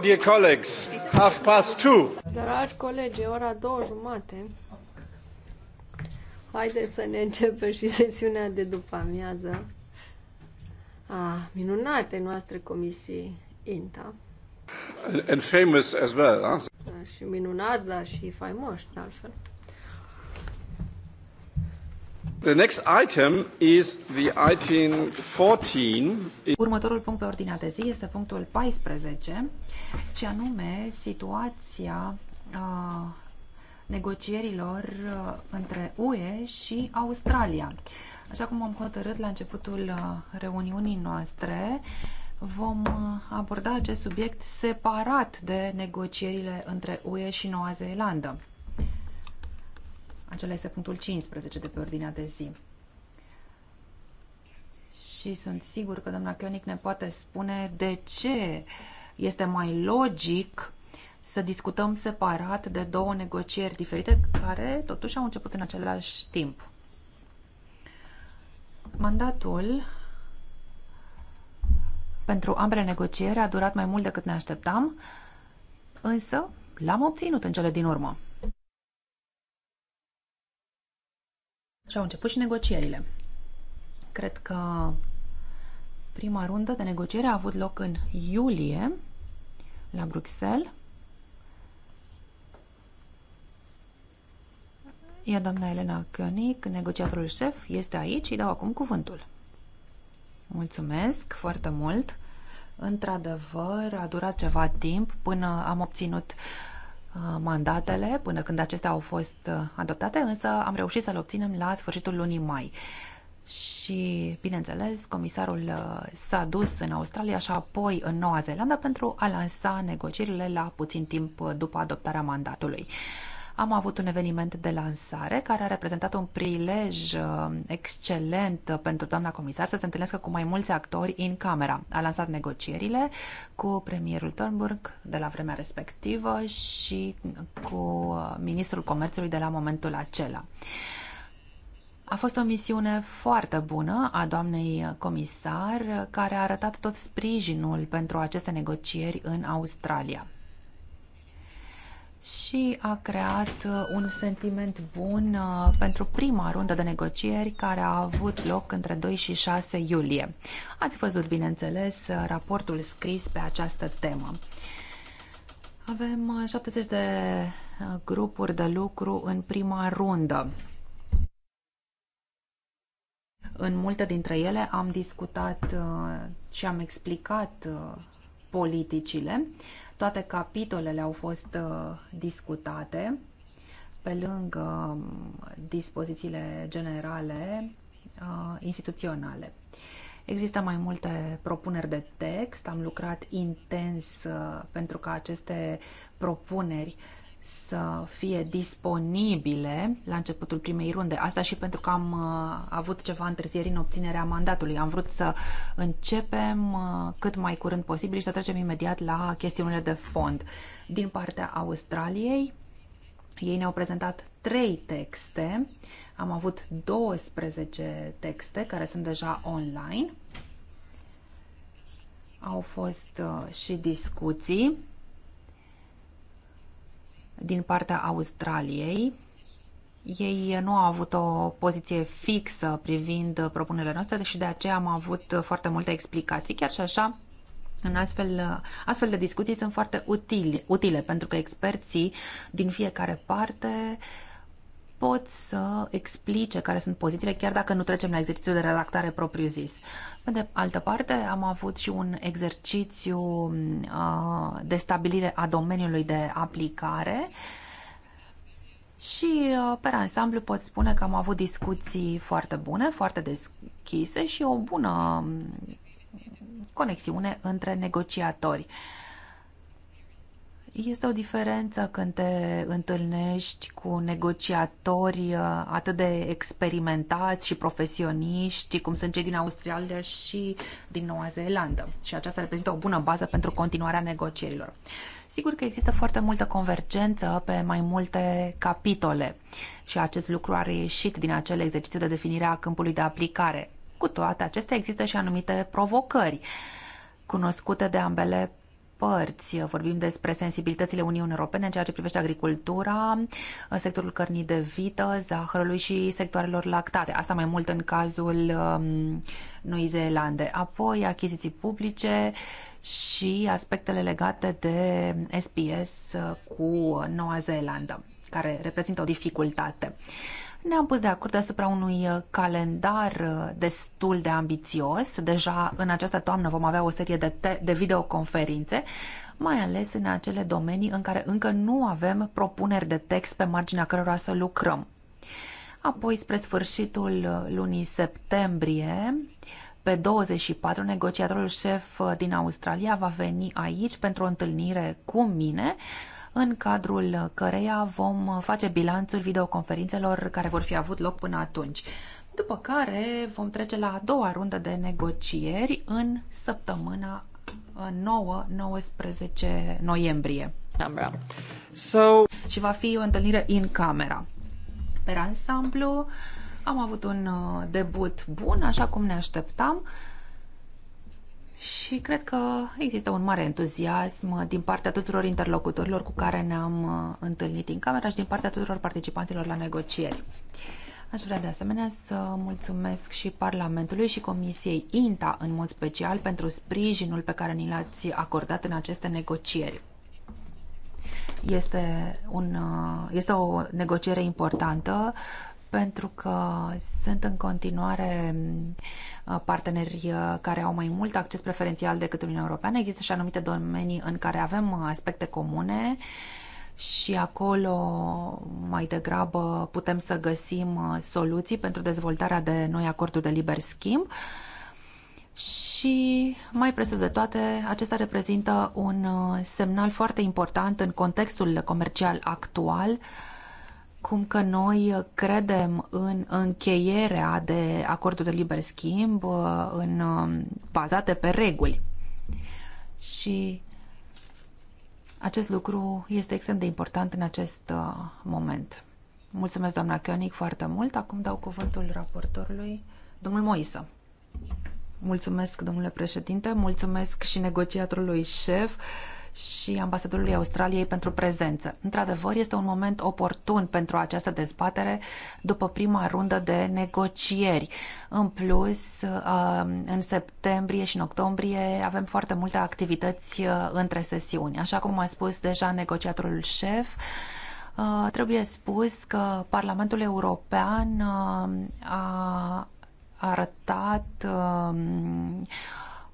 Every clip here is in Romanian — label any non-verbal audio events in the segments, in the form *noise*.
dear colleagues, half past two. Dragi colegi, ora două jumate. Haideți să ne începem și sesiunea de după amiază a minunate noastre comisii INTA. And, and famous as well, huh? Și minunat, dar și faimoși, de altfel. The next item is the item 14. Următorul punct pe ordinea de zi este punctul 14, și anume situația uh, negocierilor uh, între UE și Australia. Așa cum am hotărât la începutul uh, reuniunii noastre, vom aborda acest subiect separat de negocierile între UE și Noua Zeelandă. Acela este punctul 15 de pe ordinea de zi. Și sunt sigur că doamna Chionic ne poate spune de ce este mai logic să discutăm separat de două negocieri diferite care totuși au început în același timp. Mandatul pentru ambele negocieri a durat mai mult decât ne așteptam, însă l-am obținut în cele din urmă. Și au început și negocierile. Cred că prima rundă de negociere a avut loc în iulie la Bruxelles. Ia doamna Elena Koenig, negociatorul șef, este aici. Îi dau acum cuvântul. Mulțumesc foarte mult. Într-adevăr, a durat ceva timp până am obținut uh, Uh, mandatele până când acestea au fost uh, adoptate, însă am reușit să-l obținem la sfârșitul lunii mai. Și, bineînțeles, comisarul uh, s-a dus în Australia și apoi în Noua Zeelandă pentru a lansa negocierile la puțin timp după adoptarea mandatului. Am avut un eveniment de lansare care a reprezentat un prilej uh, excelent pentru doamna comisar să se întâlnească cu mai mulți actori în camera. A lansat negocierile cu premierul Turnburg de la vremea respectivă și cu uh, ministrul comerțului de la momentul acela. A fost o misiune foarte bună a doamnei comisar, care a arătat tot sprijinul pentru aceste negocieri în Australia și a creat uh, un sentiment bun uh, pentru prima rundă de negocieri care a avut loc între 2 și 6 iulie. Ați văzut, bineînțeles, uh, raportul scris pe această temă. Avem 70 de grupuri de lucru în prima rundă. În multe dintre ele am discutat și am explicat politicile. Toate capitolele au fost uh, discutate pe lângă um, dispozițiile generale uh, instituționale. Există mai multe propuneri de text, am lucrat intens uh, pentru ca aceste propuneri să fie disponibile la începutul primei runde. Asta și pentru că am uh, avut ceva întârzieri în obținerea mandatului. Am vrut să începem uh, cât mai curând posibil și să trecem imediat la chestiunile de fond. Din partea Australiei, ei ne-au prezentat trei texte. Am avut 12 texte care sunt deja online. Au fost uh, și discuții din partea Australiei. Ei nu au avut o poziție fixă privind propunerile noastre și de aceea am avut foarte multe explicații. Chiar și așa, în astfel, astfel de discuții sunt foarte utile, utile pentru că experții din fiecare parte uh, pot să explice care sunt pozițiile, chiar dacă nu trecem la exercițiul de redactare propriu-zis. Pe de altă parte, am avut și un exercițiu uh, de stabilire a domeniului de aplicare și, uh, pe ansamblu, pot spune că am avut discuții foarte bune, foarte deschise și o bună um, conexiune între negociatori. Este o diferență când te întâlnești cu negociatori uh, atât de experimentați și profesioniști, cum sunt cei din Australia și din Noua Zeelandă. Și aceasta reprezintă o bună bază pentru continuarea negocierilor. Sigur că există foarte multă convergență pe mai multe capitole și acest lucru a reieșit din acel exercițiu de definire a câmpului de aplicare. Cu toate acestea există și anumite provocări cunoscute de ambele părți. Vorbim despre sensibilitățile Uniunii Europene în ceea ce privește agricultura, sectorul cărnii de vită, zahărului și sectoarelor lactate. Asta mai mult în cazul um, Noi Zeelande. Apoi achiziții publice și aspectele legate de SPS cu Noua Zeelandă care reprezintă o dificultate ne-am pus de acord asupra unui uh, calendar uh, destul de ambițios. Deja în această toamnă vom avea o serie de, te- de videoconferințe, mai ales în acele domenii în care încă nu avem propuneri de text pe marginea cărora să lucrăm. Apoi, spre sfârșitul uh, lunii septembrie, pe 24, negociatorul șef din Australia va veni aici pentru o întâlnire cu mine în cadrul căreia vom face bilanțul videoconferințelor care vor fi avut loc până atunci. După care vom trece la a doua rundă de negocieri în săptămâna 9-19 uh, noiembrie. So... Și va fi o întâlnire în camera. Pe ansamblu am avut un uh, debut bun, așa cum ne așteptam și cred că există un mare entuziasm din partea tuturor interlocutorilor cu care ne-am uh, întâlnit în camera și din partea tuturor participanților la negocieri. Aș vrea de asemenea să mulțumesc și Parlamentului și Comisiei INTA în mod special pentru sprijinul pe care ni l-ați acordat în aceste negocieri. Este, un, uh, este o negociere importantă pentru că sunt în continuare uh, parteneri uh, care au mai mult acces preferențial decât Uniunea Europeană. Există și anumite domenii în care avem uh, aspecte comune și acolo mai degrabă putem să găsim soluții pentru dezvoltarea de noi acorduri de liber schimb. Și mai presus de toate, acesta reprezintă un semnal foarte important în contextul comercial actual uh, cum că noi credem în încheierea de acordul de liber schimb uh, în, um, bazate pe reguli. Și acest lucru este extrem de important în acest uh, moment. Mulțumesc, doamna Koenig, foarte mult. Acum dau cuvântul raportorului, domnul Moisa. Mulțumesc, domnule președinte, mulțumesc și negociatorului șef și ambasadorului Australiei pentru prezență. Într-adevăr, este un moment oportun pentru această dezbatere după prima rundă de negocieri. În plus, uh, în septembrie și în octombrie avem foarte multe activități uh, între sesiuni. Așa cum a spus deja negociatorul șef, uh, trebuie spus că Parlamentul European a arătat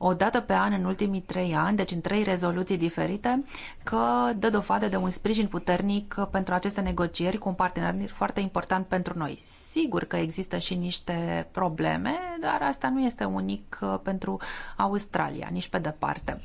o dată pe an în ultimii trei ani, deci în trei rezoluții diferite, că dă dovadă de un sprijin puternic pentru aceste negocieri cu un partener foarte important pentru noi. Sigur că există și niște probleme, dar asta nu este unic uh, pentru Australia, nici pe departe.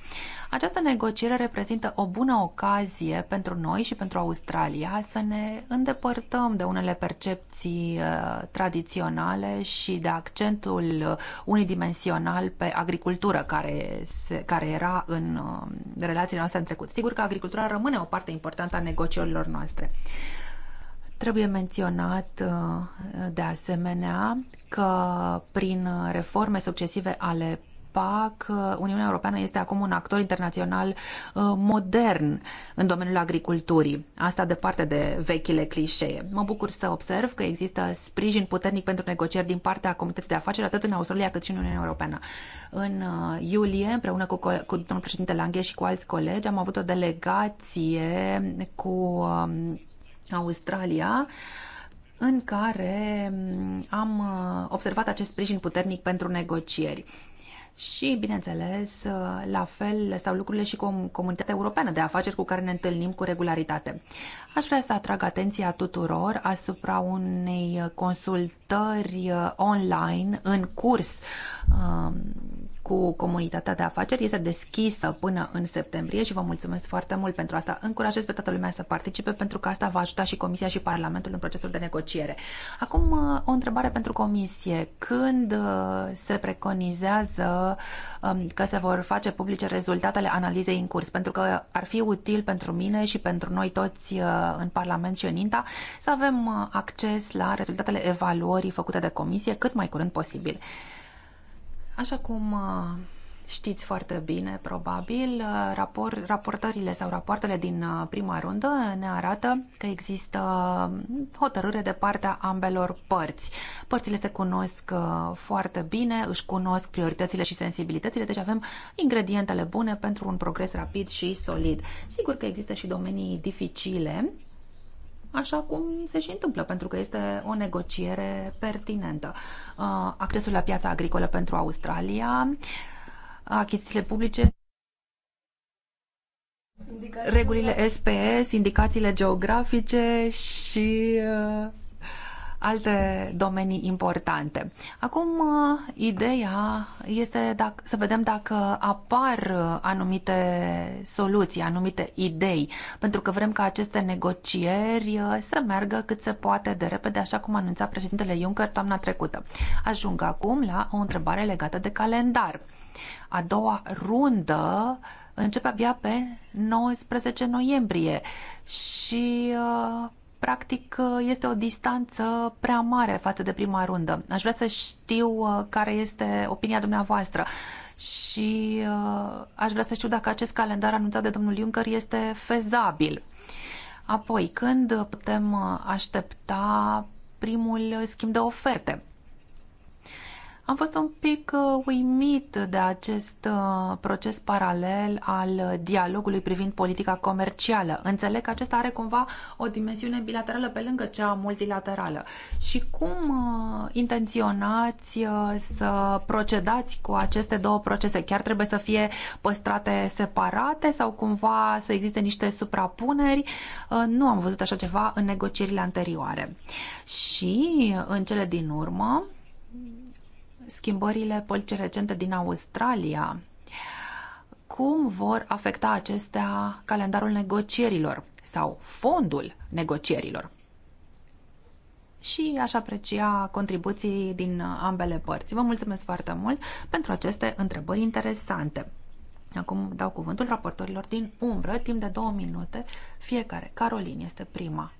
Această negociere reprezintă o bună ocazie pentru noi și pentru Australia să ne îndepărtăm de unele percepții uh, tradiționale și de accentul uh, unidimensional pe agricultură care, se, care era în uh, relațiile noastre în trecut. Sigur că agricultura rămâne o parte importantă a negocierilor noastre. Trebuie menționat de asemenea că prin reforme succesive ale PAC, Uniunea Europeană este acum un actor internațional uh, modern în domeniul agriculturii. Asta departe de vechile clișee. Mă bucur să observ că există sprijin puternic pentru negocieri din partea Comunității de Afaceri, atât în Australia cât și în Uniunea Europeană. În uh, iulie, împreună cu, cu domnul președinte Langhe și cu alți colegi, am avut o delegație cu um, Australia în care um, am uh, observat acest sprijin puternic pentru negocieri. Și, bineînțeles, uh, la fel stau lucrurile și cu comunitatea europeană de afaceri cu care ne întâlnim cu regularitate. Aș vrea să atrag atenția tuturor asupra unei consultări uh, online în curs um, cu comunitatea de afaceri este deschisă până în septembrie și vă mulțumesc foarte mult pentru asta. Încurajez pe toată lumea să participe pentru că asta va ajuta și Comisia și Parlamentul în procesul de negociere. Acum uh, o întrebare pentru Comisie. Când uh, se preconizează um, că se vor face publice rezultatele analizei în curs? Pentru că ar fi util pentru mine și pentru noi toți uh, în Parlament și în INTA să avem acces la rezultatele evaluării făcute de Comisie cât mai curând posibil. Așa cum uh, știți foarte bine, probabil, uh, rapor, raportările sau rapoartele din uh, prima rundă ne arată că există hotărâre de partea ambelor părți. Părțile se cunosc foarte bine, își cunosc prioritățile și sensibilitățile, deci avem ingredientele bune pentru un progres rapid și solid. Sigur că există și domenii dificile, așa cum se și întâmplă, pentru că este o negociere pertinentă. Uh, accesul la piața agricolă pentru Australia, uh, achizițiile publice, regulile SPS, indicațiile geografice și uh, alte domenii importante. Acum, uh, ideea este dacă, să vedem dacă apar uh, anumite soluții, anumite idei, pentru că vrem ca aceste negocieri uh, să meargă cât se poate de repede, așa cum anunța președintele Juncker toamna trecută. Ajung acum la o întrebare legată de calendar. A doua rundă începe abia pe 19 noiembrie și uh, practic uh, este o distanță prea mare față de prima rundă. Aș vrea să știu uh, care este opinia dumneavoastră și uh, aș vrea să știu dacă acest calendar anunțat de domnul Juncker este fezabil. Apoi, când putem aștepta primul schimb de oferte? Am fost un pic uh, uimit de acest uh, proces paralel al dialogului privind politica comercială. Înțeleg că acesta are cumva o dimensiune bilaterală pe lângă cea multilaterală. Și cum uh, intenționați să procedați cu aceste două procese? Chiar trebuie să fie păstrate separate sau cumva să existe niște suprapuneri? Nu am văzut așa ceva în negocierile anterioare. Și în cele din urmă, schimbările politice recente din Australia. Cum vor afecta acestea calendarul negocierilor sau fondul negocierilor? și aș aprecia contribuții din ambele părți. Vă mulțumesc foarte mult pentru aceste întrebări interesante. Acum dau cuvântul raportorilor din umbră, timp de două minute fiecare. Carolin este prima.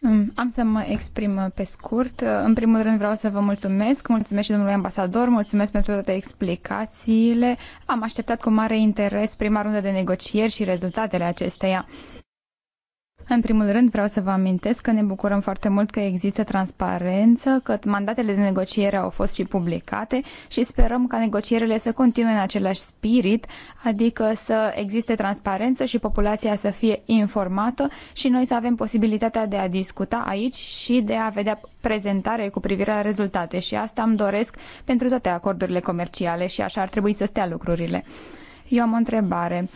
Mm, am să mă exprim uh, pe scurt. Uh, în primul rând vreau să vă mulțumesc, mulțumesc și domnului ambasador, mulțumesc pentru toate explicațiile. Am așteptat cu mare interes prima rundă de negocieri și rezultatele acesteia. În primul rând vreau să vă amintesc că ne bucurăm foarte mult că există transparență, că mandatele de negociere au fost și publicate și sperăm ca negocierile să continue în același spirit, adică să existe transparență și populația să fie informată și noi să avem posibilitatea de a discuta aici și de a vedea prezentare cu privire la rezultate și asta îmi doresc pentru toate acordurile comerciale și așa ar trebui să stea lucrurile. Eu am o întrebare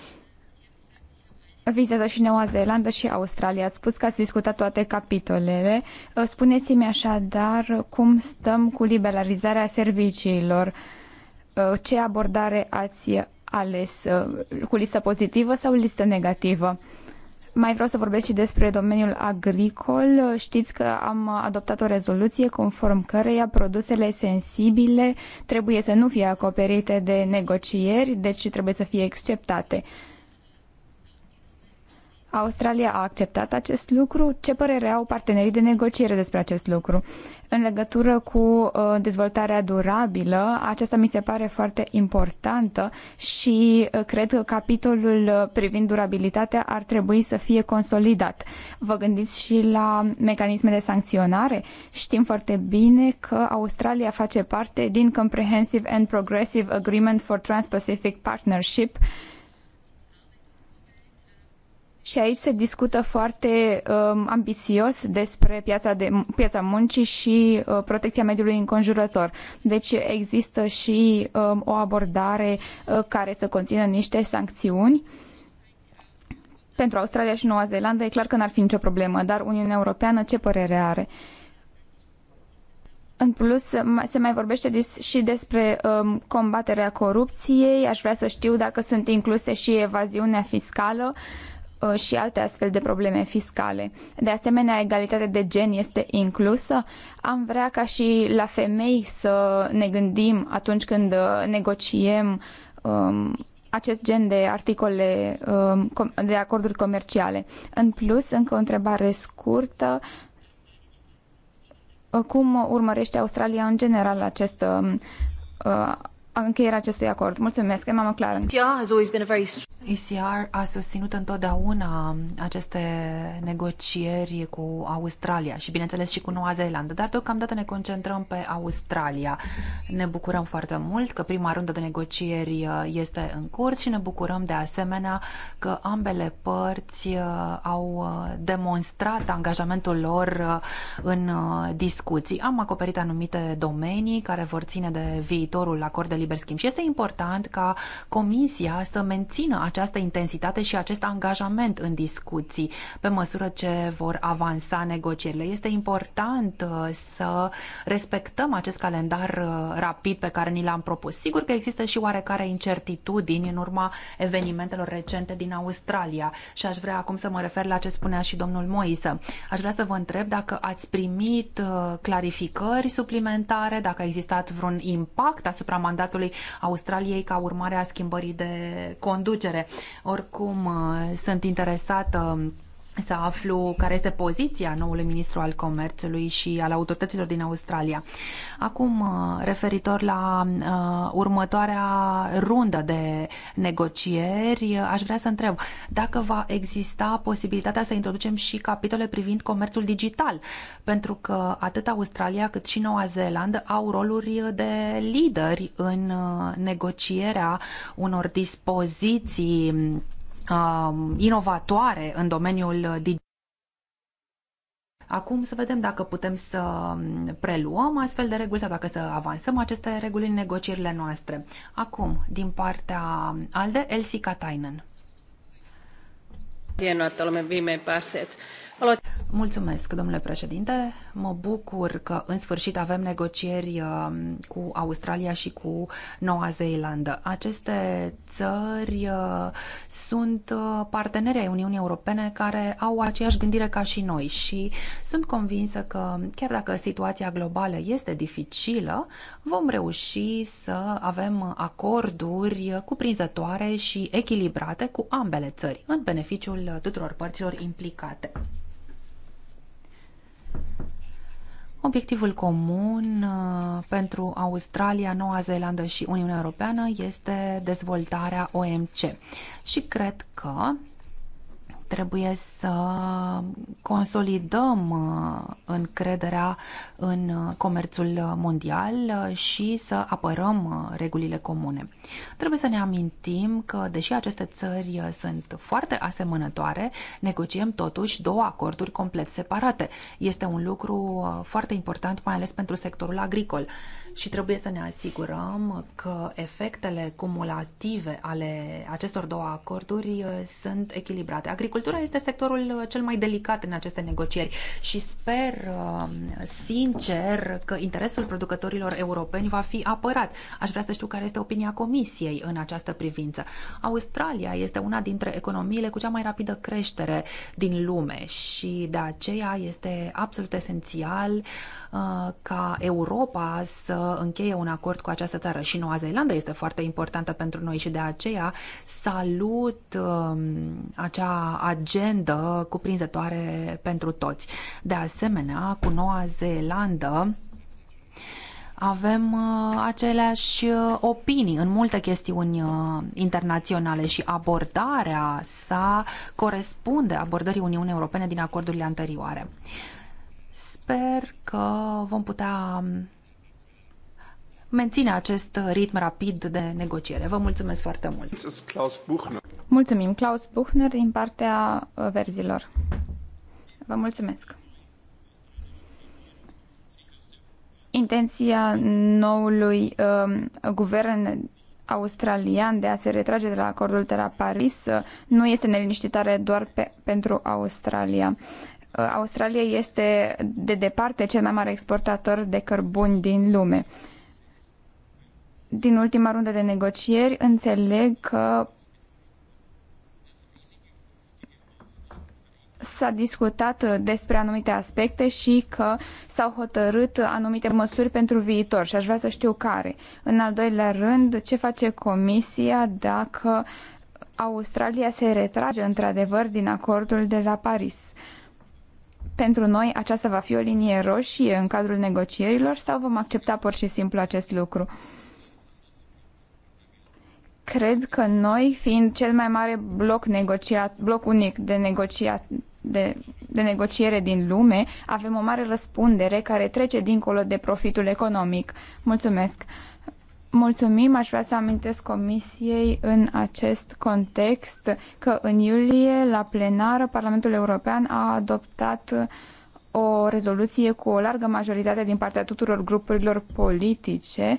vizează și Noua Zeelandă și Australia. Ați spus că ați discutat toate capitolele. Uh, spuneți-mi așadar cum stăm cu liberalizarea serviciilor. Uh, ce abordare ați ales? Uh, cu listă pozitivă sau listă negativă? Mai vreau să vorbesc și despre domeniul agricol. Știți că am adoptat o rezoluție conform căreia produsele sensibile trebuie să nu fie acoperite de negocieri, deci trebuie să fie exceptate. Australia a acceptat acest lucru? Ce părere au partenerii de negociere despre acest lucru? În legătură cu uh, dezvoltarea durabilă, aceasta mi se pare foarte importantă și uh, cred că capitolul uh, privind durabilitatea ar trebui să fie consolidat. Vă gândiți și la mecanisme de sancționare? Știm foarte bine că Australia face parte din Comprehensive and Progressive Agreement for Trans-Pacific Partnership, și aici se discută foarte um, ambițios despre piața, de, piața muncii și uh, protecția mediului înconjurător. Deci există și um, o abordare uh, care să conțină niște sancțiuni. Pentru Australia și Noua Zeelandă e clar că n-ar fi nicio problemă, dar Uniunea Europeană ce părere are? În plus, se mai vorbește și despre um, combaterea corupției. Aș vrea să știu dacă sunt incluse și evaziunea fiscală. Uh, Uh, și alte astfel de probleme fiscale. De asemenea, egalitatea de gen este inclusă. Am vrea ca și la femei să ne gândim atunci când uh, negociem um, acest gen de articole um, de acorduri comerciale. În plus, încă o întrebare scurtă. Uh, cum urmărește Australia în general acest um, uh, încheierea acestui acord. Mulțumesc, Emma McLaren. ECR a susținut întotdeauna aceste negocieri cu Australia și, bineînțeles, și cu Noua Zeelandă, dar deocamdată ne concentrăm pe Australia. Ne bucurăm foarte mult că prima rundă de negocieri uh, este în curs și ne bucurăm de asemenea că ambele părți uh, au uh, demonstrat angajamentul lor în discuții. Am acoperit anumite domenii care vor ține de viitorul acord de liber schimb. Și este important ca Comisia să mențină această intensitate și acest angajament în discuții pe măsură ce vor avansa negocierile. Este important uh, să respectăm acest calendar uh, rapid pe care ni l-am propus. Sigur că există și oarecare incertitudini în urma evenimentelor recente din Australia și aș vrea acum să mă refer la ce spunea și domnul Moise. Aș vrea să vă întreb dacă ați primit uh, clarificări suplimentare, dacă a existat vreun impact asupra mandatului Parlamentului Australiei ca urmare a schimbării de conducere. Oricum, uh, sunt interesată să aflu care este poziția noului ministru al comerțului și al autorităților din Australia. Acum, uh, referitor la uh, următoarea rundă de negocieri, uh, aș vrea să întreb dacă va exista posibilitatea să introducem și capitole privind comerțul digital, pentru că atât Australia cât și Noua Zeelandă au roluri de lideri în uh, negocierea unor dispoziții Um, inovatoare în domeniul digital. Acum să vedem dacă putem să um, preluăm astfel de reguli sau dacă să avansăm aceste reguli în negocierile noastre. Acum, din partea um, ALDE, Elsie Katainen. Hienoa, että olemme viimein päässeet Mulțumesc, domnule președinte. Mă bucur că în sfârșit avem negocieri uh, cu Australia și cu Noua Zeelandă. Aceste țări uh, sunt uh, parteneri ai Uniunii Europene care au aceeași gândire ca și noi și sunt convinsă că chiar dacă situația globală este dificilă, vom reuși să avem acorduri cuprinzătoare și echilibrate cu ambele țări, în beneficiul tuturor părților implicate. Obiectivul comun uh, pentru Australia, Noua Zeelandă și Uniunea Europeană este dezvoltarea OMC și cred că Trebuie să consolidăm uh, încrederea în uh, comerțul mondial uh, și să apărăm regulile comune. Trebuie să ne amintim că, deși aceste țări sunt foarte asemănătoare, negociem totuși două acorduri complet separate. Este un lucru foarte important, mai ales pentru sectorul agricol și trebuie să ne asigurăm că efectele cumulative ale acestor două acorduri uh, sunt echilibrate. Agricultura este sectorul uh, cel mai delicat în aceste negocieri și sper um, sincer că interesul producătorilor europeni va fi apărat. Aș vrea să știu care este opinia Comisiei în această privință. Australia este una dintre economiile cu cea mai rapidă creștere din lume și de aceea este absolut esențial uh, ca Europa să încheie un acord cu această țară și Noua Zeelandă este foarte importantă pentru noi și de aceea salut um, acea agendă cuprinzătoare pentru toți. De asemenea, cu Noua Zeelandă avem uh, aceleași uh, opinii în multe chestiuni uh, internaționale și abordarea sa corespunde abordării Uniunii Europene din acordurile anterioare. Sper că vom putea um, menține acest ritm rapid de negociere. Vă mulțumesc foarte mult! Klaus Buchner. Mulțumim, Klaus Buchner, din partea uh, verzilor. Vă mulțumesc! Intenția noului um, guvern australian de a se retrage de la acordul de la Paris uh, nu este neliniștitare doar pe, pentru Australia. Uh, Australia este de departe cel mai mare exportator de cărbuni din lume. Uh, din ultima rundă de negocieri, înțeleg că s-a discutat despre anumite aspecte și că s-au hotărât anumite măsuri pentru viitor și aș vrea să știu care. În al doilea rând, ce face Comisia dacă Australia se retrage într-adevăr din acordul de la Paris? Pentru noi aceasta va fi o linie roșie în cadrul negocierilor sau vom accepta pur și simplu acest lucru? cred că noi, fiind cel mai mare bloc, negociat, bloc unic de, negociat, de, de negociere din lume, avem o mare răspundere care trece dincolo de profitul economic. Mulțumesc! Mulțumim, aș vrea să amintesc Comisiei în acest context că în iulie, la plenară, Parlamentul European a adoptat o rezoluție cu o largă majoritate din partea tuturor grupurilor politice uh,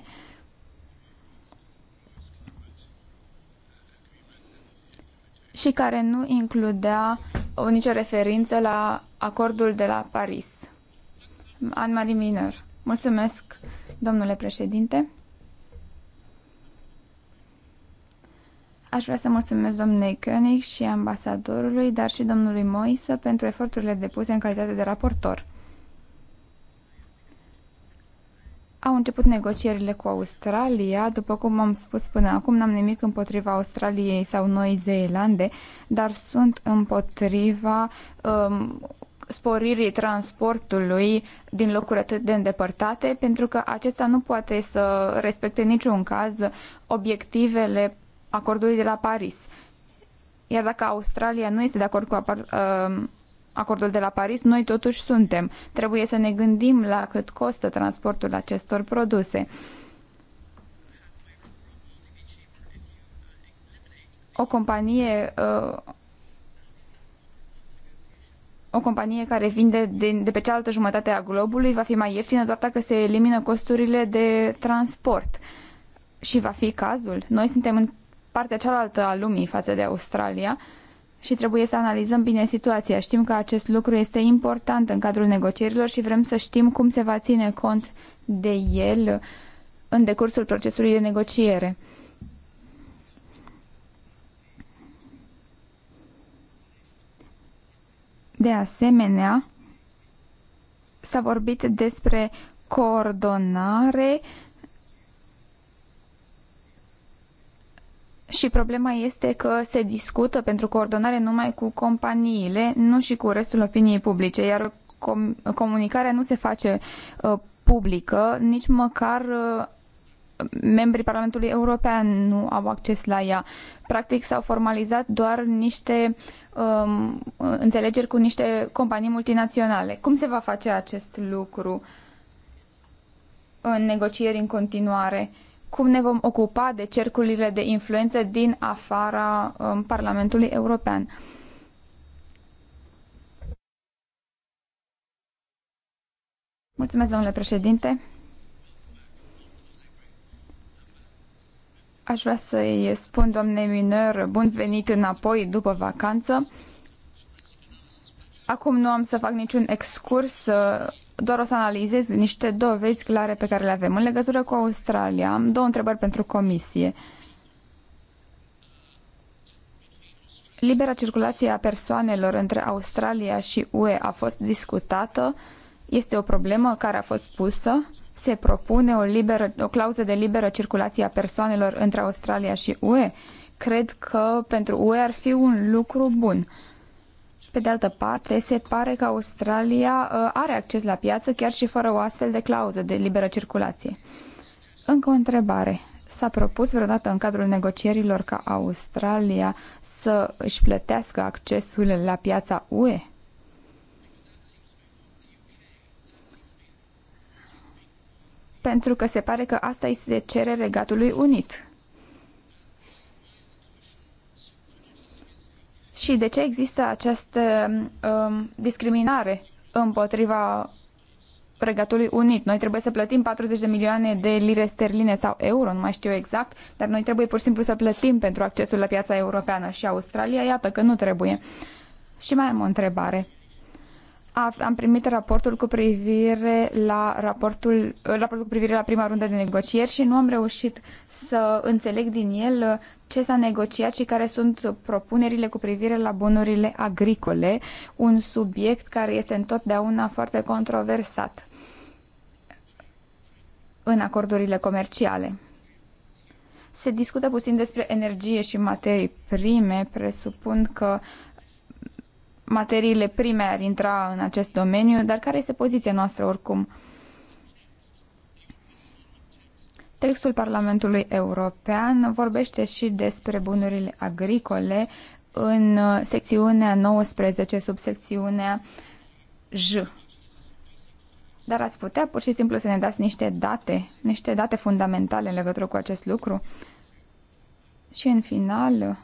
și care nu includea o uh, nicio referință la acordul de la Paris. Anne-Marie Miner. Mulțumesc, domnule președinte. Aș vrea să mulțumesc domnului König și ambasadorului, dar și domnului Moise pentru eforturile depuse în calitate de raportor. Au început negocierile cu Australia, după cum am spus până acum, n-am nimic împotriva Australiei sau Noi Zeelande, dar sunt împotriva um, sporirii transportului din locuri atât de îndepărtate, pentru că acesta nu poate să respecte niciun caz obiectivele acordului de la Paris. Iar dacă Australia nu este de acord cu um, acordul de la Paris, noi totuși suntem. Trebuie să ne gândim la cât costă transportul acestor produse. O companie uh, o companie care vinde de, de pe cealaltă jumătate a globului va fi mai ieftină doar dacă se elimină costurile de transport. Și va fi cazul. Noi suntem în partea cealaltă a lumii față de Australia. Uh, și trebuie să analizăm bine situația. Știm că acest lucru este important în cadrul negocierilor și vrem să știm cum se va ține cont de el în decursul procesului de negociere. De asemenea, s-a vorbit despre coordonare uh, Și problema este că se discută pentru coordonare numai cu companiile, nu și cu restul opiniei publice, iar com comunicarea nu se face uh, publică, nici măcar uh, membrii Parlamentului European nu au acces la ea. Practic s-au formalizat doar niște um, înțelegeri cu niște companii multinaționale. Cum se va face acest lucru în negocieri în continuare? Uh, cum ne vom ocupa de cercurile de influență din afara um, Parlamentului European. Mulțumesc, domnule președinte. Aș vrea să-i spun, domnule Miner, bun venit înapoi după vacanță. Acum nu am să fac niciun excurs uh, doar o să analizez niște dovezi clare pe care le avem. În legătură cu Australia, am două întrebări pentru comisie. Libera circulație a persoanelor între Australia și UE a fost discutată. Este o problemă care a fost pusă. Se propune o, liberă, o clauză de liberă circulație a persoanelor între Australia și UE. Cred că pentru UE ar fi un lucru bun. Uh, pe de altă parte, se pare că Australia uh, are acces la piață chiar și fără o astfel de clauză de liberă circulație. Încă o întrebare. S-a propus vreodată în cadrul negocierilor ca Australia să își plătească accesul la piața UE? Pentru că se pare că asta este se cere Regatului Unit. și de ce există această um, discriminare împotriva Regatului Unit. Noi trebuie să plătim 40 de milioane de lire sterline sau euro, nu mai știu exact, dar noi trebuie pur și simplu să plătim pentru accesul la piața europeană și Australia, iată că nu trebuie. Și mai am o întrebare am primit raportul cu privire la raportul, raportul cu privire la prima rundă de negocieri și nu am reușit să înțeleg din el ce s-a negociat și care sunt propunerile cu privire la bunurile agricole, un subiect care este întotdeauna foarte controversat în acordurile comerciale. Se discută puțin despre energie și materii prime, presupun că uh, materiile prime ar intra în acest domeniu, dar care este poziția noastră oricum? Textul Parlamentului European vorbește și despre bunurile agricole în secțiunea 19, sub secțiunea J. Dar ați putea pur și simplu să ne dați niște date, niște date fundamentale în legătură cu acest lucru? Și în final,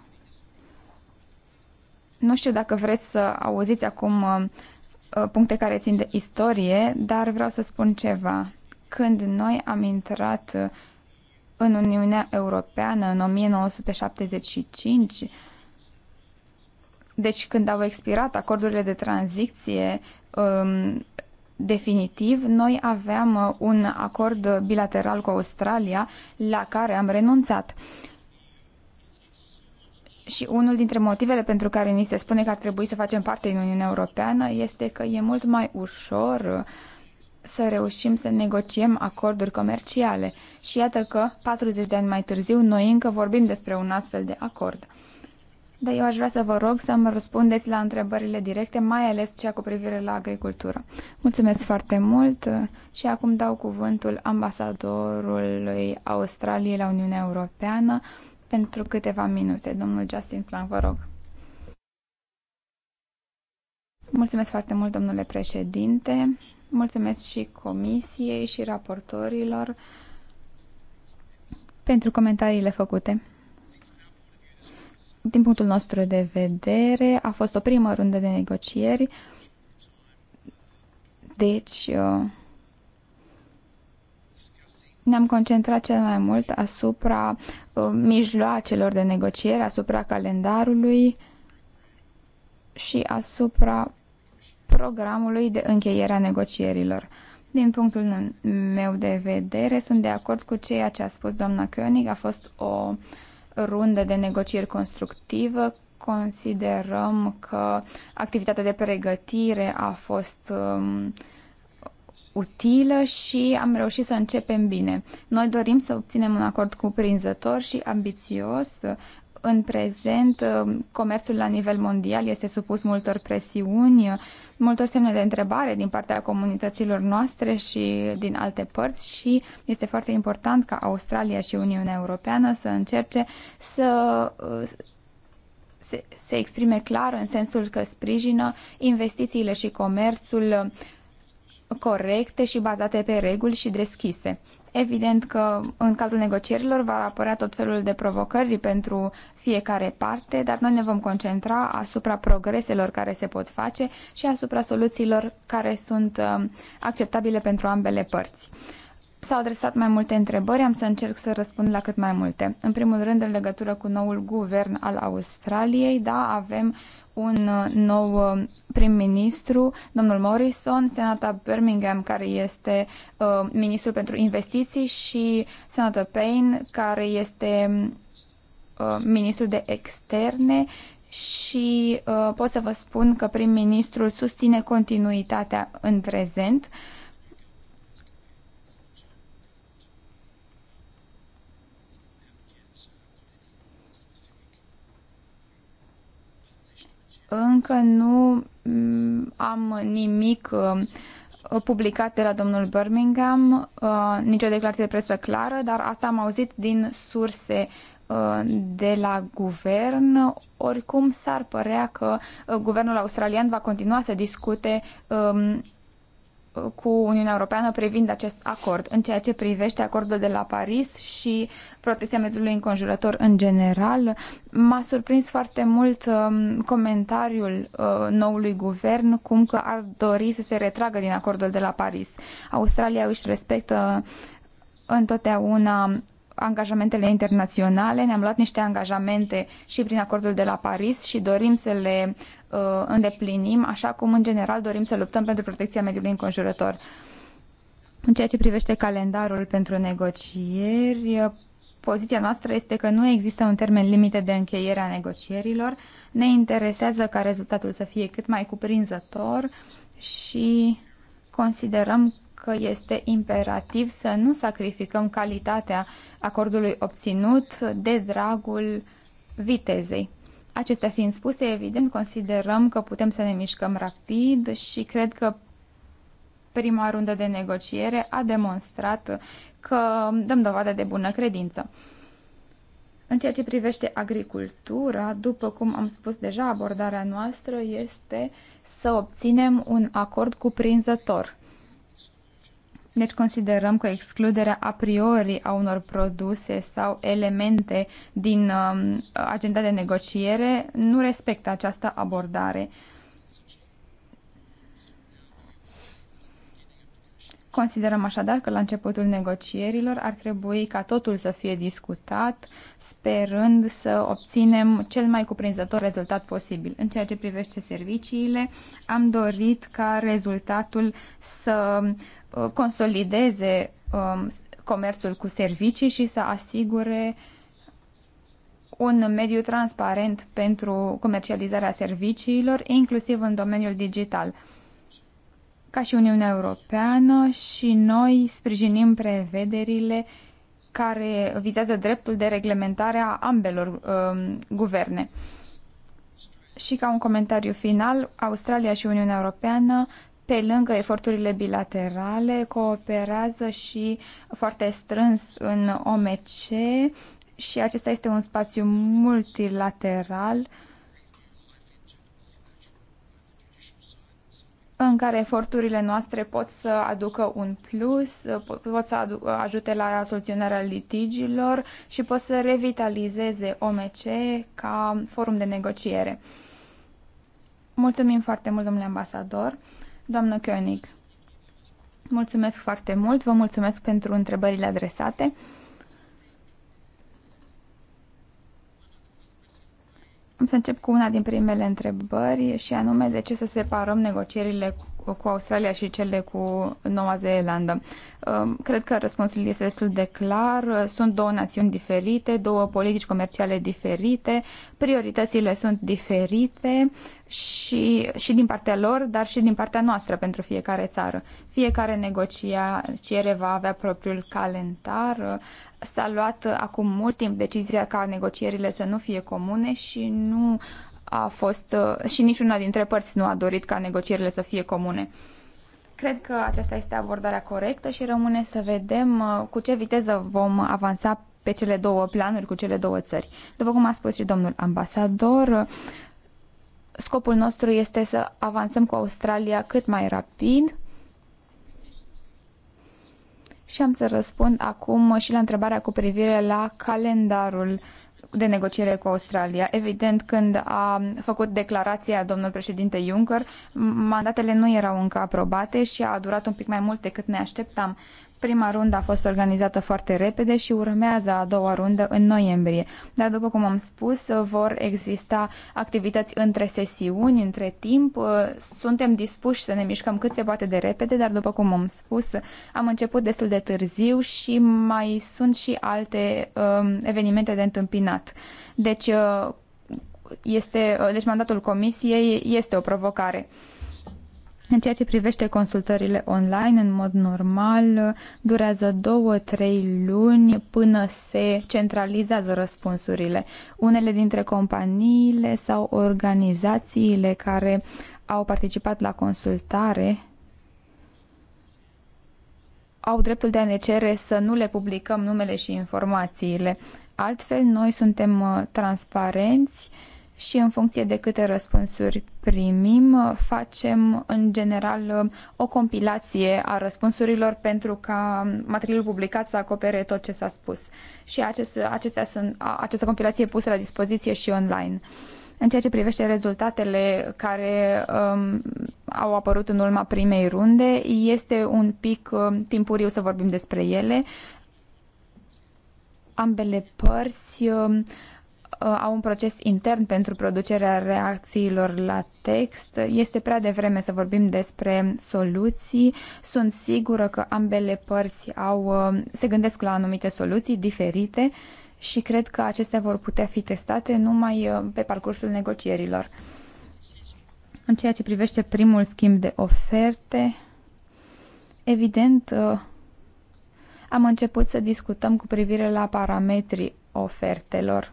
nu știu dacă vreți să auziți acum uh, uh, puncte care țin de istorie, dar vreau să spun ceva. Când noi am intrat uh, în Uniunea Europeană în 1975, deci când au expirat acordurile de tranziție um, definitiv, noi aveam un acord bilateral cu Australia la care am renunțat. Uh, și unul dintre motivele pentru care ni se spune că ar trebui să facem parte din Uniunea Europeană este că e mult mai ușor să reușim să negociem acorduri comerciale. Și iată că, 40 de ani mai târziu, noi încă vorbim despre un astfel de acord. Dar eu aș vrea să vă rog să mă răspundeți la întrebările directe, mai ales cea cu privire la agricultură. Mulțumesc foarte mult și acum dau cuvântul ambasadorului Australiei la Uniunea Europeană, pentru câteva minute. Domnul Justin Plan, vă rog. Mulțumesc foarte mult, domnule președinte. Mulțumesc și comisiei și raportorilor pentru comentariile făcute. Din punctul nostru de vedere, a fost o primă rundă de negocieri, deci uh, ne-am concentrat cel mai mult asupra mijloacelor de negociere, asupra calendarului și asupra programului de încheiere a negocierilor. Din punctul meu de vedere, sunt de acord cu ceea ce a spus doamna König. A fost o rundă de negocieri constructivă. Considerăm că activitatea de pregătire a fost um, utilă și am reușit să începem bine. Noi dorim să obținem un acord cuprinzător și ambițios. În prezent, comerțul la nivel mondial este supus multor presiuni, multor semne de întrebare din partea comunităților noastre și din alte părți și este foarte important ca Australia și Uniunea Europeană să încerce să se, se exprime clar în sensul că sprijină investițiile și comerțul corecte și bazate pe reguli și deschise. Evident că în cadrul negocierilor va apărea tot felul de provocări pentru fiecare parte, dar noi ne vom concentra asupra progreselor care se pot face și asupra soluțiilor care sunt um, acceptabile pentru ambele părți. S-au adresat mai multe întrebări, am să încerc să răspund la cât mai multe. În primul rând, în legătură cu noul guvern al Australiei, da, avem un uh, nou uh, prim-ministru, domnul Morrison, senata Birmingham, care este uh, ministrul pentru investiții, și senator Payne, care este uh, ministrul de externe și uh, pot să vă spun că prim-ministrul susține continuitatea în prezent uh, încă nu mm, am nimic uh, publicat de la domnul Birmingham, uh, nicio declarație de presă clară, dar asta am auzit din surse uh, de la guvern. Oricum s-ar părea că guvernul australian va continua să discute um, Uh, cu Uniunea Europeană privind acest acord în ceea ce privește acordul de la Paris și protecția mediului înconjurător în general. M-a surprins foarte mult um, comentariul uh, noului guvern cum că ar dori să se retragă din acordul de la Paris. Australia își respectă uh, întotdeauna angajamentele internaționale, ne-am luat niște angajamente și prin acordul de la Paris și dorim să le uh, îndeplinim, așa cum în general dorim să luptăm pentru protecția mediului înconjurător. În ceea ce privește calendarul pentru negocieri, uh, poziția noastră este că nu există un termen limite de încheiere a negocierilor. Ne interesează ca rezultatul să fie cât mai cuprinzător și considerăm că este imperativ să nu sacrificăm calitatea acordului obținut de dragul vitezei. Acestea fiind spuse, evident, considerăm că putem să ne mișcăm rapid și cred că prima rundă de negociere a demonstrat că dăm dovadă de bună credință. În ceea ce privește agricultura, după cum am spus deja, abordarea noastră este să obținem un acord cuprinzător. Deci considerăm că excluderea a priori a unor produse sau elemente din um, agenda de negociere nu respectă această abordare. Considerăm așadar că la începutul negocierilor ar trebui ca totul să fie discutat, sperând să obținem cel mai cuprinzător rezultat posibil. În ceea ce privește serviciile, am dorit ca rezultatul să consolideze um, comerțul cu servicii și să asigure un mediu transparent pentru comercializarea serviciilor, inclusiv în domeniul digital. Ca și Uniunea Europeană și noi sprijinim prevederile care vizează dreptul de reglementare a ambelor um, guverne. Și ca un comentariu final, Australia și Uniunea Europeană pe lângă eforturile bilaterale, cooperează și foarte strâns în OMC și acesta este un spațiu multilateral în care eforturile noastre pot să aducă un plus, pot să ajute la soluționarea litigiilor și pot să revitalizeze OMC ca forum de negociere. Mulțumim foarte mult, domnule ambasador. Doamnă König, mulțumesc foarte mult, vă mulțumesc pentru întrebările adresate. Am să încep cu una din primele întrebări și anume de ce să separăm negocierile cu Australia și cele cu Noua Zeelandă. Um, cred că răspunsul este destul de clar. Sunt două națiuni diferite, două politici comerciale diferite, prioritățile sunt diferite și, și din partea lor, dar și din partea noastră pentru fiecare țară. Fiecare negociere va avea propriul calendar. S-a luat acum mult timp decizia ca negocierile să nu fie comune și nu a fost uh, și niciuna dintre părți nu a dorit ca negocierile să fie comune. Cred că aceasta este abordarea corectă și rămâne să vedem uh, cu ce viteză vom avansa pe cele două planuri cu cele două țări. După cum a spus și domnul ambasador, uh, scopul nostru este să avansăm cu Australia cât mai rapid și am să răspund acum și la întrebarea cu privire la calendarul uh, de negociere cu Australia. Evident, când a făcut declarația domnul președinte Juncker, mandatele nu erau încă aprobate și a durat un pic mai mult decât ne așteptam. Prima rundă a fost organizată foarte repede și urmează a doua rundă în noiembrie. Dar, după cum am spus, vor exista activități între sesiuni, între timp. Suntem dispuși să ne mișcăm cât se poate de repede, dar, după cum am spus, am început destul de târziu și mai sunt și alte um, evenimente de întâmpinat. Deci, uh, este, uh, deci mandatul comisiei este o provocare. În ceea ce privește consultările online, în mod normal, durează 2-3 luni până se centralizează răspunsurile. Unele dintre companiile sau organizațiile care au participat la consultare au dreptul de a ne cere să nu le publicăm numele și informațiile. Altfel, noi suntem uh, transparenți uh, și în funcție de câte răspunsuri primim, facem în general o compilație a răspunsurilor pentru ca materialul publicat să acopere tot ce s-a spus. Și acest, acestea sunt, această compilație e pusă la dispoziție și online. În ceea ce privește rezultatele care um, au apărut în urma primei runde, este un pic um, timpuriu să vorbim despre ele. Ambele părți um, Uh, au un proces intern pentru producerea reacțiilor la text. Este prea devreme să vorbim despre soluții. Sunt sigură că ambele părți au, uh, se gândesc la anumite soluții diferite și cred că acestea vor putea fi testate numai uh, pe parcursul negocierilor. În ceea ce privește primul schimb de oferte, evident, am început să discutăm cu privire la parametrii ofertelor.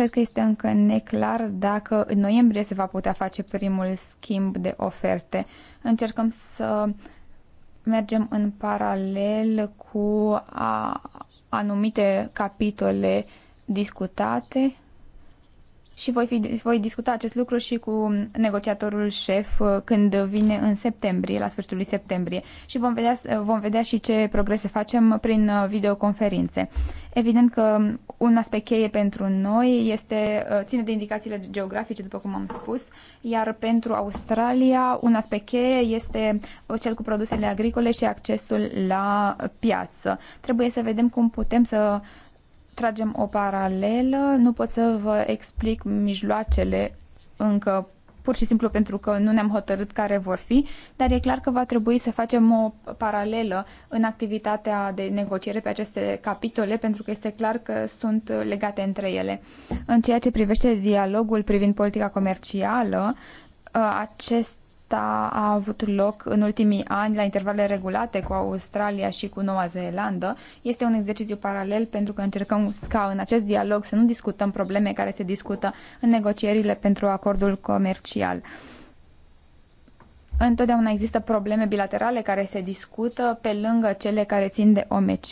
Cred că este încă neclar dacă în noiembrie se va putea face primul schimb de oferte. Încercăm să mergem în paralel cu a, anumite capitole discutate și voi, fi, voi discuta acest lucru și cu negociatorul șef uh, când vine în septembrie, la sfârșitul lui septembrie și vom vedea, uh, vom vedea și ce progrese facem prin uh, videoconferințe. Evident că un aspect cheie pentru noi este ține de indicațiile geografice, după cum am spus, iar pentru Australia un aspect cheie este cel cu produsele agricole și accesul la piață. Trebuie să vedem cum putem să tragem o paralelă, nu pot să vă explic mijloacele încă pur și simplu pentru că nu ne-am hotărât care vor fi, dar e clar că va trebui să facem o paralelă în activitatea de negociere pe aceste capitole, pentru că este clar că sunt legate între ele. În ceea ce privește dialogul privind politica comercială, acest Asta a avut loc în ultimii ani la intervale regulate cu Australia și cu Noua Zeelandă. Este un exercițiu paralel pentru că încercăm ca în acest dialog să nu discutăm probleme care se discută în negocierile pentru acordul comercial. Întotdeauna există probleme bilaterale care se discută pe lângă cele care țin de OMC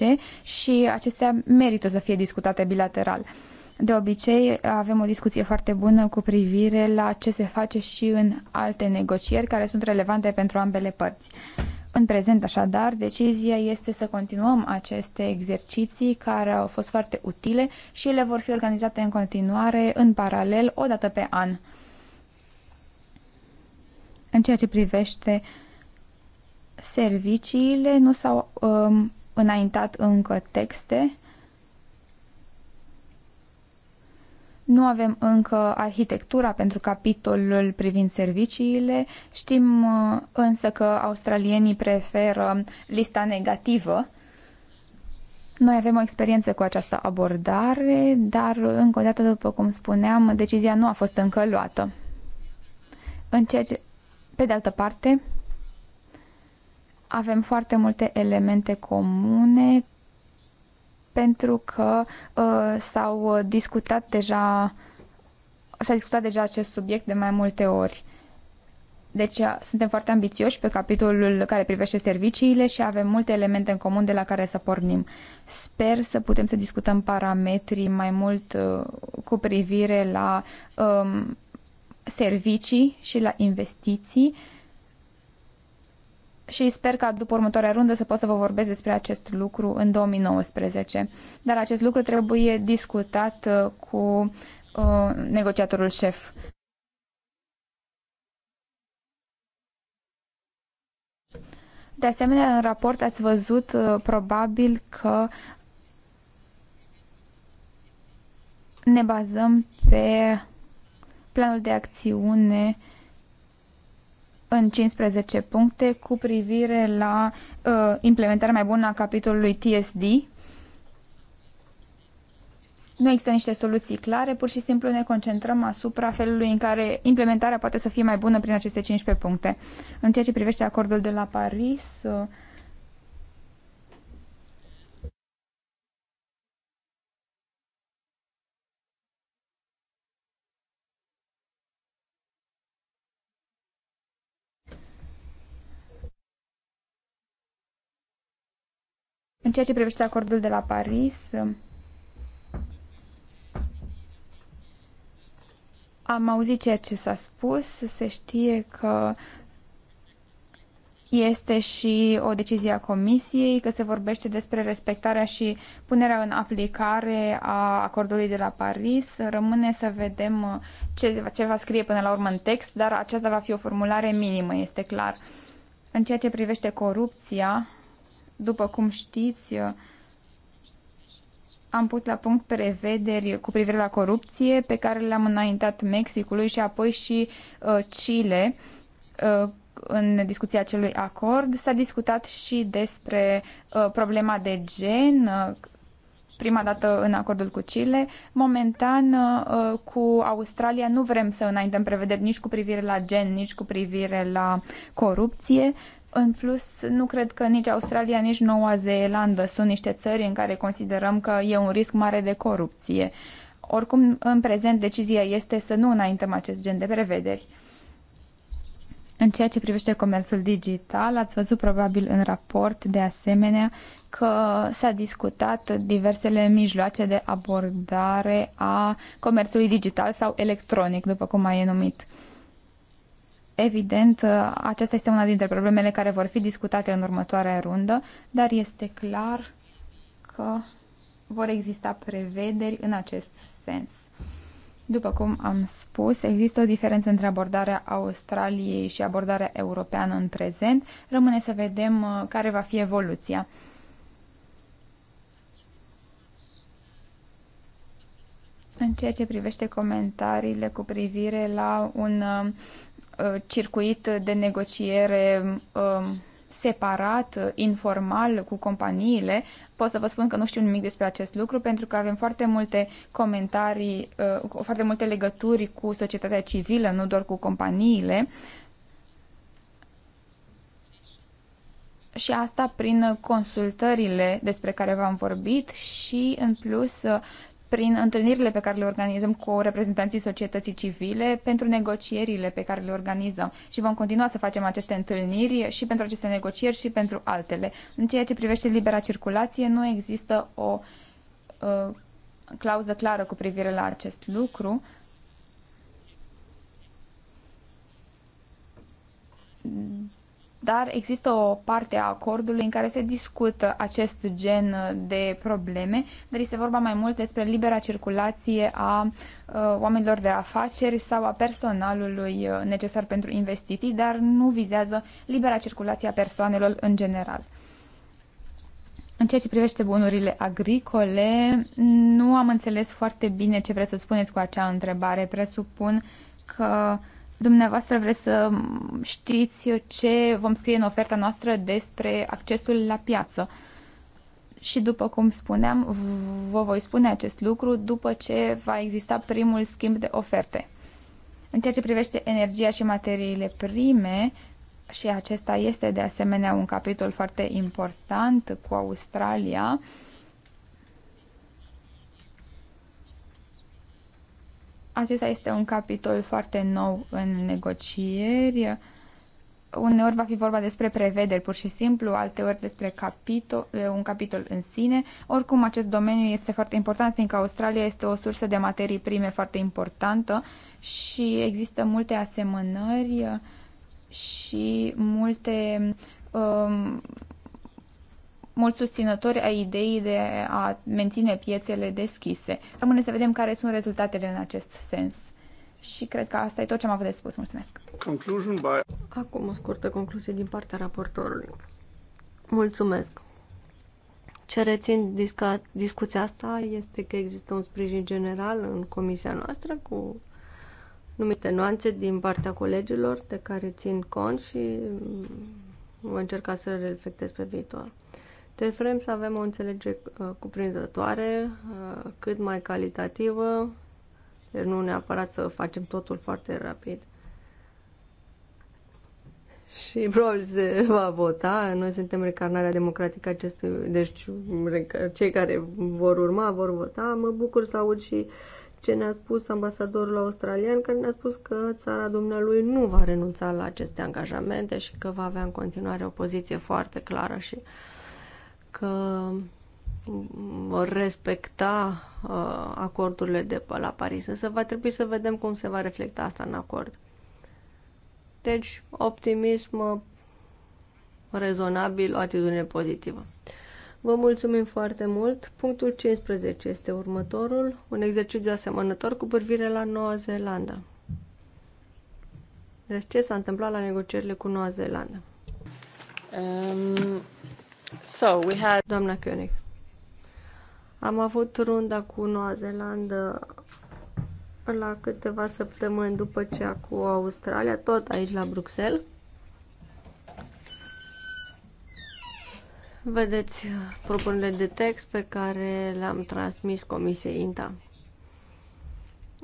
și acestea merită să fie discutate bilateral. Uh, de obicei avem o discuție foarte bună cu privire la ce se face și în alte negocieri care sunt relevante pentru ambele părți. În prezent, așadar, decizia este să continuăm aceste exerciții care au fost foarte utile și ele vor fi organizate în continuare, în paralel, o dată pe an. În ceea ce privește serviciile, nu s-au um, înaintat încă texte Nu avem încă arhitectura pentru capitolul privind serviciile, știm uh, însă că australienii preferă lista negativă. Noi avem o experiență cu această abordare, dar, încă o dată, după cum spuneam, decizia nu a fost încă luată. În ceea ce, pe de altă parte, avem foarte multe elemente comune pentru că uh, s-au discutat deja s-a discutat deja acest subiect de mai multe ori. Deci uh, suntem foarte ambițioși pe capitolul care privește serviciile și avem multe elemente în comun de la care să pornim. Sper să putem să discutăm parametrii mai mult uh, cu privire la um, servicii și la investiții uh, și sper ca după următoarea rundă să pot să vă vorbesc despre acest lucru în 2019. Dar acest lucru trebuie discutat uh, cu uh, negociatorul șef. De asemenea, în raport ați văzut uh, probabil că ne bazăm pe planul de acțiune în 15 puncte cu privire la uh, implementarea mai bună a capitolului TSD. Nu există niște soluții clare, pur și simplu ne concentrăm asupra felului în care implementarea poate să fie mai bună prin aceste 15 puncte. În ceea ce privește acordul de la Paris, uh, În ceea ce privește acordul de la Paris, am auzit ceea ce s-a spus, se știe că este și o decizie a Comisiei, că se vorbește despre respectarea și punerea în aplicare a acordului de la Paris. Rămâne să vedem ce, ce va scrie până la urmă în text, dar aceasta va fi o formulare minimă, este clar. În ceea ce privește corupția, după cum știți, am pus la punct prevederi cu privire la corupție pe care le-am înaintat Mexicului și apoi și uh, Chile. Uh, în discuția acelui acord s-a discutat și despre uh, problema de gen, uh, prima dată în acordul cu Chile. Momentan uh, cu Australia nu vrem să înaintăm prevederi nici cu privire la gen, nici cu privire la corupție. Uh, în plus, nu cred că nici Australia, nici Noua Zeelandă sunt niște țări în care considerăm că e un risc mare de corupție. Oricum, în prezent, decizia este să nu înaintăm acest gen de prevederi. În ceea ce privește comerțul digital, ați văzut probabil în raport de asemenea că s-a discutat diversele mijloace de abordare a comerțului digital sau electronic, după cum mai e numit. Uh, Evident, aceasta este una dintre problemele care vor fi discutate în următoarea rundă, dar este clar că vor exista prevederi în acest sens. După cum am spus, există o diferență între abordarea Australiei și abordarea europeană în prezent. Rămâne să vedem uh, care va fi evoluția. În ceea ce privește comentariile cu privire la un uh, Uh, circuit de negociere um, separat, informal, cu companiile. Pot să vă spun că nu știu nimic despre acest lucru pentru că avem foarte multe comentarii, uh, foarte multe legături cu societatea civilă, nu doar cu companiile. și asta prin consultările despre care v-am vorbit și, în plus, uh, prin întâlnirile pe care le organizăm cu reprezentanții societății civile, pentru negocierile pe care le organizăm și vom continua să facem aceste întâlniri și pentru aceste negocieri și pentru altele. În ceea ce privește libera circulație, nu există o uh, clauză clară cu privire la acest lucru dar există o parte a acordului în care se discută acest gen de probleme, dar este vorba mai mult despre libera circulație a uh, oamenilor de afaceri sau a personalului necesar pentru investiții, dar nu vizează libera circulație a persoanelor în general. În ceea ce privește bunurile agricole, nu am înțeles foarte bine ce vreți să spuneți cu acea întrebare. Presupun că uh, Dumneavoastră vreți să știți ce vom scrie în oferta noastră despre accesul la piață. Și după cum spuneam, vă voi spune acest lucru după ce va exista primul schimb de oferte. În ceea ce privește energia și materiile prime, și acesta este de asemenea un capitol foarte important cu Australia, uh, Acesta este un capitol foarte nou în negocieri. Uneori va fi vorba despre prevederi pur și simplu, alteori despre capito- un capitol în sine. Oricum, acest domeniu este foarte important, fiindcă Australia este o sursă de materii prime foarte importantă și există multe asemănări și multe um, mulți susținători ai ideii de a menține piețele deschise. Rămâne să vedem care sunt rezultatele în acest sens. Și cred că asta e tot ce am avut de spus. Mulțumesc. Conclusion by... Acum o scurtă concluzie din partea raportorului. Mulțumesc. Ce rețin disca- discuția asta este că există un sprijin general în comisia noastră cu numite nuanțe din partea colegilor de care țin cont și mm, voi încerca să le reflectez pe viitor. Deci vrem să avem o înțelegere uh, cuprinzătoare, uh, cât mai calitativă, deci nu neapărat să facem totul foarte rapid. Și probabil se *laughs* va vota. Noi suntem recarnarea democratică acestui... Deci cei care vor urma vor vota. Mă bucur să aud și ce ne-a spus ambasadorul australian, care ne-a spus că țara dumnealui nu va renunța la aceste angajamente și că va avea în continuare o poziție foarte clară și uh, că vor respecta uh, acordurile de pe la Paris, însă va trebui să vedem cum se va reflecta asta în acord. Deci, optimism rezonabil, o atitudine pozitivă. Vă mulțumim foarte mult. Punctul 15 este următorul, un exercițiu asemănător cu privire la Noua Zeelandă. Deci ce s-a întâmplat la negocierile cu Noua Zeelandă? Um, So, we had... Doamna König. Am avut runda cu Noua Zeelandă la câteva săptămâni după cea cu Australia, tot aici la Bruxelles. Vedeți propunerile de text pe care le-am transmis Comisiei INTA.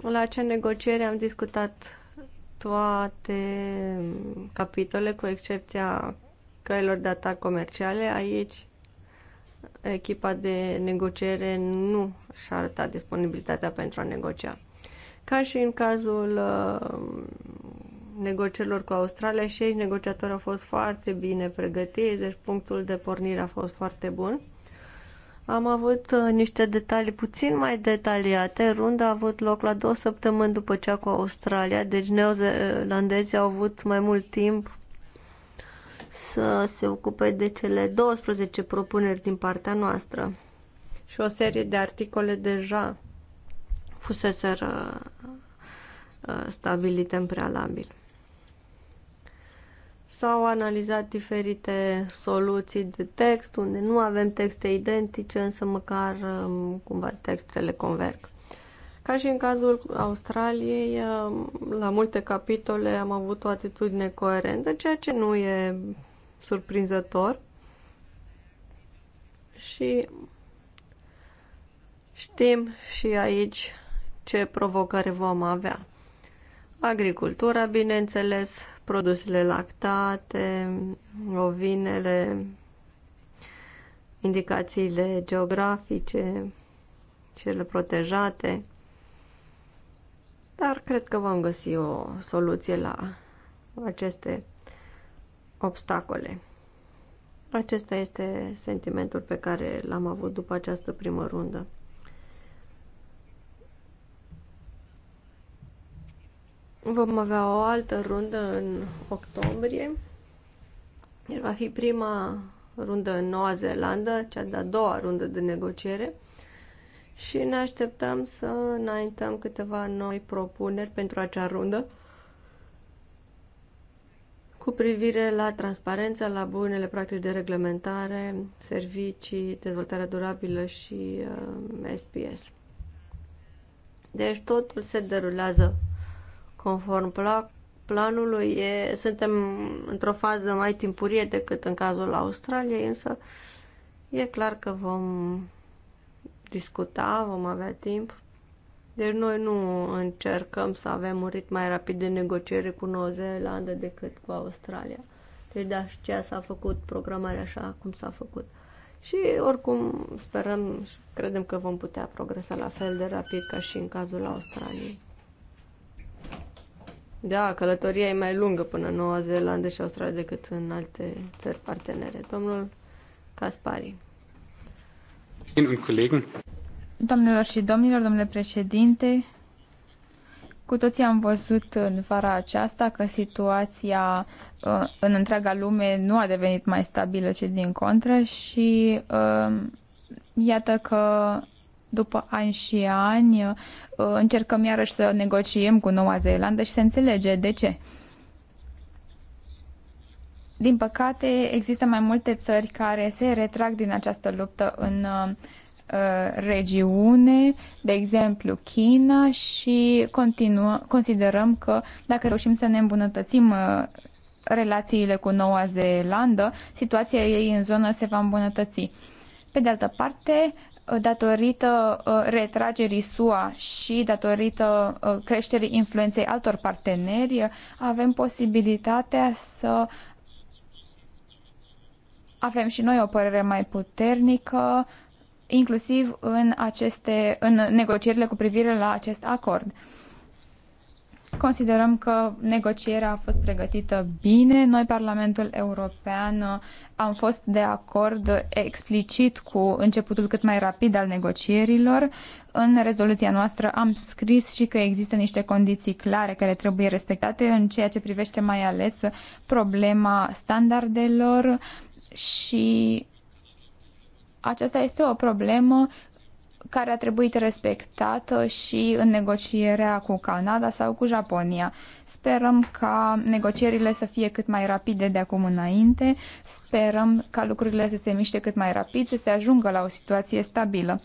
La acea negociere am discutat toate capitole, cu excepția căilor de atac comerciale. Aici echipa de negociere nu și-a arătat disponibilitatea pentru a negocia. Ca și în cazul uh, negocierilor cu Australia și aici negociatorii au fost foarte bine pregătiți, deci punctul de pornire a fost foarte bun. Am avut uh, niște detalii puțin mai detaliate. Runda a avut loc la două săptămâni după cea cu Australia, deci neozelandezii uh, au avut mai mult timp să se ocupe de cele 12 propuneri din partea noastră și o serie de articole deja fuseseră uh, uh, stabilite în prealabil. S-au analizat diferite soluții de text, unde nu avem texte identice, însă măcar um, cumva textele converg. Ca și în cazul Australiei, la multe capitole am avut o atitudine coerentă, ceea ce nu e surprinzător. Și știm și aici ce provocări vom avea. Agricultura, bineînțeles, produsele lactate, ovinele, indicațiile geografice, cele protejate. Dar cred că vom găsi o soluție la aceste obstacole. Acesta este sentimentul pe care l-am avut după această primă rundă. Vom avea o altă rundă în octombrie. Va fi prima rundă în Noua Zeelandă, cea de-a doua rundă de negociere și ne așteptăm să înaintăm câteva noi propuneri pentru acea rundă cu privire la transparența, la bunele practici de reglementare, servicii, dezvoltarea durabilă și uh, SPS. Deci totul se derulează conform pla planului. E, suntem într-o fază mai timpurie decât în cazul Australiei, însă e clar că vom discuta, vom avea timp. Deci noi nu încercăm să avem un ritm mai rapid de negociere cu Noua Zeelandă decât cu Australia. Deci de da, aceea s-a făcut programarea așa cum s-a făcut. Și oricum sperăm și credem că vom putea progresa la fel de rapid ca și în cazul Australiei. Da, călătoria e mai lungă până în Noua Zeelandă și Australia decât în alte țări partenere. Domnul Caspari. Doamnelor și domnilor, domnule președinte, cu toții am văzut în vara aceasta că situația uh, în întreaga lume nu a devenit mai stabilă, ci din contră și uh, iată că după ani și ani uh, încercăm iarăși să negociem cu Noua Zeelandă și se înțelege de ce. Din păcate, există mai multe țări care se retrag din această luptă în uh, regiune, de exemplu China și continuă, considerăm că dacă reușim să ne îmbunătățim uh, relațiile cu Noua Zeelandă, situația ei în zonă se va îmbunătăți. Pe de altă parte, uh, datorită retragerii SUA și datorită creșterii influenței altor parteneri, avem posibilitatea să avem și noi o părere mai puternică, inclusiv în, aceste, în negocierile cu privire la acest acord. Considerăm că negocierea a fost pregătită bine. Noi, Parlamentul European, am fost de acord explicit cu începutul cât mai rapid al negocierilor. În rezoluția noastră am scris și că există niște condiții clare care trebuie respectate în ceea ce privește mai ales problema standardelor, uh, și aceasta este o problemă care a trebuit respectată și în negocierea cu Canada sau cu Japonia. Sperăm ca negocierile să fie cât mai rapide de acum înainte, sperăm ca lucrurile să se miște cât mai rapid, să se ajungă la o situație stabilă.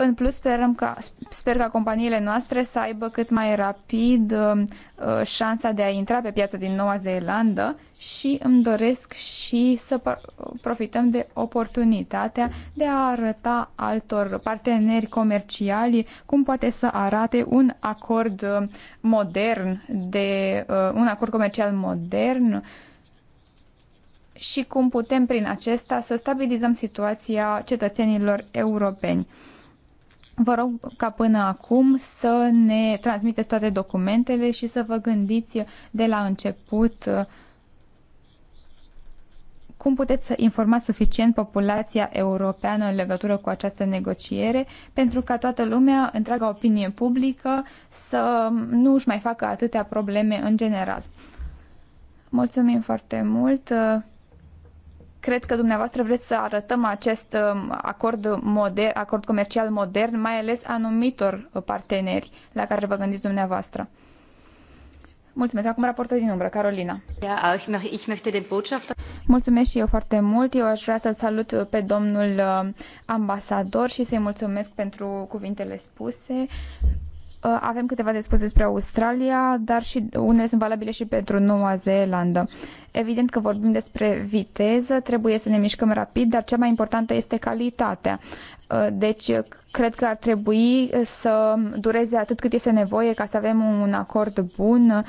În plus, sperăm ca, sper ca companiile noastre să aibă cât mai rapid uh, uh, șansa de a intra pe piața din Noua Zeelandă și îmi doresc și să uh, profităm de oportunitatea de a arăta altor parteneri comerciali cum poate să arate un acord uh, modern, de, uh, un acord comercial modern și cum putem prin acesta să stabilizăm situația cetățenilor europeni. Vă rog ca până acum să ne transmiteți toate documentele și să vă gândiți de la început uh, cum puteți să informați suficient populația europeană în legătură cu această negociere pentru ca toată lumea, întreaga opinie publică, să nu își mai facă atâtea probleme în general. Mulțumim foarte mult! Uh, cred că dumneavoastră vreți să arătăm acest um, acord, modern, acord comercial modern, mai ales anumitor parteneri la care vă gândiți dumneavoastră. Mulțumesc. Acum raportul din umbră, Carolina. Mulțumesc și eu foarte mult. Eu aș vrea să-l salut pe domnul um, ambasador și să-i mulțumesc pentru cuvintele spuse. Uh, avem câteva de spus despre Australia, dar și unele sunt valabile și pentru Noua Zeelandă. Evident că vorbim despre viteză, trebuie să ne mișcăm rapid, dar cea mai importantă este calitatea. Uh, deci, uh, cred că ar trebui să dureze atât cât este nevoie ca să avem un acord bun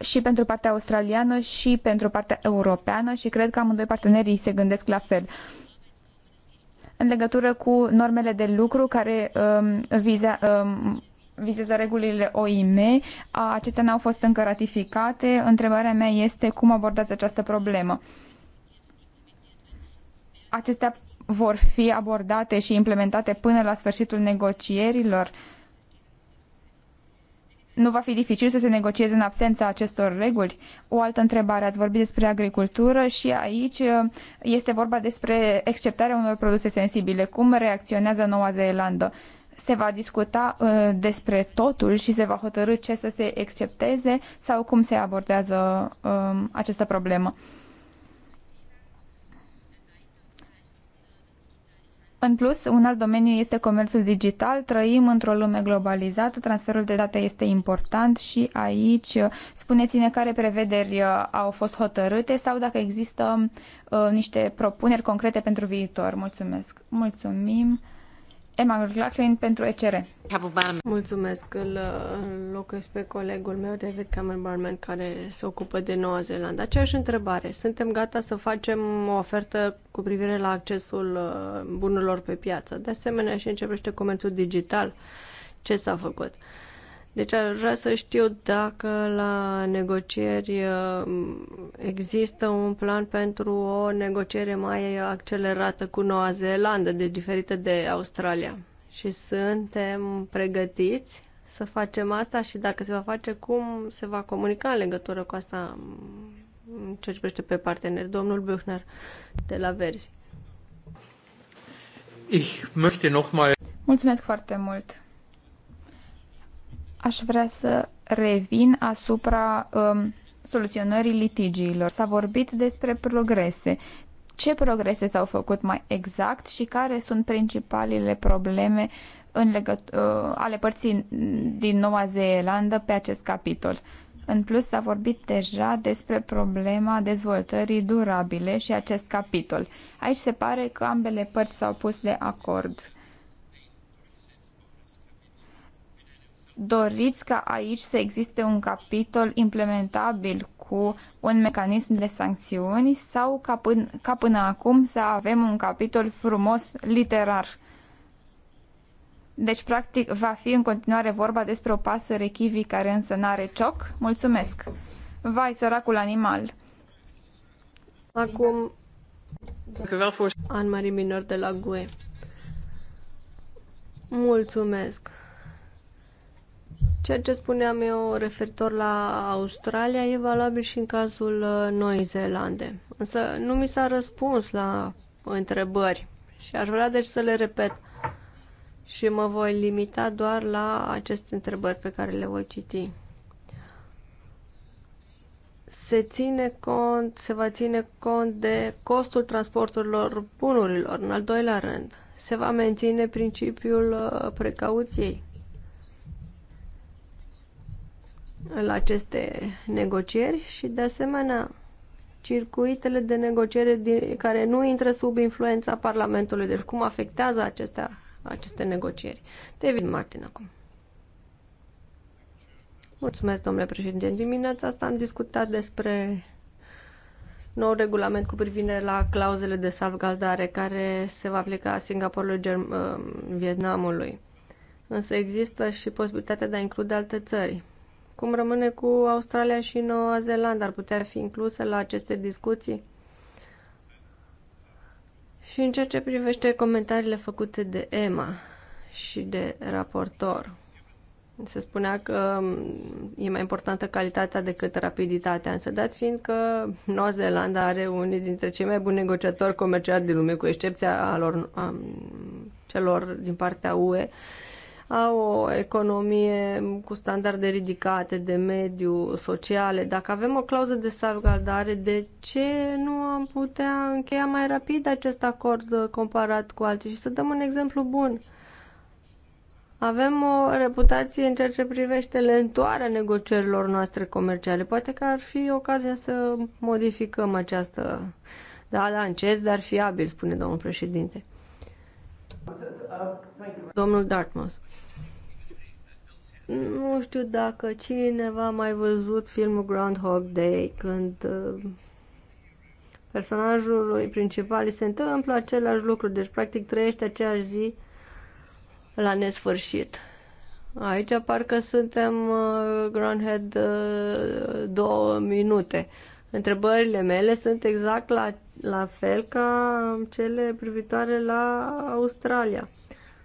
și pentru partea australiană și pentru partea europeană și cred că amândoi partenerii se gândesc la fel în legătură cu normele de lucru care um, vizează. um, vizează regulile OIM. Acestea n-au fost încă ratificate. Întrebarea mea este cum abordați această problemă. Acestea vor fi abordate și implementate până la sfârșitul negocierilor. Nu va fi dificil să se negocieze în absența acestor reguli? O altă întrebare, ați vorbit despre agricultură și aici uh, este vorba despre exceptarea unor produse sensibile. Cum reacționează Noua Zeelandă? se va discuta uh, despre totul și se va hotărâ ce să se excepteze sau cum se abordează uh, această problemă. În plus, un alt domeniu este comerțul digital. Trăim într-o lume globalizată, transferul de date este important și aici uh, spuneți-ne care prevederi uh, au fost hotărâte sau dacă există uh, niște propuneri concrete pentru viitor. Mulțumesc! Mulțumim! Emma Glachlin pentru ECR. Mulțumesc, îl locuiesc pe colegul meu, David Cameron Barman, care se ocupă de Noua Zeelandă. Aceeași întrebare. Suntem gata să facem o ofertă cu privire la accesul uh, bunurilor pe piață. De asemenea, și începește comerțul digital. Ce s-a făcut? Uh, deci ar vrea să știu dacă la negocieri uh, există un plan pentru o negociere mai accelerată cu Noua Zeelandă, deci diferită de Australia. Și suntem pregătiți să facem asta și dacă se va face, cum se va comunica în legătură cu asta mm, în ce privește pe parteneri, domnul Büchner de la Verzi. Ich möchte noch mal... Mulțumesc foarte mult. Aș vrea să revin asupra um, soluționării litigiilor. S-a vorbit despre progrese. Ce progrese s-au făcut mai exact și care sunt principalele probleme în legăt- uh, ale părții din Noua Zeelandă pe acest capitol? În plus, s-a vorbit deja despre problema dezvoltării durabile și acest capitol. Aici se pare că ambele părți s-au pus de acord doriți ca aici să existe un capitol implementabil cu un mecanism de sancțiuni sau ca până, ca până acum să avem un capitol frumos literar? Deci, practic, va fi în continuare vorba despre o pasăre kiwi care însă n-are cioc? Mulțumesc! Vai, săracul animal! Acum, Anne-Marie Minor de la GUE. Mulțumesc! Ceea ce spuneam eu referitor la Australia e valabil și în cazul uh, Noii Zeelande. Însă nu mi s-a răspuns la întrebări și aș vrea deci să le repet și mă voi limita doar la aceste întrebări pe care le voi citi. Se, ține cont, se va ține cont de costul transporturilor bunurilor, în al doilea rând. Se va menține principiul uh, precauției la aceste negocieri și, de asemenea, circuitele de negociere care nu intră sub influența Parlamentului. Deci cum afectează acestea, aceste negocieri? David Martin acum. Mulțumesc, domnule președinte. Dimineața asta am discutat despre nou regulament cu privire la clauzele de salvgardare care se va aplica Singaporului, Germ- uh, Vietnamului. Însă există și posibilitatea de a include alte țări cum rămâne cu Australia și Noua Zeelandă? Ar putea fi incluse la aceste discuții? Și în ceea ce privește comentariile făcute de Emma și de raportor, se spunea că um, e mai importantă calitatea decât rapiditatea, însă dat fiind că Noua Zeelandă are unii dintre cei mai buni negociatori comerciali din lume, cu excepția a lor, a um, celor din partea UE, au o economie cu standarde ridicate de mediu, sociale. Dacă avem o clauză de salvgardare, de ce nu am putea încheia mai rapid acest acord comparat cu alții? Și să dăm un exemplu bun. Avem o reputație în ceea ce privește lentoarea negocierilor noastre comerciale. Poate că ar fi ocazia să modificăm această... Da, da, încet, dar fiabil, spune domnul președinte. Domnul Dartmouth. Nu știu dacă cineva a mai văzut filmul Groundhog Day, când uh, personajul principal se întâmplă același lucru, deci practic trăiește aceeași zi la nesfârșit. Aici parcă suntem uh, Groundhead uh, două minute. Întrebările mele sunt exact la la fel ca cele privitoare la Australia.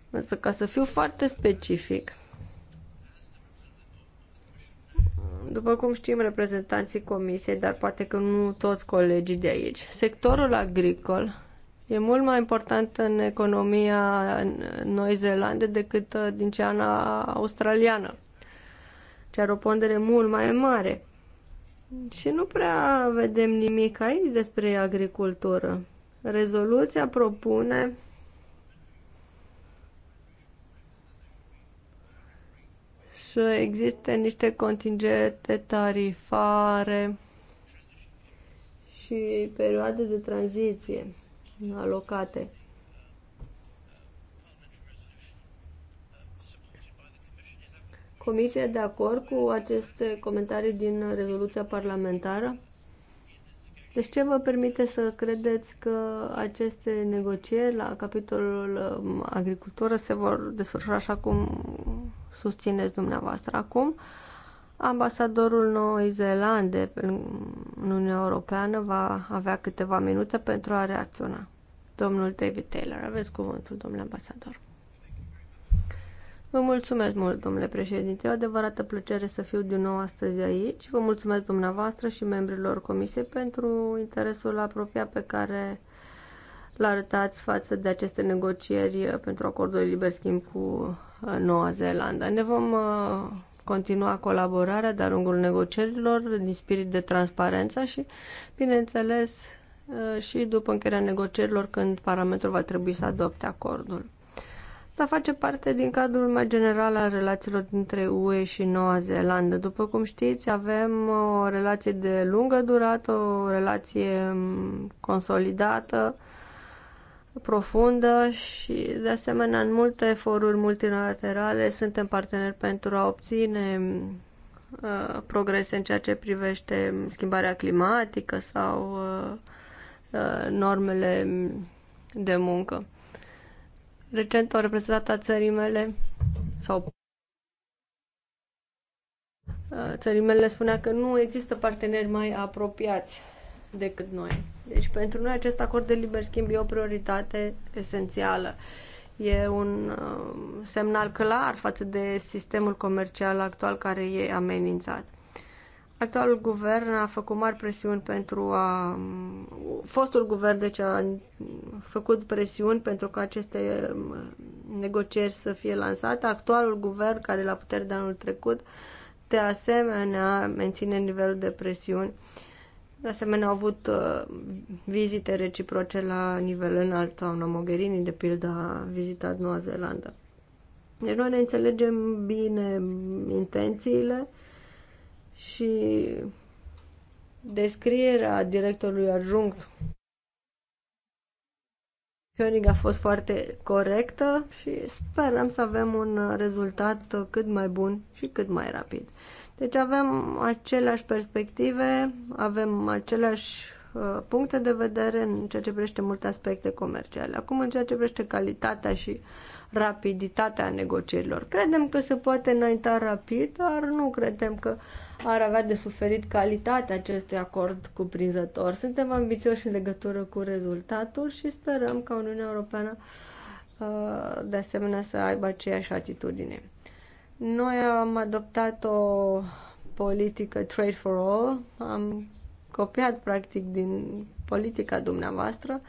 Însă, ca să fiu foarte specific, după cum știm reprezentanții comisiei, dar poate că nu toți colegii de aici, sectorul agricol e mult mai important în economia Noi Zeelande decât uh, din cea australiană, ce are o pondere mult mai mare. Și nu prea vedem nimic aici despre agricultură. Rezoluția propune să existe niște contingente tarifare și perioade de tranziție alocate. Comisia de acord cu aceste comentarii din rezoluția parlamentară? Deci ce vă permite să credeți că aceste negocieri la capitolul um, agricultură se vor desfășura așa cum susțineți dumneavoastră acum? Ambasadorul Noii Zeelande în Uniunea Europeană va avea câteva minute pentru a reacționa. Domnul David Taylor, aveți cuvântul, domnule ambasador. Vă mulțumesc mult, domnule președinte. o adevărată plăcere să fiu din nou astăzi aici. Vă mulțumesc dumneavoastră și membrilor comisiei pentru interesul apropiat pe care l-arătați față de aceste negocieri pentru acordul de liber schimb cu uh, Noua Zeelandă. Ne vom uh, continua colaborarea de-a lungul negocierilor din spirit de transparență și, bineînțeles, uh, și după încheierea negocierilor când Parlamentul va trebui să adopte acordul. Asta face parte din cadrul mai general al relațiilor dintre UE și Noua Zeelandă. După cum știți, avem o relație de lungă durată, o relație mm, consolidată, profundă și, de asemenea, în multe foruri multilaterale suntem parteneri pentru a obține mm, uh, progrese în ceea ce privește mm, schimbarea climatică sau uh, uh, normele de muncă. Recent o reprezentată a țării mele sau țării mele spunea că nu există parteneri mai apropiați decât noi. Deci pentru noi acest acord de liber schimb e o prioritate esențială. E un semnal clar față de sistemul comercial actual care e amenințat. Actualul guvern a făcut mari presiuni pentru a... Fostul guvern, deci, a făcut presiuni pentru ca aceste um, negocieri să fie lansate. Actualul guvern, care la putere de anul trecut, de asemenea, menține nivelul de presiuni. De asemenea, au avut uh, vizite reciproce la nivel înalt. Doamna Mogherini, de pildă, a vizitat Noua Zeelandă. Deci noi ne înțelegem bine intențiile, și descrierea directorului adjunct Koenig a fost foarte corectă și sperăm să avem un rezultat cât mai bun și cât mai rapid. Deci avem aceleași perspective, avem aceleași uh, puncte de vedere în ceea ce privește multe aspecte comerciale. Acum, în ceea ce privește calitatea și rapiditatea negocierilor. Credem că se poate înainta rapid, dar nu credem că ar avea de suferit calitatea acestui acord cuprinzător. Suntem ambițioși în legătură cu rezultatul și sperăm ca Uniunea Europeană uh, de asemenea să aibă aceeași atitudine. Noi am adoptat o politică Trade for All, am copiat practic din politica dumneavoastră uh,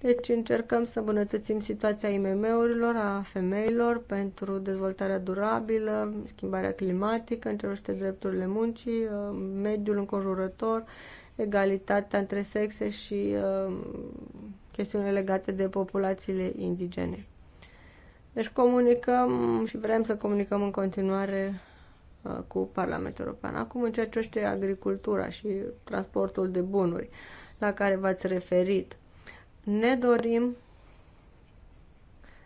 deci încercăm să îmbunătățim situația IMM-urilor, a femeilor pentru dezvoltarea durabilă, schimbarea climatică, începește drepturile muncii, uh, mediul înconjurător, egalitatea între sexe și uh, chestiunile legate de populațiile indigene. Deci comunicăm și vrem să comunicăm în continuare uh, cu Parlamentul European. Acum în ceea ce agricultura și transportul de bunuri la care v-ați referit. Ne dorim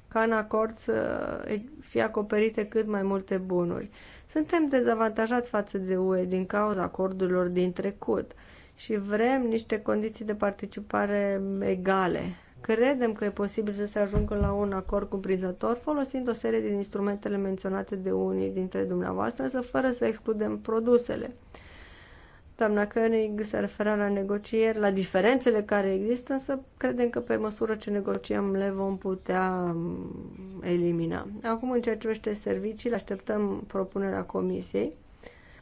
ca în acord să fie acoperite cât mai multe bunuri. Suntem dezavantajați față de UE din cauza acordurilor din trecut și vrem niște condiții de participare egale. Credem că e posibil să se ajungă la un acord cuprinzător folosind o serie din instrumentele menționate de unii dintre dumneavoastră, însă fără să excludem produsele. Doamna König se referea la negocieri, la diferențele care există, însă credem că pe măsură ce negociem le vom putea um, elimina. Acum, în ceea ce privește serviciile, așteptăm propunerea Comisiei,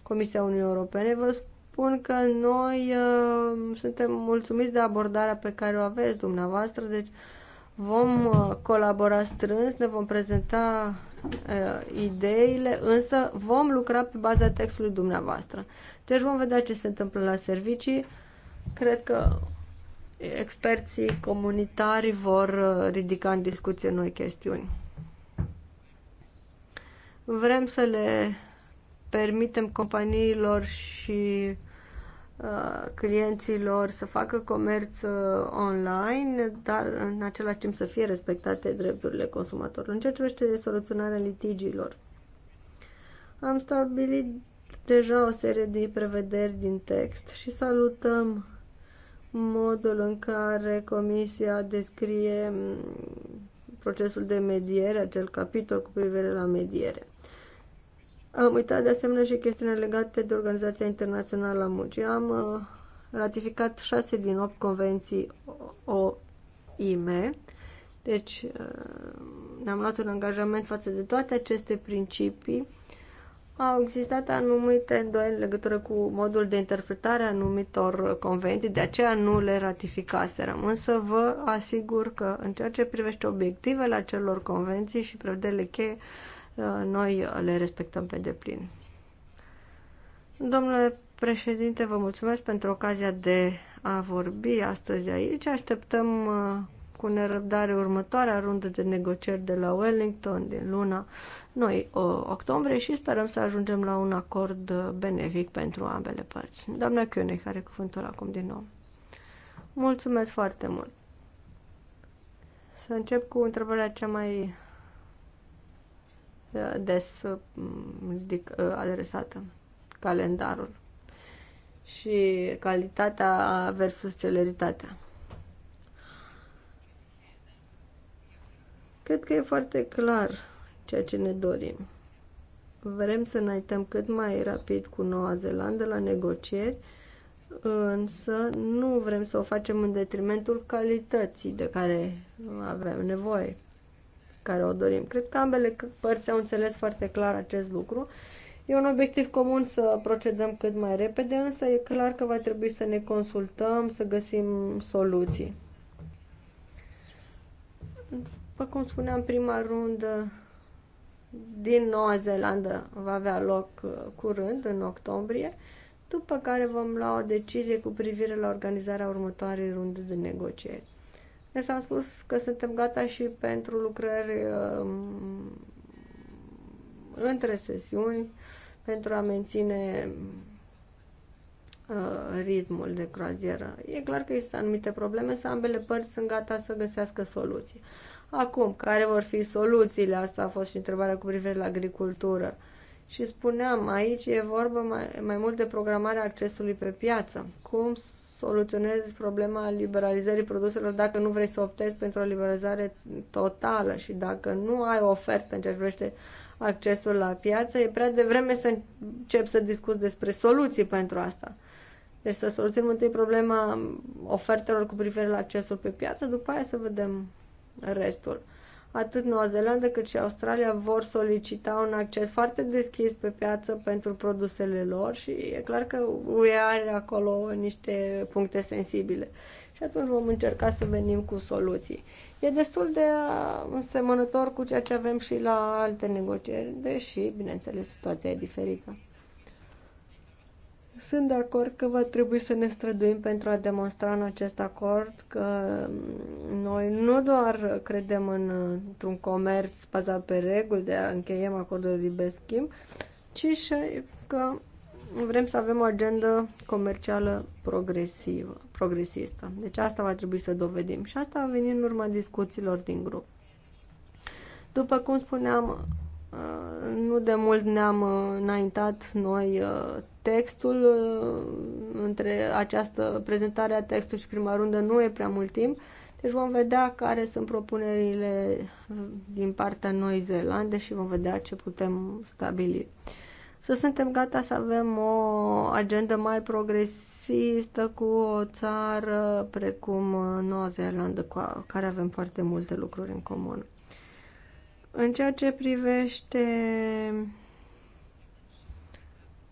Comisia Uniunii Europene. Vă spun că noi uh, suntem mulțumiți de abordarea pe care o aveți dumneavoastră, deci vom uh, colabora strâns, ne vom prezenta uh, ideile, însă vom lucra pe baza textului dumneavoastră. Deci vom vedea ce se întâmplă la servicii. Cred că experții comunitari vor uh, ridica în discuție noi chestiuni. Vrem să le permitem companiilor și Uh, clienților să facă comerț uh, online, dar în același timp să fie respectate drepturile consumatorilor. În ce privește soluționarea litigiilor, am stabilit deja o serie de prevederi din text și salutăm modul în care Comisia descrie mm, procesul de mediere, acel capitol cu privire la mediere. Am uitat de asemenea și chestiunea legate de Organizația Internațională a Muncii. Am uh, ratificat 6 din 8 convenții OIM, deci uh, ne-am luat un angajament față de toate aceste principii. Au existat anumite îndoieli în legătură cu modul de interpretare a anumitor convenții, de aceea nu le ratificaserăm. Însă vă asigur că în ceea ce privește obiectivele acelor convenții și prevederile cheie, noi le respectăm pe deplin. Domnule președinte, vă mulțumesc pentru ocazia de a vorbi astăzi aici. Așteptăm uh, cu nerăbdare următoarea rundă de negocieri de la Wellington din luna noi octombrie și sperăm să ajungem la un acord uh, benefic pentru ambele părți. Doamna Chionei care cuvântul acum din nou. Mulțumesc foarte mult. Să încep cu întrebarea cea mai des mm, zic, uh, adresată calendarul și calitatea versus celeritatea. Cred că e foarte clar ceea ce ne dorim. Vrem să înaintăm cât mai rapid cu Noua Zeelandă la negocieri, însă nu vrem să o facem în detrimentul calității de care avem nevoie care o dorim. Cred că ambele părți au înțeles foarte clar acest lucru. E un obiectiv comun să procedăm cât mai repede, însă e clar că va trebui să ne consultăm, să găsim soluții. După cum spuneam, prima rundă din Noua Zeelandă va avea loc uh, curând, în octombrie, după care vom lua o decizie cu privire la organizarea următoarei runde de negocieri. Ne s-a spus că suntem gata și pentru lucrări uh, între sesiuni pentru a menține uh, ritmul de croazieră. E clar că există anumite probleme, să ambele părți sunt gata să găsească soluții. Acum, care vor fi soluțiile? Asta a fost și întrebarea cu privire la agricultură. Și spuneam, aici e vorba mai, mai mult de programarea accesului pe piață. Cum soluționezi problema liberalizării produselor dacă nu vrei să optezi pentru o liberalizare totală și dacă nu ai o ofertă în ce privește accesul la piață, e prea devreme să încep să discut despre soluții pentru asta. Deci să soluționăm întâi problema ofertelor cu privire la accesul pe piață, după aia să vedem restul atât Noua Zeelandă cât și Australia vor solicita un acces foarte deschis pe piață pentru produsele lor și e clar că UE are acolo niște puncte sensibile. Și atunci vom încerca să venim cu soluții. E destul de semănător cu ceea ce avem și la alte negocieri, deși, bineînțeles, situația e diferită. Sunt de acord că va trebui să ne străduim pentru a demonstra în acest acord că mm, noi nu doar credem în, într-un comerț bazat pe reguli, de a încheiem acordul de liber schimb, ci și că vrem să avem o agendă comercială progresivă, progresistă. Deci asta va trebui să dovedim. Și asta a venit în urma discuțiilor din grup. După cum spuneam, uh, nu de mult ne-am uh, înaintat noi uh, textul uh, între această prezentare a textului și prima rundă nu e prea mult timp, deci vom vedea care sunt propunerile din partea Noi Zeelande și vom vedea ce putem stabili. Să suntem gata să avem o agendă mai progresistă cu o țară precum Noua Zeelandă, cu care avem foarte multe lucruri în comun. În ceea ce privește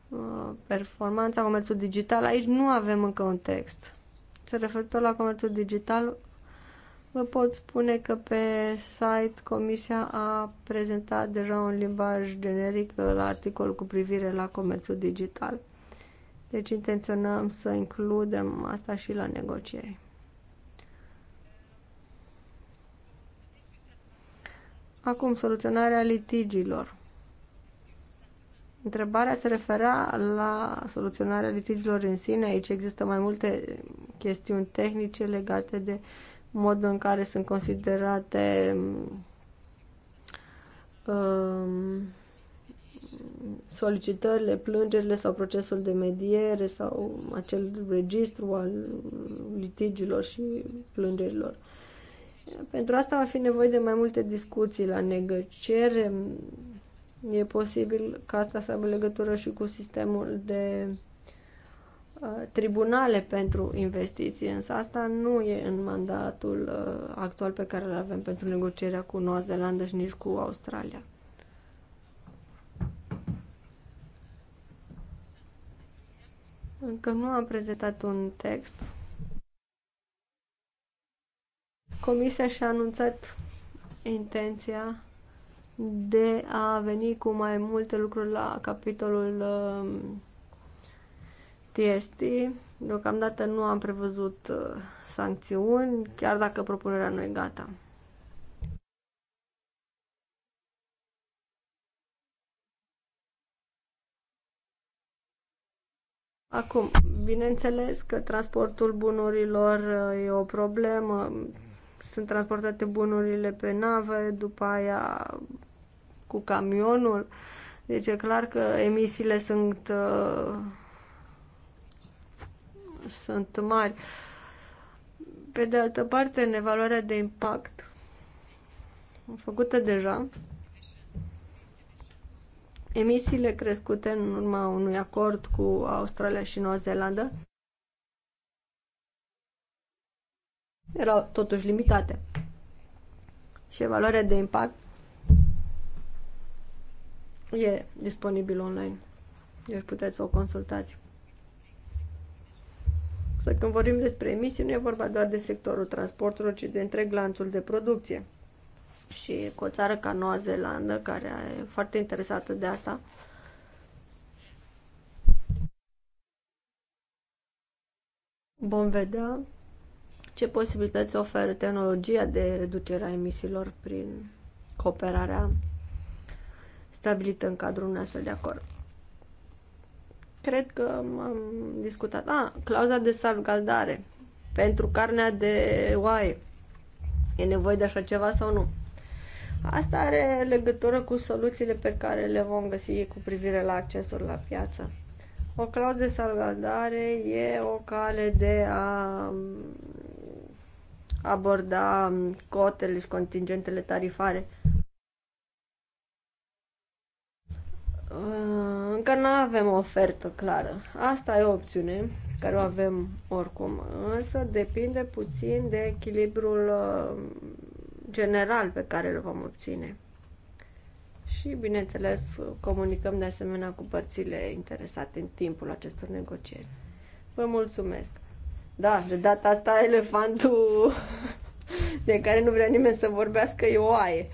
Uh, performanța, comerțul digital, aici nu avem încă un text. Se referitor la comerțul digital, vă pot spune că pe site Comisia a prezentat deja un limbaj generic la articol cu privire la comerțul digital. Deci intenționăm să includem asta și la negocieri. Acum, soluționarea litigiilor. Întrebarea se referea la soluționarea litigiilor în sine. Aici există mai multe chestiuni tehnice legate de modul în care sunt considerate um, solicitările, plângerile sau procesul de mediere sau acel registru al litigilor și plângerilor. Pentru asta va fi nevoie de mai multe discuții la negociere. E posibil ca asta să aibă legătură și cu sistemul de uh, tribunale pentru investiții, însă asta nu e în mandatul uh, actual pe care îl avem pentru negocierea cu Noua Zeelandă și nici cu Australia. Încă nu am prezentat un text. Comisia și-a anunțat intenția de a veni cu mai multe lucruri la capitolul TST. Um, Deocamdată nu am prevăzut uh, sancțiuni, chiar dacă propunerea nu e gata. Acum, bineînțeles că transportul bunurilor uh, e o problemă. Sunt transportate bunurile pe nave, după aia cu camionul. Deci e clar că emisiile sunt, uh, sunt mari. Pe de altă parte, în evaluarea de impact făcută deja, emisiile crescute în urma unui acord cu Australia și Noua Zeelandă erau totuși limitate. Și evaluarea de impact E disponibil online. Deci puteți să o consultați. Să când vorbim despre emisii, nu e vorba doar de sectorul transportului, ci de întreg lanțul de producție. Și cu o țară ca Noua Zeelandă, care e foarte interesată de asta, vom vedea ce posibilități oferă tehnologia de reducere a emisiilor prin cooperarea stabilită în cadrul unui astfel de acord. Cred că am discutat. Ah, clauza de salvgaldare. pentru carnea de oaie. E nevoie de așa ceva sau nu? Asta are legătură cu soluțiile pe care le vom găsi cu privire la accesul la piață. O clauză de salvgardare e o cale de a aborda cotele și contingentele tarifare Uh, încă nu avem o ofertă clară. Asta e o opțiune care o avem oricum, însă depinde puțin de echilibrul uh, general pe care îl vom obține. Și, bineînțeles, comunicăm de asemenea cu părțile interesate în timpul acestor negocieri. Vă mulțumesc! Da, de data asta elefantul *laughs* de care nu vrea nimeni să vorbească e o aie.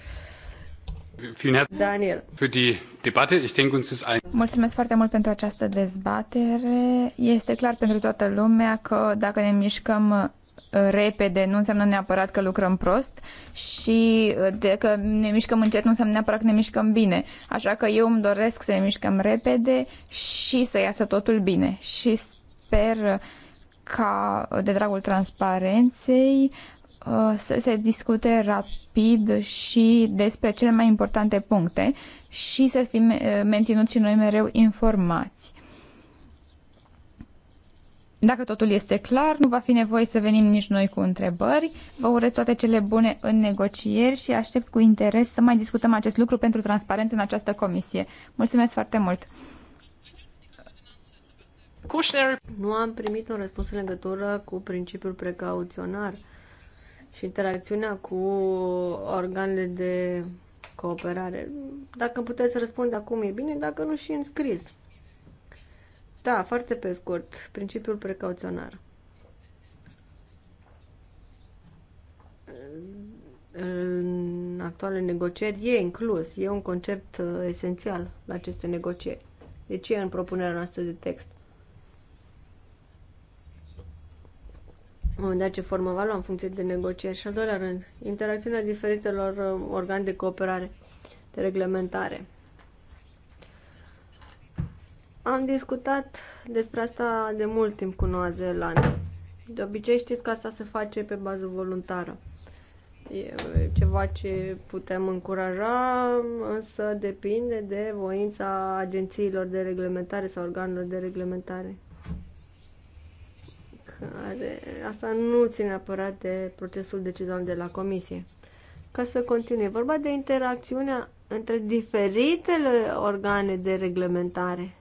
Mulțumesc foarte mult pentru această dezbatere. Este clar pentru toată lumea că dacă ne mișcăm uh, repede nu înseamnă neapărat că lucrăm prost și uh, dacă ne mișcăm încet nu înseamnă neapărat că ne mișcăm bine. Așa că eu îmi doresc să ne mișcăm repede și să iasă totul bine. Și sper ca, de dragul transparenței, Uh, să se discute rapid și despre cele mai importante puncte și să fim uh, menținuți și noi mereu informați. Dacă totul este clar, nu va fi nevoie să venim nici noi cu întrebări. Vă urez toate cele bune în negocieri și aștept cu interes să mai discutăm acest lucru pentru transparență în această comisie. Mulțumesc foarte mult! Nu am primit un răspuns în legătură cu principiul precauționar și interacțiunea cu organele de cooperare. Dacă puteți răspunde acum e bine, dacă nu și înscris. Da, foarte pe scurt, principiul precauționar. În actuale negocieri e inclus, e un concept uh, esențial la aceste negocieri. Deci e în propunerea noastră de text. moment dat ce formă va lua în funcție de negocieri. Și al doilea rând, interacțiunea diferitelor uh, organe de cooperare, de reglementare. Am discutat despre asta de mult timp cu Noua Zeelandă. De obicei știți că asta se face pe bază voluntară. E ceva ce putem încuraja, însă depinde de voința agențiilor de reglementare sau organelor de reglementare. Are... asta nu ține apărat de procesul decizional de la comisie. Ca să continui, vorba de interacțiunea între diferitele organe de reglementare,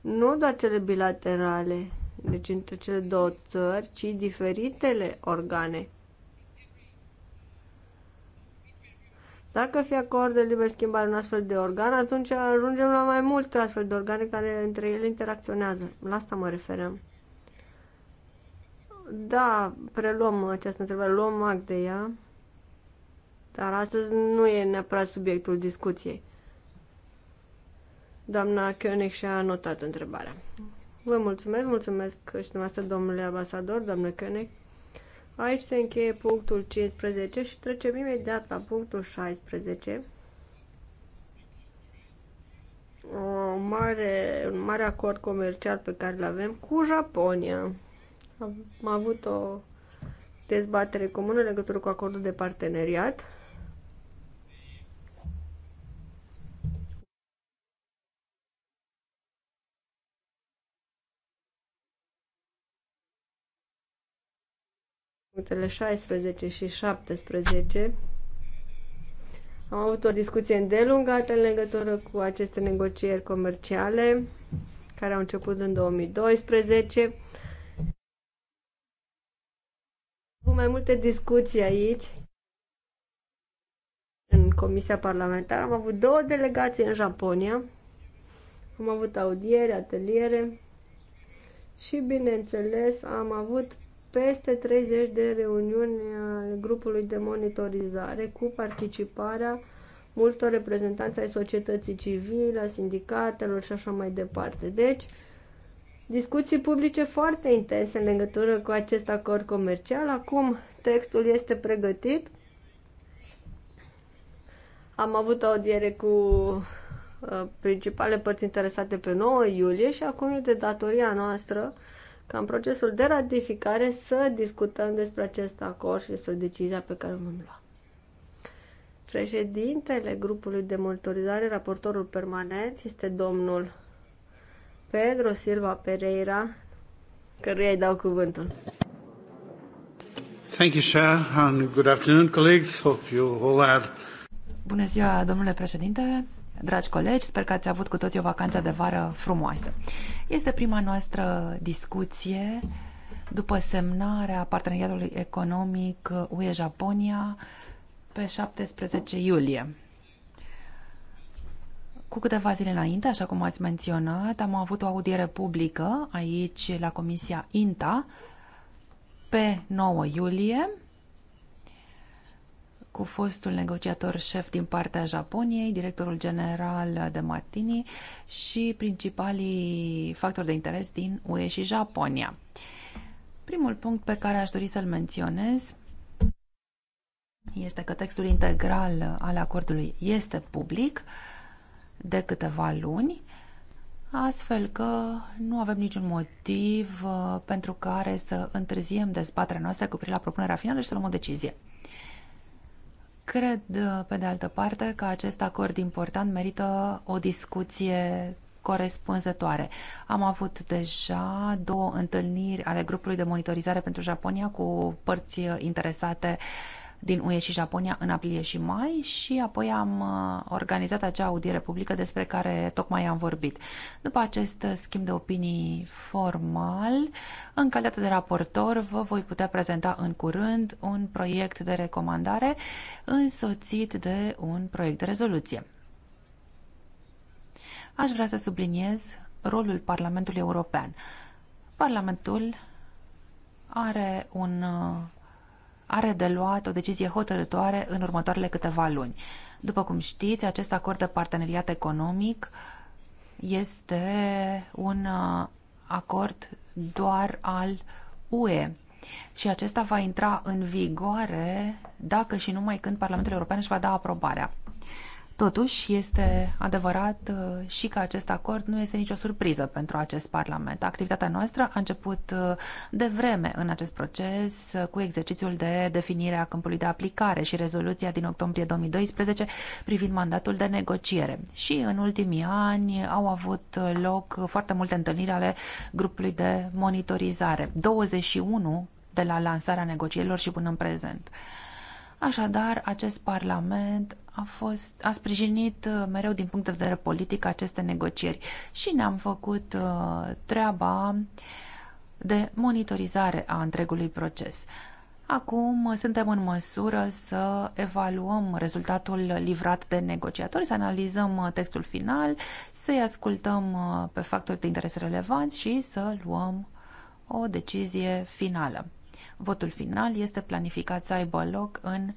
nu doar cele bilaterale, deci între cele două țări, ci diferitele organe. Dacă fi acord de liber schimbare un astfel de organ, atunci ajungem la mai multe astfel de organe care între ele interacționează. La asta mă referam. Da, preluăm această întrebare, luăm act de ea, dar astăzi nu e neapărat subiectul discuției. Doamna Koenig și-a anotat întrebarea. Vă mulțumesc, mulțumesc și dumneavoastră, domnule ambasador, doamnă Koenig. Aici se încheie punctul 15 și trecem imediat la punctul 16. O mare, un mare acord comercial pe care îl avem cu Japonia. Am avut o dezbatere comună în legătură cu acordul de parteneriat. Punctele 16 și 17. Am avut o discuție îndelungată în legătură cu aceste negocieri comerciale care au început în 2012 mai multe discuții aici în Comisia Parlamentară. Am avut două delegații în Japonia. Am avut audiere, ateliere și, bineînțeles, am avut peste 30 de reuniuni ale grupului de monitorizare cu participarea multor reprezentanți ai societății civile, a sindicatelor și așa mai departe. Deci, discuții publice foarte intense în legătură cu acest acord comercial. Acum textul este pregătit. Am avut o audiere cu uh, principale părți interesate pe 9 iulie și acum e de datoria noastră ca în procesul de ratificare să discutăm despre acest acord și despre decizia pe care o vom lua. Președintele grupului de monitorizare, raportorul permanent, este domnul Pedro Silva Pereira, căruia îi dau cuvântul. Thank you, Chair, and good afternoon, colleagues. Hope you all are... Bună ziua, domnule președinte, dragi colegi, sper că ați avut cu toții o vacanță de vară frumoasă. Este prima noastră discuție după semnarea parteneriatului economic UE-Japonia pe 17 iulie. Cu câteva zile înainte, așa cum ați menționat, am avut o audiere publică aici la Comisia INTA pe 9 iulie cu fostul negociator șef din partea Japoniei, directorul general de Martini și principalii factori de interes din UE și Japonia. Primul punct pe care aș dori să-l menționez este că textul integral al acordului este public, de câteva luni, astfel că nu avem niciun motiv uh, pentru care să întârziem dezbaterea noastră cu privire la propunerea finală și să luăm o decizie. Cred, uh, pe de altă parte, că acest acord important merită o discuție corespunzătoare. Am avut deja două întâlniri ale grupului de monitorizare pentru Japonia cu părți interesate uh, din UE și Japonia în aprilie și mai și apoi am uh, organizat acea audiere publică despre care tocmai am vorbit. După acest uh, schimb de opinii formal, în calitate de raportor, vă voi putea prezenta în curând un proiect de recomandare însoțit de un proiect de rezoluție. Aș vrea să subliniez rolul Parlamentului European. Parlamentul are un uh, are de luat o decizie hotărătoare în următoarele câteva luni. După cum știți, acest acord de parteneriat economic este un uh, acord doar al UE și acesta va intra în vigoare dacă și numai când Parlamentul European își va da aprobarea. Totuși, este adevărat uh, și că acest acord nu este nicio surpriză pentru acest Parlament. Activitatea noastră a început uh, de vreme în acest proces uh, cu exercițiul de definire a câmpului de aplicare și rezoluția din octombrie 2012 privind mandatul de negociere. Și în ultimii ani au avut loc foarte multe întâlniri ale grupului de monitorizare, 21 de la lansarea negocierilor și până în prezent. Așadar, acest Parlament a, fost, a sprijinit uh, mereu din punct de vedere politic aceste negocieri și ne-am făcut uh, treaba de monitorizare a întregului proces. Acum uh, suntem în măsură să evaluăm rezultatul livrat de negociatori, să analizăm textul final, să-i ascultăm pe factori de interes relevanți și să luăm o decizie finală. Votul final este planificat să aibă loc în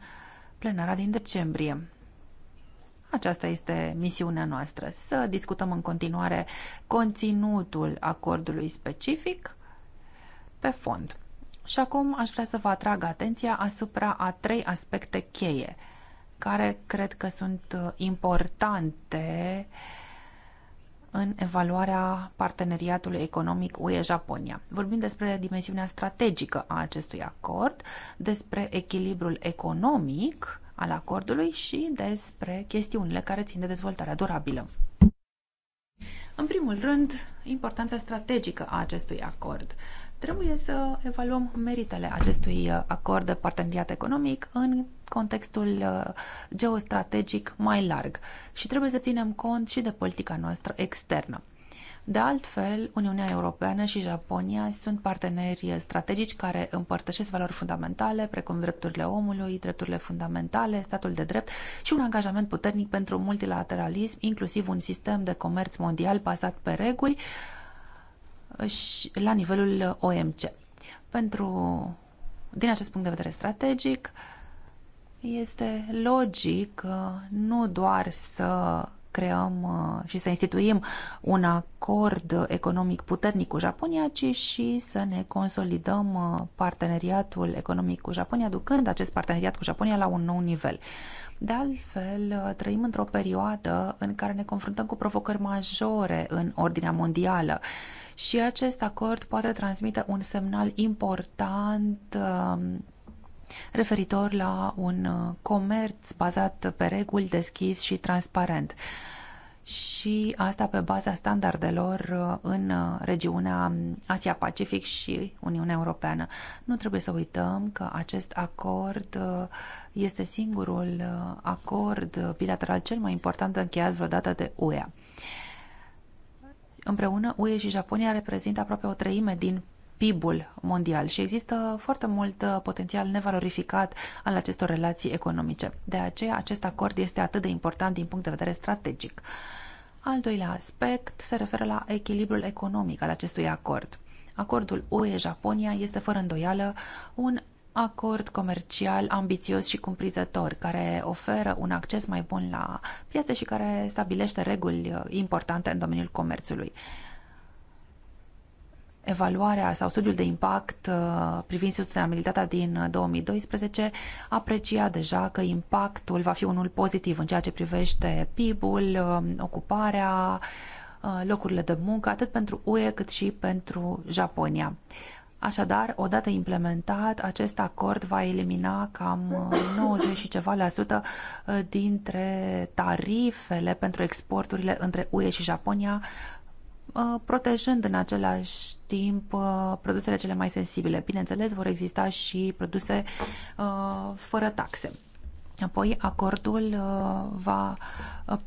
plenara din decembrie. Aceasta este misiunea noastră, să discutăm în continuare conținutul acordului specific pe fond. Și acum aș vrea să vă atrag atenția asupra a trei aspecte cheie, care cred că sunt uh, importante în evaluarea parteneriatului economic UE-Japonia. Vorbim despre dimensiunea strategică a acestui acord, despre echilibrul economic al acordului și despre chestiunile care țin de dezvoltarea durabilă. În primul rând, importanța strategică a acestui acord. Trebuie să evaluăm meritele acestui uh, acord de parteneriat economic în contextul uh, geostrategic mai larg și trebuie să ținem cont și de politica noastră externă. De altfel, Uniunea Europeană și Japonia sunt parteneri strategici care împărtășesc valori fundamentale, precum drepturile omului, drepturile fundamentale, statul de drept și un angajament puternic pentru multilateralism, inclusiv un sistem de comerț mondial bazat pe reguli și la nivelul OMC. Pentru, din acest punct de vedere strategic, este logic uh, nu doar să creăm uh, și să instituim un acord economic puternic cu Japonia, ci și să ne consolidăm uh, parteneriatul economic cu Japonia, ducând acest parteneriat cu Japonia la un nou nivel. De altfel, uh, trăim într-o perioadă în care ne confruntăm cu provocări majore în ordinea mondială și acest acord poate transmite un semnal important referitor la un uh, comerț bazat pe reguli deschis și transparent și asta pe baza standardelor uh, în uh, regiunea um, Asia-Pacific și Uniunea Europeană. Nu trebuie să uităm că acest acord este singurul acord bilateral cel mai important încheiat vreodată de UEA. Împreună, UE și Japonia reprezintă aproape o treime din PIB-ul mondial și există foarte mult uh, potențial nevalorificat al acestor relații economice. De aceea, acest acord este atât de important din punct de vedere strategic. Al doilea aspect se referă la echilibrul economic al acestui acord. Acordul UE-Japonia este fără îndoială un acord comercial ambițios și cumprizător, care oferă un acces mai bun la piață și care stabilește reguli uh, importante în domeniul comerțului evaluarea sau studiul de impact uh, privind sustenabilitatea din 2012 uh, aprecia deja că impactul va fi unul pozitiv în ceea ce privește PIB-ul, um, ocuparea, uh, locurile de muncă, atât pentru UE cât și pentru Japonia. Așadar, odată implementat, acest acord va elimina cam 90 și ceva la sută dintre tarifele pentru exporturile între UE și Japonia Uh, protejând în același timp uh, produsele cele mai sensibile. Bineînțeles, vor exista și produse uh, fără taxe. Apoi, acordul va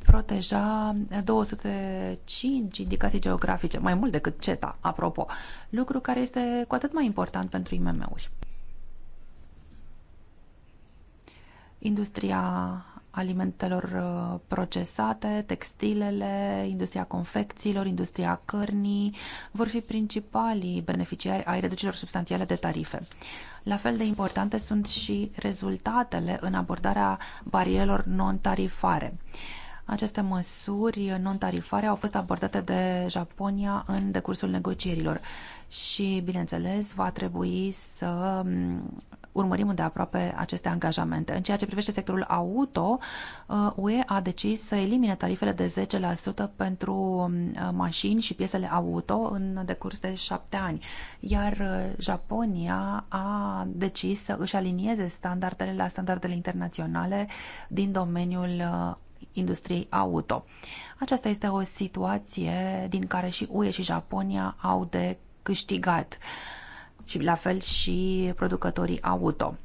proteja 205 indicații geografice, mai mult decât CETA, apropo, lucru care este cu atât mai important pentru IMM-uri. Industria alimentelor uh, procesate, textilele, industria confecțiilor, industria cărnii vor fi principalii beneficiari ai reducerilor substanțiale de tarife. La fel de importante sunt și rezultatele în abordarea barierelor non-tarifare. Aceste măsuri non-tarifare au fost abordate de Japonia în decursul negocierilor și, bineînțeles, va trebui să mm, urmărim îndeaproape aceste angajamente. În ceea ce privește sectorul auto, uh, UE a decis să elimine tarifele de 10% pentru um, uh, mașini și piesele auto în decurs de șapte ani, iar uh, Japonia a decis să își alinieze standardele la standardele internaționale din domeniul industriei auto. Aceasta este o situație din care și UE și Japonia au de câștigat. Uh, și la fel și producătorii auto.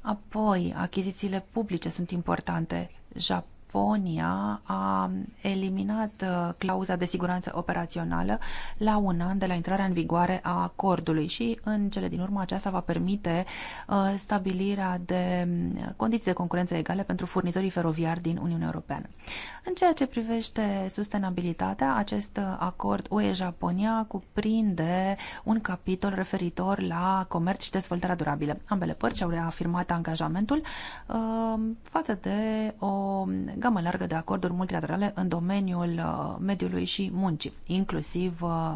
Apoi, achizițiile publice sunt importante. Japonia Japonia a eliminat uh, clauza de siguranță operațională la un an de la intrarea în vigoare a acordului și în cele din urmă aceasta va permite uh, stabilirea de um, condiții de concurență egale pentru furnizorii feroviari din Uniunea Europeană. În ceea ce privește sustenabilitatea, acest uh, acord UE-Japonia cuprinde un capitol referitor la comerț și dezvoltarea durabilă. Ambele părți au reafirmat angajamentul față de o gamă largă de acorduri multilaterale în domeniul uh, mediului și muncii, inclusiv uh,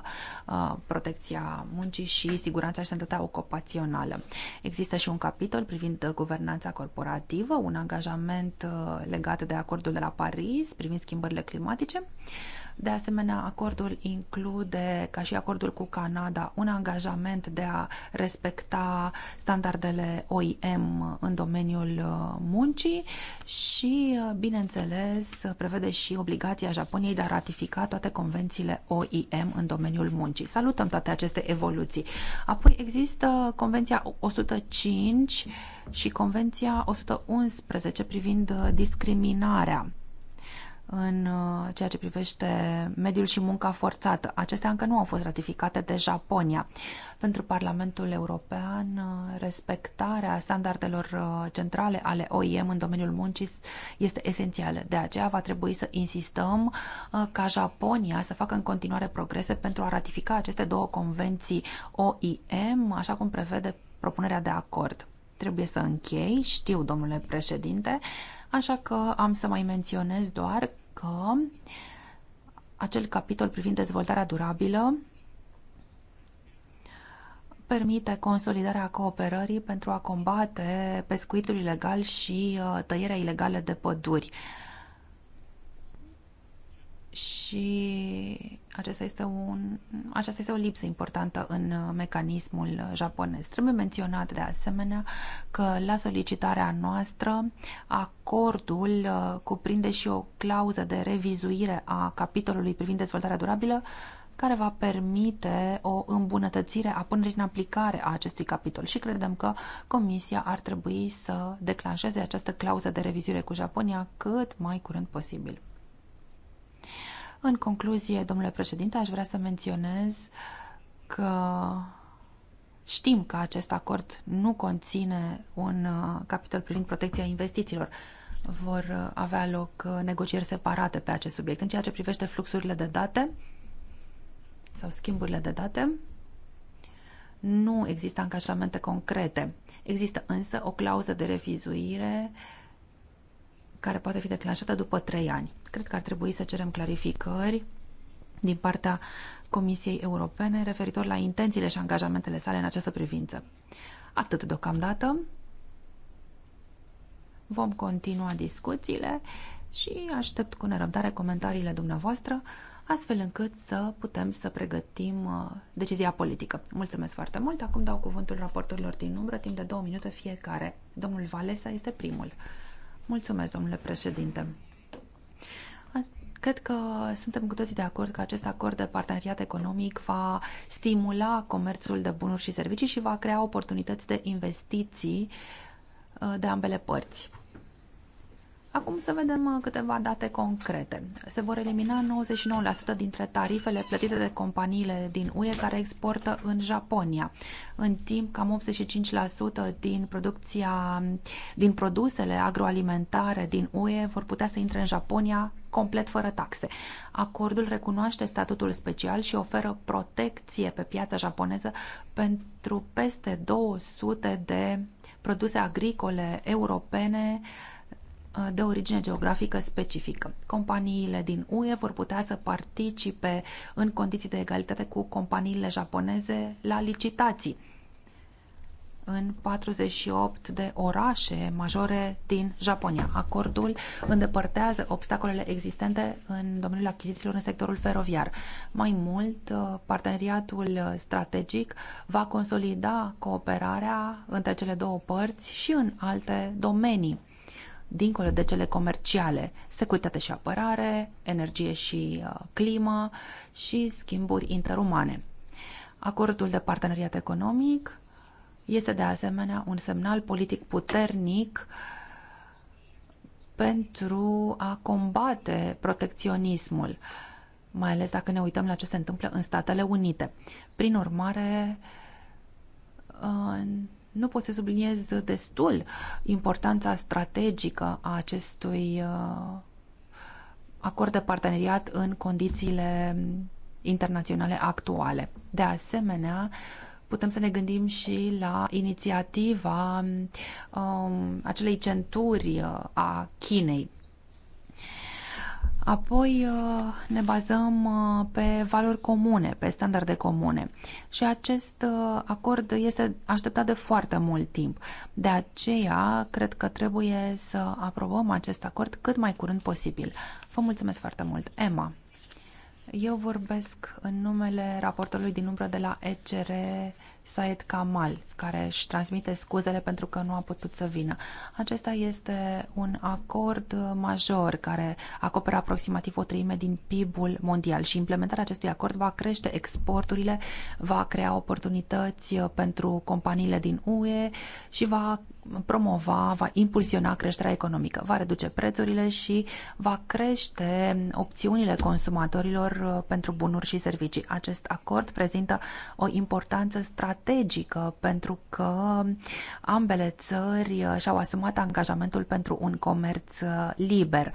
uh, protecția muncii și siguranța și sănătatea ocupațională. Există și un capitol privind guvernanța corporativă, un angajament legat de acordul de la Paris privind schimbările climatice. De asemenea, acordul include, ca și acordul cu Canada, un angajament de a respecta standardele OIM în domeniul uh, muncii și, uh, bineînțeles, prevede și obligația Japoniei de a ratifica toate convențiile OIM în domeniul muncii. Salutăm toate aceste evoluții. Apoi există Convenția 105 și Convenția 111 privind uh, discriminarea în uh, ceea ce privește mediul și munca forțată. Acestea încă nu au fost ratificate de Japonia. Pentru Parlamentul European, uh, respectarea standardelor uh, centrale ale OIM în domeniul muncii este esențială. De aceea va trebui să insistăm ca Japonia să facă în continuare progrese pentru a ratifica aceste două convenții OIM, așa cum prevede propunerea de acord. Trebuie să închei, știu, domnule președinte, așa că am să mai menționez doar că acel capitol privind dezvoltarea durabilă permite consolidarea cooperării pentru a combate pescuitul ilegal și uh, tăierea ilegală de păduri și acesta este un, aceasta este o lipsă importantă în uh, mecanismul uh, japonez. Trebuie menționat de asemenea că la solicitarea noastră acordul uh, cuprinde și o clauză de revizuire a capitolului privind dezvoltarea durabilă care va permite o îmbunătățire a punerii în aplicare a acestui capitol și credem că Comisia ar trebui să declanșeze această clauză de revizuire cu Japonia cât mai curând posibil. În concluzie, domnule președinte, aș vrea să menționez că știm că acest acord nu conține un uh, capitol privind protecția investițiilor. Vor uh, avea loc uh, negocieri separate pe acest subiect. În ceea ce privește fluxurile de date sau schimburile de date, nu există angajamente concrete. Există însă o clauză de revizuire care poate fi declanșată după trei ani. Cred că ar trebui să cerem clarificări din partea Comisiei Europene referitor la intențiile și angajamentele sale în această privință. Atât deocamdată. Vom continua discuțiile și aștept cu nerăbdare comentariile dumneavoastră, astfel încât să putem să pregătim uh, decizia politică. Mulțumesc foarte mult! Acum dau cuvântul raportorilor din umbră, timp de două minute fiecare. Domnul Valesa este primul. Mulțumesc, domnule președinte! Cred că suntem cu toții de acord că acest acord de parteneriat economic va stimula comerțul de bunuri și servicii și va crea oportunități de investiții uh, de ambele părți. Acum să vedem uh, câteva date concrete. Se vor elimina 99% dintre tarifele plătite de companiile din UE care exportă în Japonia, în timp cam 85% din producția din produsele agroalimentare din UE vor putea să intre în Japonia complet fără taxe. Acordul recunoaște statutul special și oferă protecție pe piața japoneză pentru peste 200 de produse agricole europene uh, Uh, de origine geografică specifică. Companiile din UE vor putea să participe în condiții de egalitate cu companiile japoneze la licitații în 48 de orașe majore din Japonia. Acordul îndepărtează obstacolele existente în domeniul achizițiilor în sectorul feroviar. Mai mult, uh, parteneriatul strategic va consolida cooperarea între cele două părți și în alte domenii dincolo de cele comerciale, securitate și apărare, energie și uh, climă și schimburi interumane. Acordul de parteneriat economic este de asemenea un semnal politic puternic pentru a combate protecționismul, mai ales dacă ne uităm la ce se întâmplă în Statele Unite. Prin urmare, nu pot să subliniez destul importanța strategică a acestui uh, acord de parteneriat în condițiile internaționale actuale. De asemenea, putem să ne gândim și la inițiativa um, acelei centuri uh, a Chinei Apoi uh, ne bazăm uh, pe valori comune, pe standarde comune și acest uh, acord este așteptat de foarte mult timp. De aceea, cred că trebuie să aprobăm acest acord cât mai curând posibil. Vă mulțumesc foarte mult, Emma. Eu vorbesc în numele raportorului din umbră de la ECR, Saed Kamal, care își transmite scuzele pentru că nu a putut să vină. Acesta este un acord major care acoperă aproximativ o treime din PIB-ul mondial și implementarea acestui acord va crește exporturile, va crea oportunități pentru companiile din UE și va promova, va impulsiona creșterea economică, va reduce prețurile și va crește opțiunile consumatorilor uh, pentru bunuri și servicii. Acest acord prezintă o importanță strategică pentru că ambele țări uh, și-au asumat angajamentul pentru un comerț uh, liber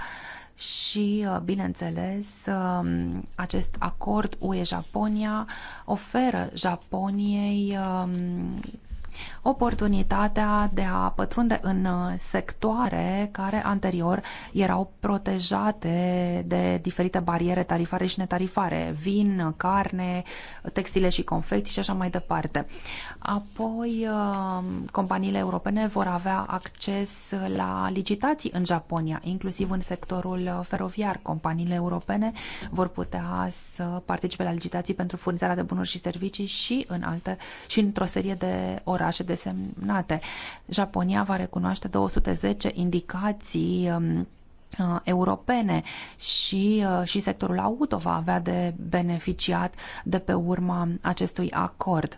și, bineînțeles, um, acest acord UE-Japonia oferă Japoniei um, oportunitatea de a pătrunde în uh, sectoare care anterior erau protejate de diferite bariere tarifare și netarifare, vin, carne, textile și confecții și așa mai departe. Apoi, uh, companiile europene vor avea acces la licitații în Japonia, inclusiv în sectorul uh, feroviar. Companiile europene vor putea să participe la licitații pentru furnizarea de bunuri și servicii și în alte și într-o serie de orașe orașe desemnate. Japonia va recunoaște 210 indicații um, uh, europene și, uh, și sectorul auto va avea de beneficiat de pe urma acestui acord.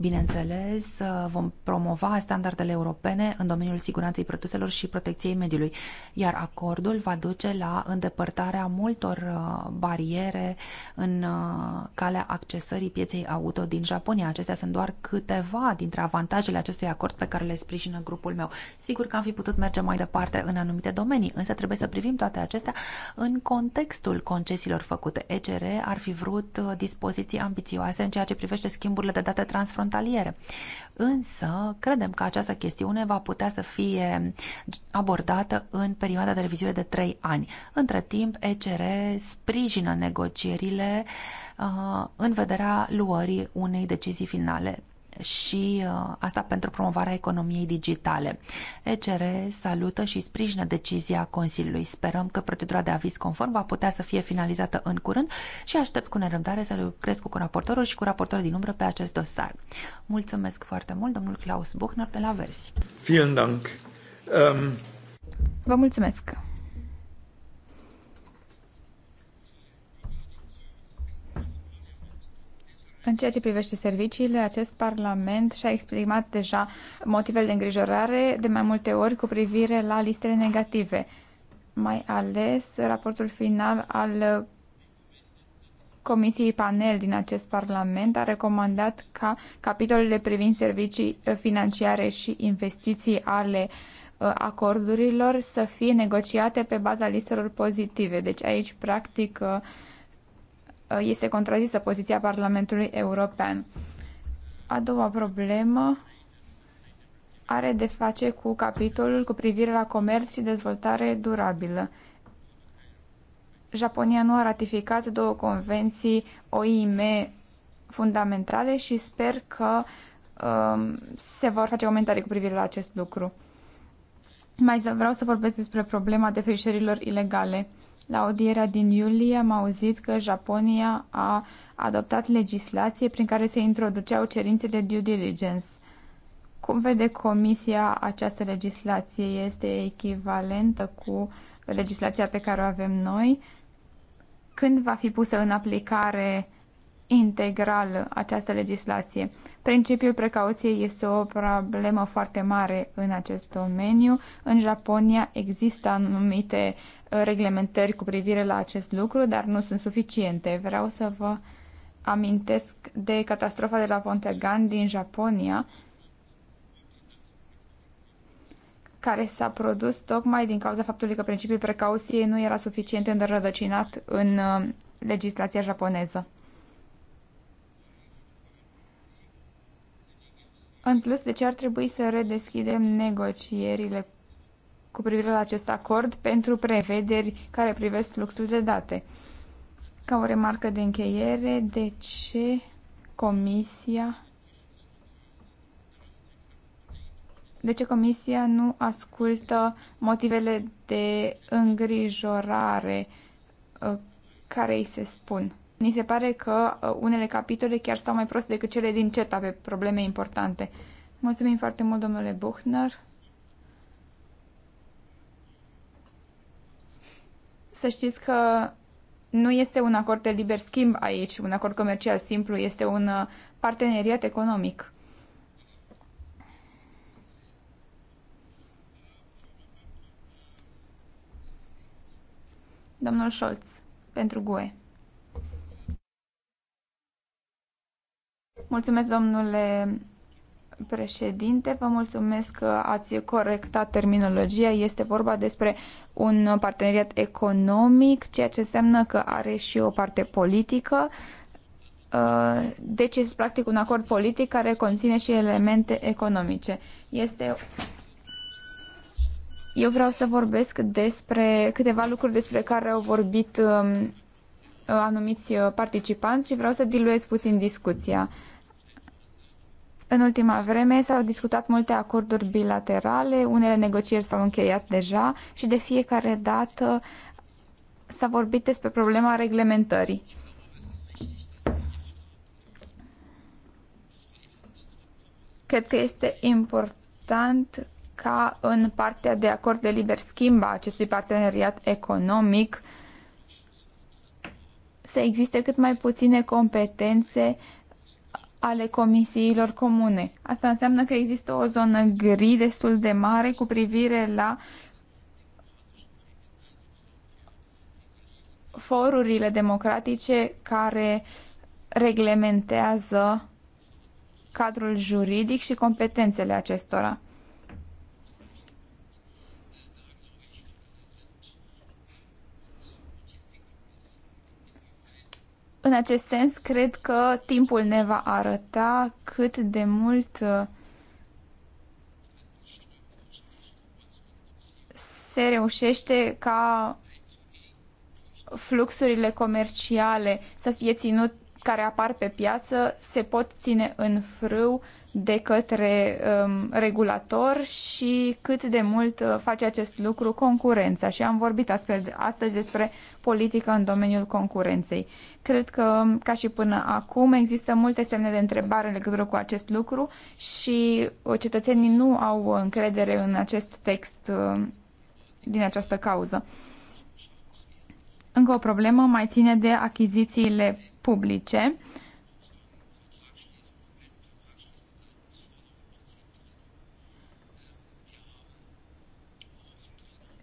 Bineînțeles, uh, vom promova standardele europene în domeniul siguranței produselor și protecției mediului, iar acordul va duce la îndepărtarea multor uh, bariere în uh, calea accesării pieței auto din Japonia. Acestea sunt doar câteva dintre avantajele acestui acord pe care le sprijină grupul meu. Sigur că am fi putut merge mai departe în anumite domenii, însă trebuie să privim toate acestea în contextul concesiilor făcute. ECR ar fi vrut dispoziții ambițioase în ceea ce privește schimburile de date transfrontaliere transfrontaliere. Însă, credem că această chestiune va putea să fie abordată în perioada de revizuire de 3 ani. Între timp, ECR sprijină negocierile uh, în vederea luării unei decizii finale și uh, asta pentru promovarea economiei digitale. ECR salută și sprijină decizia Consiliului. Sperăm că procedura de aviz conform va putea să fie finalizată în curând și aștept cu nerăbdare să lucrez cu raportorul și cu raportorul din umbră pe acest dosar. Mulțumesc foarte mult, domnul Klaus Buchner de la Versi. Vielen Dank. Um... Vă mulțumesc. În ceea ce privește serviciile, acest Parlament și-a exprimat deja motivele de îngrijorare de mai multe ori cu privire la listele negative, mai ales raportul final al Comisiei Panel din acest Parlament a recomandat ca capitolele privind servicii financiare și investiții ale uh, acordurilor să fie negociate pe baza listelor pozitive. Deci aici, practic, uh, Uh, este contrazisă poziția Parlamentului European. A doua problemă are de face cu capitolul cu privire la comerț și dezvoltare durabilă. Japonia nu a ratificat două convenții OIM fundamentale și sper că um, se vor face comentarii cu privire la acest lucru. Mai vreau să vorbesc despre problema defrișărilor ilegale. La audierea din iulie am auzit că Japonia a adoptat legislație prin care se introduceau cerințe de due diligence. Cum vede Comisia această legislație? Este echivalentă cu legislația pe care o avem noi? Când va fi pusă în aplicare integral această legislație? Principiul precauției este o problemă foarte mare în acest domeniu. În Japonia există anumite uh, reglementări cu privire la acest lucru, dar nu sunt suficiente. Vreau să vă amintesc de catastrofa de la Pontegan din Japonia, care s-a produs tocmai din cauza faptului că principiul precauției nu era suficient înrădăcinat în uh, legislația japoneză. În plus, de ce ar trebui să redeschidem negocierile cu privire la acest acord pentru prevederi care privesc fluxul de date. Ca o remarcă de încheiere, de ce Comisia de ce Comisia nu ascultă motivele de îngrijorare uh, care îi se spun. Ni se pare că uh, unele capitole chiar stau mai prost decât cele din CETA pe probleme importante. Mulțumim foarte mult, domnule Buchner. Să știți că nu este un acord de liber schimb aici, un acord comercial simplu, este un uh, parteneriat economic. Domnul Scholz, pentru GUE. Mulțumesc, domnule președinte, vă mulțumesc că ați corectat terminologia. Este vorba despre un parteneriat economic, ceea ce înseamnă că are și o parte politică. Uh, deci este practic un acord politic care conține și elemente economice. Este eu vreau să vorbesc despre câteva lucruri despre care au vorbit um, anumiți uh, participanți și vreau să diluez puțin discuția. În ultima vreme s-au discutat multe acorduri bilaterale, unele negocieri s-au încheiat deja și de fiecare dată s-a vorbit despre problema reglementării. Cred că este important ca în partea de acord de liber schimb a acestui parteneriat economic să existe cât mai puține competențe ale comisiilor comune. Asta înseamnă că există o zonă gri destul de mare cu privire la forurile democratice care reglementează cadrul juridic și competențele acestora. În acest sens, cred că timpul ne va arăta cât de mult uh, se reușește ca fluxurile comerciale să fie ținut care apar pe piață se pot ține în frâu de către um, regulator și cât de mult uh, face acest lucru concurența. Și am vorbit astfel, astăzi despre politică în domeniul concurenței. Cred că, um, ca și până acum, există multe semne de întrebare în legătură cu acest lucru și uh, cetățenii nu au uh, încredere în acest text din această cauză. Încă o problemă mai ține de achizițiile publice. Uh,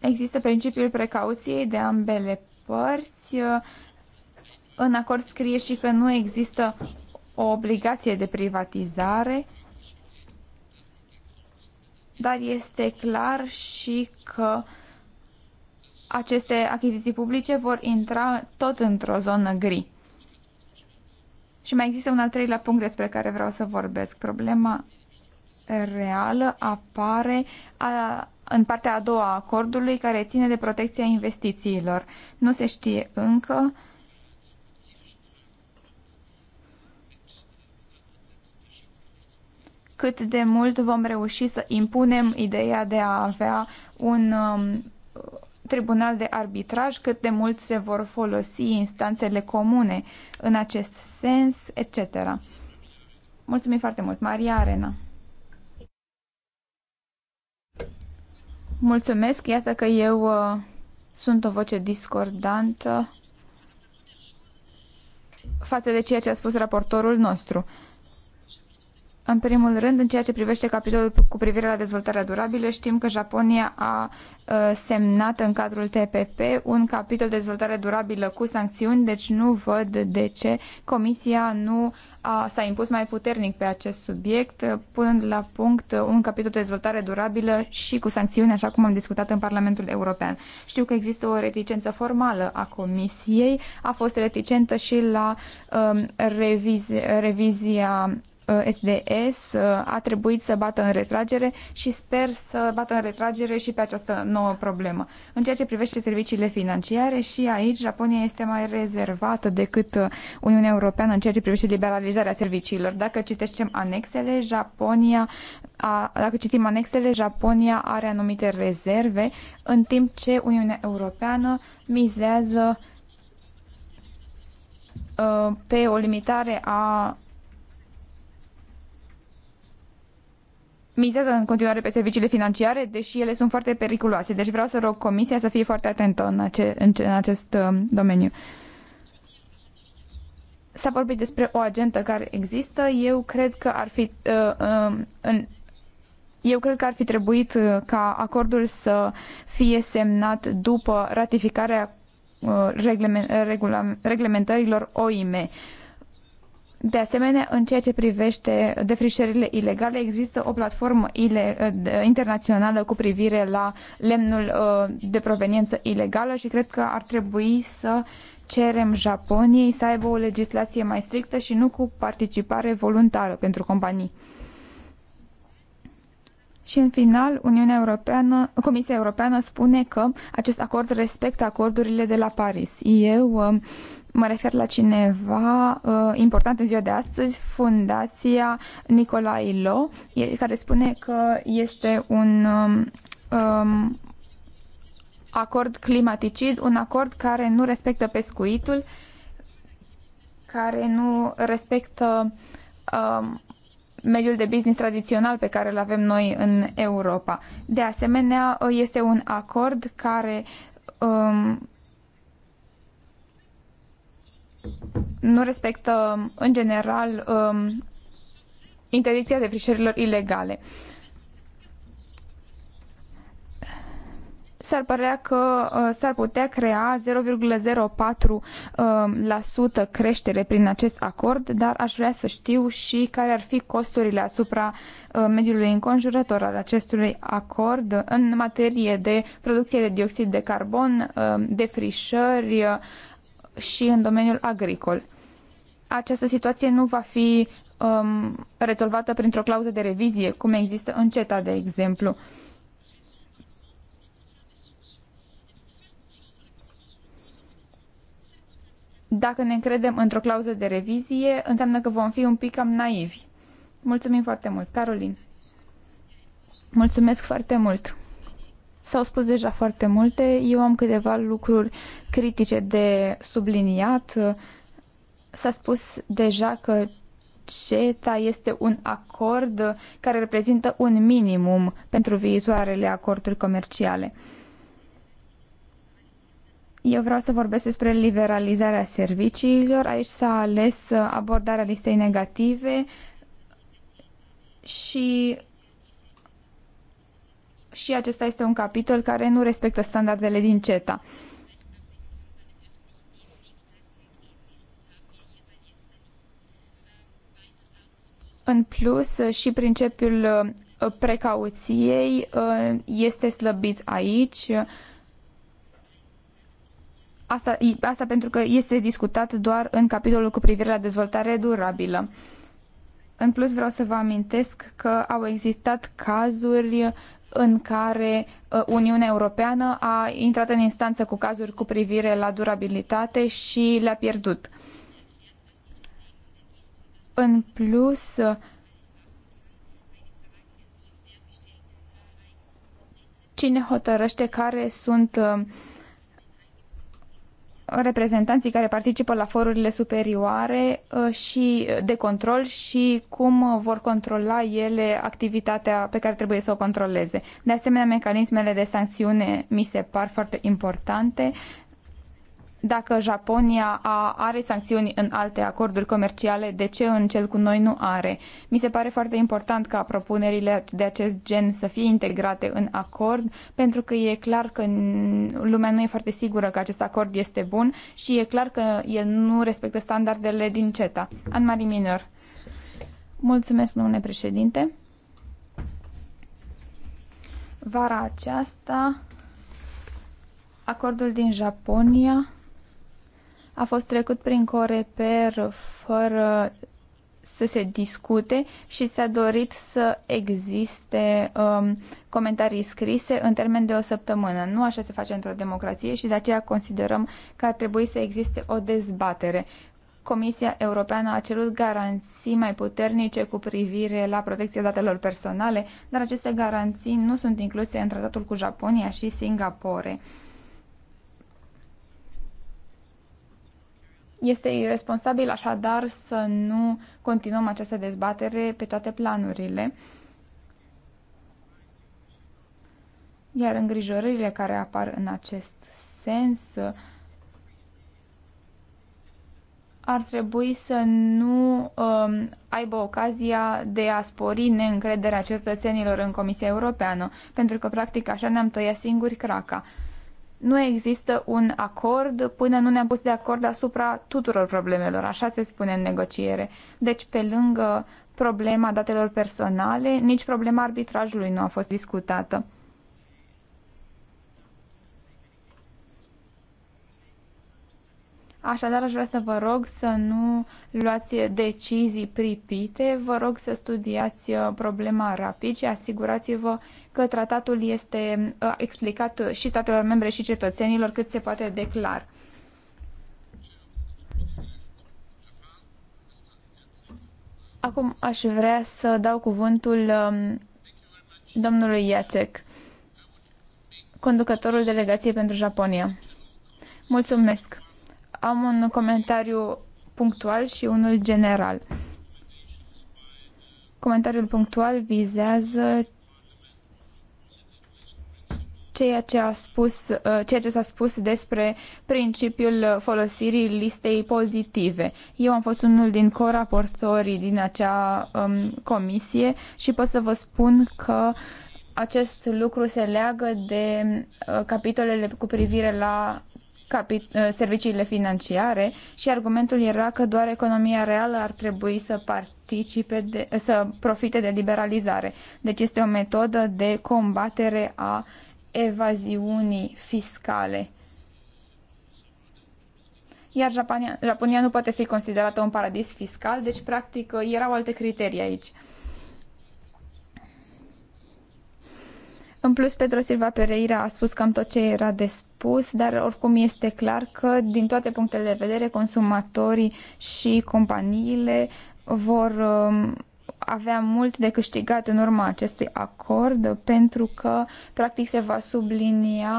Există principiul precauției de ambele părți. În acord scrie și că nu există o obligație de privatizare, dar este clar și că aceste achiziții publice vor intra tot într-o zonă gri. Și mai există un al treilea punct despre care vreau să vorbesc. Problema reală apare a în partea a doua a acordului care ține de protecția investițiilor. Nu se știe încă cât de mult vom reuși să impunem ideea de a avea un um, tribunal de arbitraj, cât de mult se vor folosi instanțele comune în acest sens, etc. Mulțumim foarte mult, Maria Arena. Mulțumesc, iată că eu uh, sunt o voce discordantă față de ceea ce a spus raportorul nostru. În primul rând, în ceea ce privește capitolul cu privire la dezvoltarea durabilă, știm că Japonia a uh, semnat în cadrul TPP un capitol de dezvoltare durabilă cu sancțiuni, deci nu văd de ce Comisia nu s-a impus mai puternic pe acest subiect, uh, punând la punct uh, un capitol de dezvoltare durabilă și cu sancțiuni, așa cum am discutat în Parlamentul European. Știu că există o reticență formală a Comisiei, a fost reticentă și la um, revizia, revizia SDS uh, uh, a trebuit să bată în retragere și sper să bată în retragere și pe această nouă problemă. În ceea ce privește serviciile financiare și aici Japonia este mai rezervată decât uh, Uniunea Europeană în ceea ce privește liberalizarea serviciilor. Dacă citeștem anexele, Japonia a, dacă citim anexele, Japonia are anumite rezerve, în timp ce Uniunea Europeană mizează pe o limitare a mizează în continuare pe serviciile financiare, deși ele sunt foarte periculoase. Deci vreau să rog Comisia să fie foarte atentă în, ace- în, în acest uh, domeniu. S-a vorbit despre o agentă care există. Eu cred că ar fi uh, uh, în, eu cred că ar fi trebuit uh, ca acordul să fie semnat după ratificarea uh, reglementărilor OIM. De asemenea, în ceea ce privește defrișările ilegale, există o platformă ile, internațională cu privire la lemnul uh, de proveniență ilegală și cred că ar trebui să cerem Japoniei să aibă o legislație mai strictă și nu cu participare voluntară pentru companii. Și în final, Uniunea Europeană, Comisia Europeană spune că acest acord respectă acordurile de la Paris. Eu um, Mă refer la cineva uh, important în ziua de astăzi, Fundația Nicolae Lo, care spune că este un um, um, acord climaticid, un acord care nu respectă pescuitul, care nu respectă um, mediul de business tradițional pe care îl avem noi în Europa. De asemenea, uh, este un acord care um, nu respectă, în general, um, interdicția defrișărilor ilegale. s-ar părea că uh, s-ar putea crea 0,04% um, creștere prin acest acord, dar aș vrea să știu și care ar fi costurile asupra uh, mediului înconjurător al acestui acord în materie de producție de dioxid de carbon, um, defrișări, și în domeniul agricol. Această situație nu va fi um, rezolvată printr-o clauză de revizie, cum există în CETA, de exemplu. Dacă ne încredem într-o clauză de revizie, înseamnă că vom fi un pic cam naivi. Mulțumim foarte mult, Carolin. Mulțumesc foarte mult. S-au spus deja foarte multe, eu am câteva lucruri critice de subliniat. S-a spus deja că CETA este un acord care reprezintă un minimum pentru viitoarele acorduri comerciale. Eu vreau să vorbesc despre liberalizarea serviciilor. Aici s-a ales abordarea listei negative și și acesta este un capitol care nu respectă standardele din CETA. În plus, și principiul uh, precauției uh, este slăbit aici. Asta, asta pentru că este discutat doar în capitolul cu privire la dezvoltare durabilă. În plus, vreau să vă amintesc că au existat cazuri în care uh, Uniunea Europeană a intrat în instanță cu cazuri cu privire la durabilitate și le-a pierdut. În plus, cine hotărăște care sunt uh, reprezentanții care participă la forurile superioare uh, și de control și cum vor controla ele activitatea pe care trebuie să o controleze. De asemenea, mecanismele de sancțiune mi se par foarte importante, dacă Japonia a, are sancțiuni în alte acorduri comerciale, de ce în cel cu noi nu are? Mi se pare foarte important ca propunerile de acest gen să fie integrate în acord, pentru că e clar că lumea nu e foarte sigură că acest acord este bun și e clar că el nu respectă standardele din CETA. Anne-Marie Minor. Mulțumesc, domnule președinte. Vara aceasta, acordul din Japonia a fost trecut prin coreper fără să se discute și s-a dorit să existe um, comentarii scrise în termen de o săptămână. Nu așa se face într-o democrație și de aceea considerăm că ar trebui să existe o dezbatere. Comisia Europeană a cerut garanții mai puternice cu privire la protecția datelor personale, dar aceste garanții nu sunt incluse în tratatul cu Japonia și Singapore. Este irresponsabil așadar să nu continuăm această dezbatere pe toate planurile. Iar îngrijorările care apar în acest sens ar trebui să nu um, aibă ocazia de a spori neîncrederea cetățenilor în Comisia Europeană, pentru că practic așa ne-am tăiat singuri craca nu există un acord până nu ne-am pus de acord asupra tuturor problemelor, așa se spune în negociere. Deci, pe lângă problema datelor personale, nici problema arbitrajului nu a fost discutată. Așadar, aș vrea să vă rog să nu luați decizii pripite, vă rog să studiați uh, problema rapid și asigurați-vă că tratatul este uh, explicat și statelor membre și cetățenilor cât se poate de clar. Acum aș vrea să dau cuvântul um, domnului Iacek, conducătorul delegației pentru Japonia. Mulțumesc. Am un comentariu punctual și unul general. Comentariul punctual vizează ceea ce, a spus, uh, ceea ce s-a spus despre principiul folosirii listei pozitive. Eu am fost unul din coraportorii din acea um, comisie și pot să vă spun că acest lucru se leagă de uh, capitolele cu privire la uh, serviciile financiare și argumentul era că doar economia reală ar trebui să participe, de, să profite de liberalizare. Deci este o metodă de combatere a evaziunii fiscale. Iar Japonia, Japonia nu poate fi considerată un paradis fiscal, deci practic erau alte criterii aici. În plus, Pedro Silva Pereira a spus cam tot ce era de spus, dar oricum este clar că, din toate punctele de vedere, consumatorii și companiile vor um, avea mult de câștigat în urma acestui acord pentru că practic se va sublinia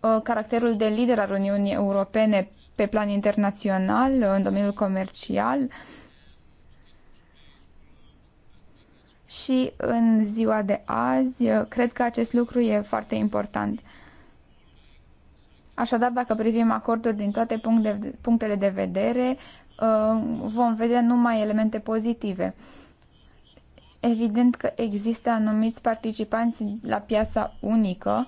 uh, caracterul de lider al Uniunii Europene pe plan internațional, uh, în domeniul comercial. Și în ziua de azi, uh, cred că acest lucru e foarte important. Așadar, dacă privim acordul din toate punctele de vedere, Uh, vom vedea numai elemente pozitive. Evident că există anumiți participanți la piața unică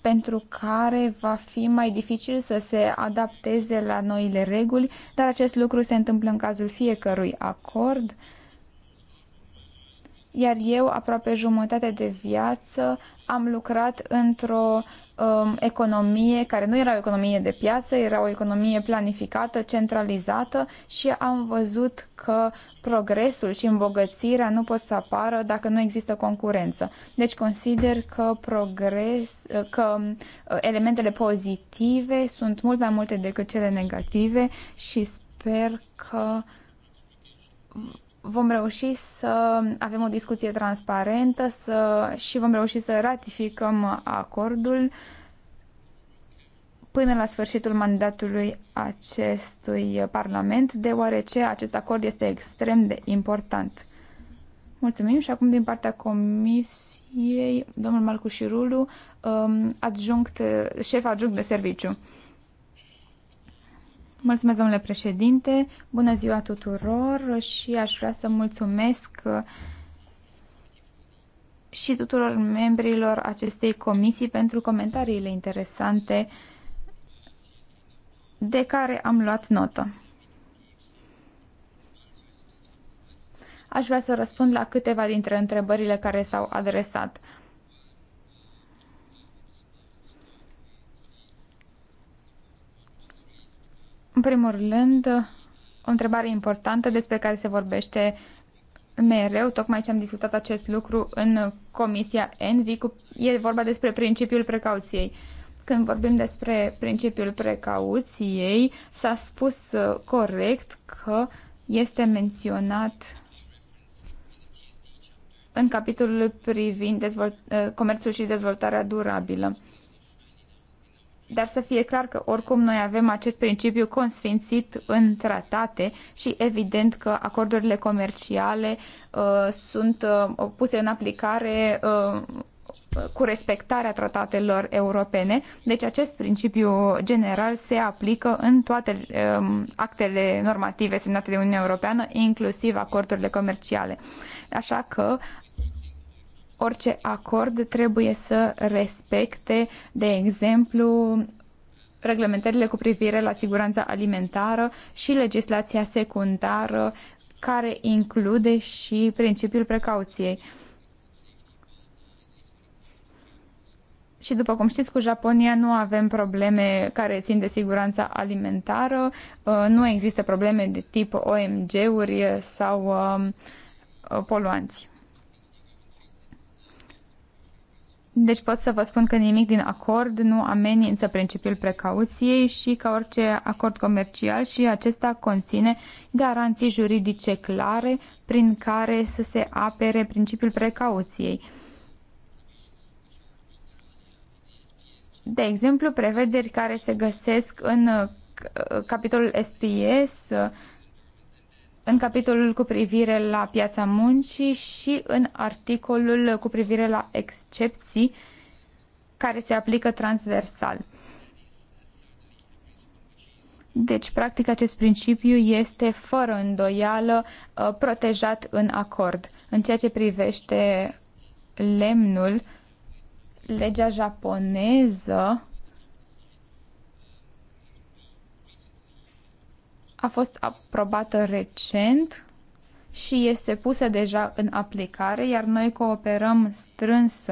pentru care va fi mai dificil să se adapteze la noile reguli, dar acest lucru se întâmplă în cazul fiecărui acord. Uh, iar eu, aproape jumătate de viață, am lucrat într-o um, economie care nu era o economie de piață, era o economie planificată, centralizată și am văzut că progresul și îmbogățirea nu pot să apară dacă nu există concurență. Deci consider că progres, că um, elementele pozitive sunt mult mai multe decât cele negative și sper că vom reuși să avem o discuție transparentă să, și vom reuși să ratificăm acordul până la sfârșitul mandatului acestui Parlament, deoarece acest acord este extrem de important. Mulțumim și acum din partea Comisiei, domnul Malcușirulu, um, adjunct, șef adjunct de serviciu. Mulțumesc, domnule președinte, bună ziua tuturor și aș vrea să mulțumesc uh, și tuturor membrilor acestei comisii pentru comentariile interesante de care am luat notă. Aș vrea să răspund la câteva dintre întrebările care s-au adresat. În primul rând, o întrebare importantă despre care se vorbește mereu, tocmai ce am discutat acest lucru în Comisia Envi, cu, e vorba despre principiul precauției. Când vorbim despre principiul precauției, s-a spus uh, corect că este menționat în capitolul privind uh, comerțul și dezvoltarea durabilă dar să fie clar că oricum noi avem acest principiu consfințit în tratate și evident că acordurile comerciale uh, sunt uh, puse în aplicare uh, cu respectarea tratatelor europene. Deci acest principiu general se aplică în toate uh, actele normative semnate de Uniunea Europeană, inclusiv acordurile comerciale. Așa că orice acord trebuie să respecte, de exemplu, reglementările cu privire la siguranța alimentară și legislația secundară care include și principiul precauției. Și după cum știți, cu Japonia nu avem probleme care țin de siguranța alimentară, uh, nu există probleme de tip OMG-uri sau um, uh, poluanți. Deci pot să vă spun că nimic din acord nu amenință principiul precauției și ca orice acord comercial și acesta conține garanții juridice clare prin care să se apere principiul precauției. De exemplu, prevederi care se găsesc în uh, capitolul SPS în capitolul cu privire la piața muncii și în articolul cu privire la excepții care se aplică transversal. Deci, practic, acest principiu este fără îndoială uh, protejat în acord. În ceea ce privește lemnul, legea japoneză a fost aprobată recent și este pusă deja în aplicare, iar noi cooperăm strâns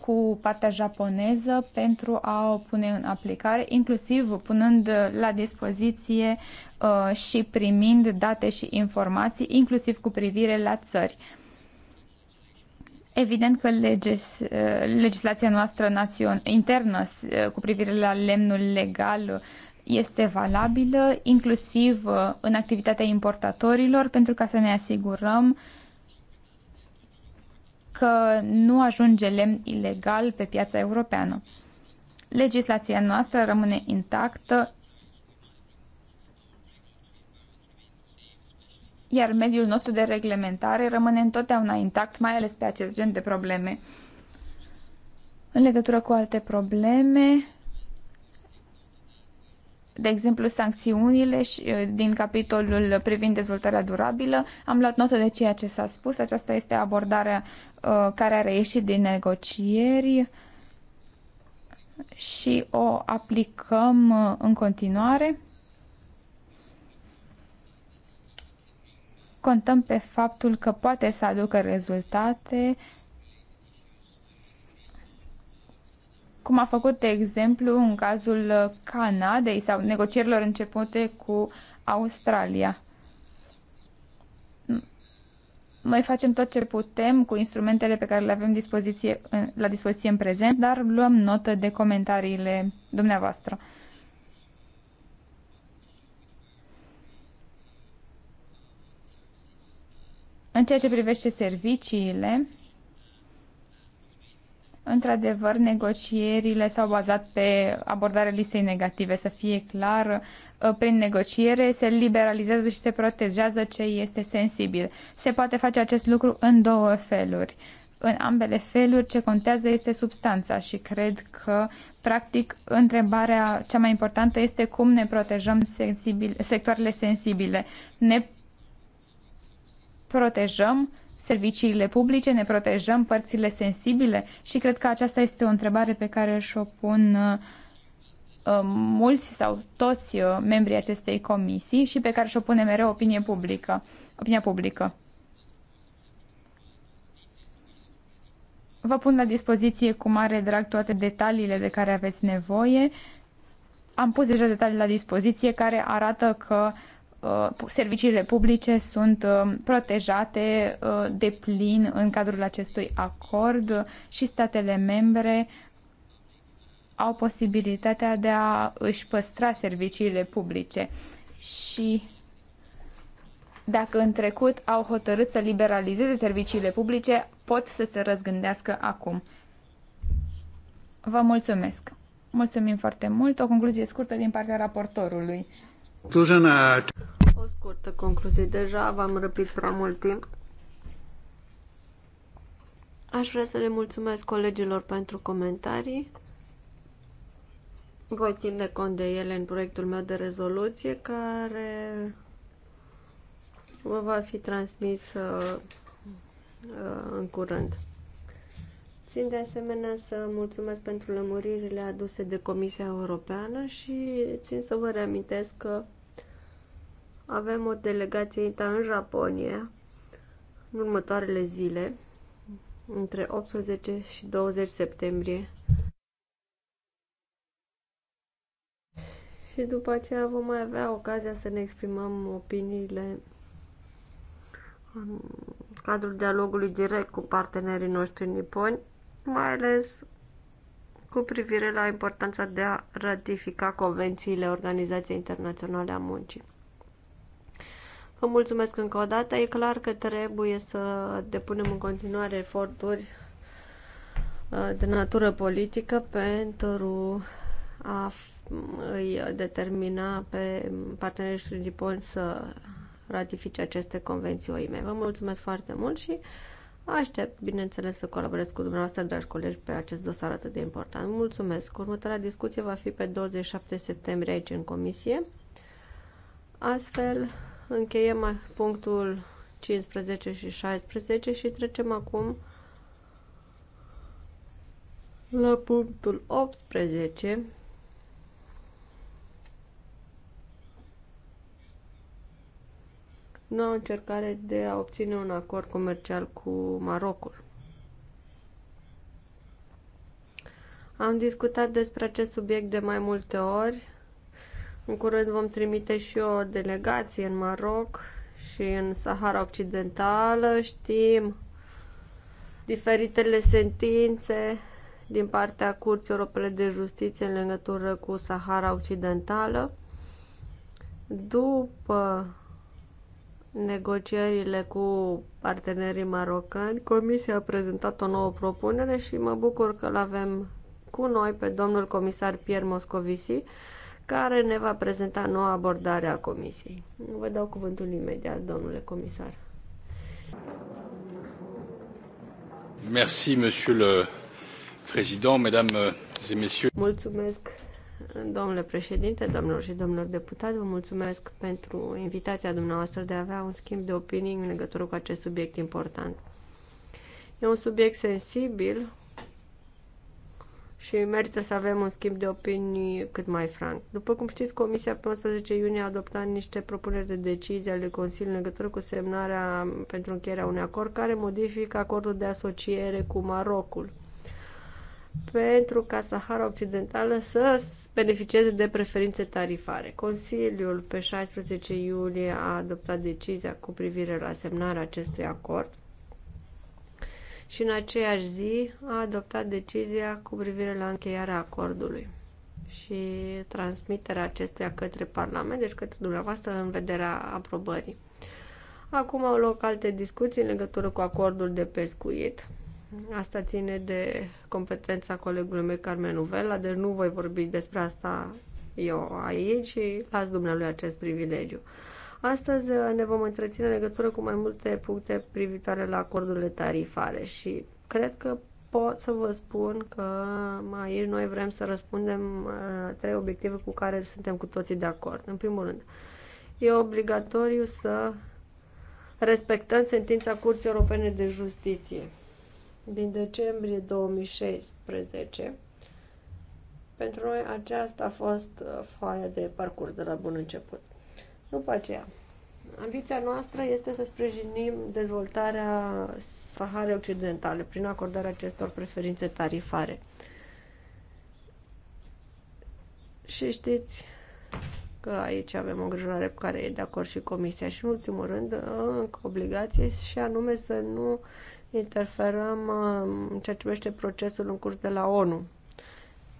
cu partea japoneză pentru a o pune în aplicare, inclusiv punând la dispoziție uh, și primind date și informații, inclusiv cu privire la țări. Evident că legis, uh, legislația noastră națion, internă uh, cu privire la lemnul legal este valabilă inclusiv uh, în activitatea importatorilor pentru ca să ne asigurăm că nu ajunge lemn ilegal pe piața europeană. Legislația noastră rămâne intactă, iar mediul nostru de reglementare rămâne întotdeauna intact, mai ales pe acest gen de probleme. În legătură cu alte probleme, de exemplu, sancțiunile și, uh, din capitolul privind dezvoltarea durabilă. Am luat notă de ceea ce s-a spus. Aceasta este abordarea uh, care a reieșit din negocieri și o aplicăm uh, în continuare. Contăm pe faptul că poate să aducă rezultate uh, cum a făcut, de exemplu, în cazul Canadei sau negocierilor începute cu Australia. Noi facem tot ce putem cu instrumentele pe care le avem dispoziție, la dispoziție în prezent, dar luăm notă de comentariile dumneavoastră. În ceea ce privește serviciile, Într-adevăr, negocierile s-au bazat pe abordarea listei negative, să fie clar, uh, prin negociere se liberalizează și se protejează ce este sensibil. Se poate face acest lucru în două feluri. În ambele feluri, ce contează este substanța și cred că, practic, întrebarea cea mai importantă este cum ne protejăm sensibil, sectoarele sensibile. Ne protejăm serviciile publice, ne protejăm părțile sensibile și cred că aceasta este o întrebare pe care și-o pun uh, uh, mulți sau toți uh, membrii acestei comisii și pe care și-o pune mereu opinie publică, opinia publică. Vă pun la dispoziție cu mare drag toate detaliile de care aveți nevoie. Am pus deja detalii la dispoziție care arată că uh, Uh, serviciile publice sunt uh, protejate uh, de plin în cadrul acestui acord și statele membre au posibilitatea de a își păstra serviciile publice. Și dacă în trecut au hotărât să liberalizeze serviciile publice, pot să se răzgândească acum. Vă mulțumesc! Mulțumim foarte mult! O concluzie scurtă din partea raportorului scurtă concluzie. Deja v-am răpit prea mult timp. Aș vrea să le mulțumesc colegilor pentru comentarii. Voi ține cont de ele în proiectul meu de rezoluție care vă va fi transmis uh, uh, în curând. Țin de asemenea să mulțumesc pentru lămuririle aduse de Comisia Europeană și țin să vă reamintesc că avem o delegație INTA în Japonia în următoarele zile, între 18 și 20 septembrie. Și după aceea vom mai avea ocazia să ne exprimăm opiniile în cadrul dialogului direct cu partenerii noștri niponi, mai ales cu privire la importanța de a ratifica convențiile Organizației Internaționale a Muncii. Vă mulțumesc încă o dată. E clar că trebuie să depunem în continuare eforturi uh, de natură politică pentru a îi determina pe partenerii noștri niponi să ratifice aceste convenții OIME. Vă mulțumesc foarte mult și aștept, bineînțeles, să colaborez cu dumneavoastră, dragi colegi, pe acest dosar atât de important. Mulțumesc! Următoarea discuție va fi pe 27 septembrie aici în comisie. Astfel, încheiem punctul 15 și 16 și trecem acum la punctul 18 noua încercare de a obține un acord comercial cu Marocul. Am discutat despre acest subiect de mai multe ori în curând vom trimite și o delegație în Maroc și în Sahara Occidentală. Știm diferitele sentințe din partea Curții Europene de Justiție în legătură cu Sahara Occidentală. După negocierile cu partenerii marocani, Comisia a prezentat o nouă propunere și mă bucur că l avem cu noi pe domnul comisar Pierre Moscovici, care ne va prezenta noua abordare a Comisiei. Vă dau cuvântul imediat, domnule comisar. Merci, monsieur le président, mesdames et messieurs. Mulțumesc, domnule președinte, domnilor și domnilor deputați. Vă mulțumesc pentru invitația dumneavoastră de a avea un schimb de opinii în legătură cu acest subiect important. E un subiect sensibil și merită să avem un schimb de opinii cât mai franc. După cum știți, Comisia pe 11 iunie a adoptat niște propuneri de decizie ale Consiliului în legătură cu semnarea pentru încheierea unui acord care modifică acordul de asociere cu Marocul pentru ca Sahara Occidentală să beneficieze de preferințe tarifare. Consiliul pe 16 iulie a adoptat decizia cu privire la semnarea acestui acord și în aceeași zi a adoptat decizia cu privire la încheierea acordului și transmiterea acesteia către Parlament, deci către dumneavoastră în vederea aprobării. Acum au loc alte discuții în legătură cu acordul de pescuit. Asta ține de competența colegului meu Carmen Uvela, deci nu voi vorbi despre asta eu aici și las dumnealui acest privilegiu. Astăzi uh, ne vom întreține în legătură cu mai multe puncte privitoare la acordurile tarifare și cred că pot să vă spun că aici noi vrem să răspundem uh, trei obiective cu care suntem cu toții de acord. În primul rând, e obligatoriu să respectăm sentința Curții Europene de Justiție din decembrie 2016. Pentru noi aceasta a fost uh, foaia de parcurs de la bun început. După aceea, ambiția noastră este să sprijinim dezvoltarea Saharei Occidentale prin acordarea acestor preferințe tarifare. Și știți că aici avem o îngrijorare cu care e de acord și Comisia și, în ultimul rând, încă obligație și anume să nu interferăm uh, în ceea ce privește procesul în curs de la ONU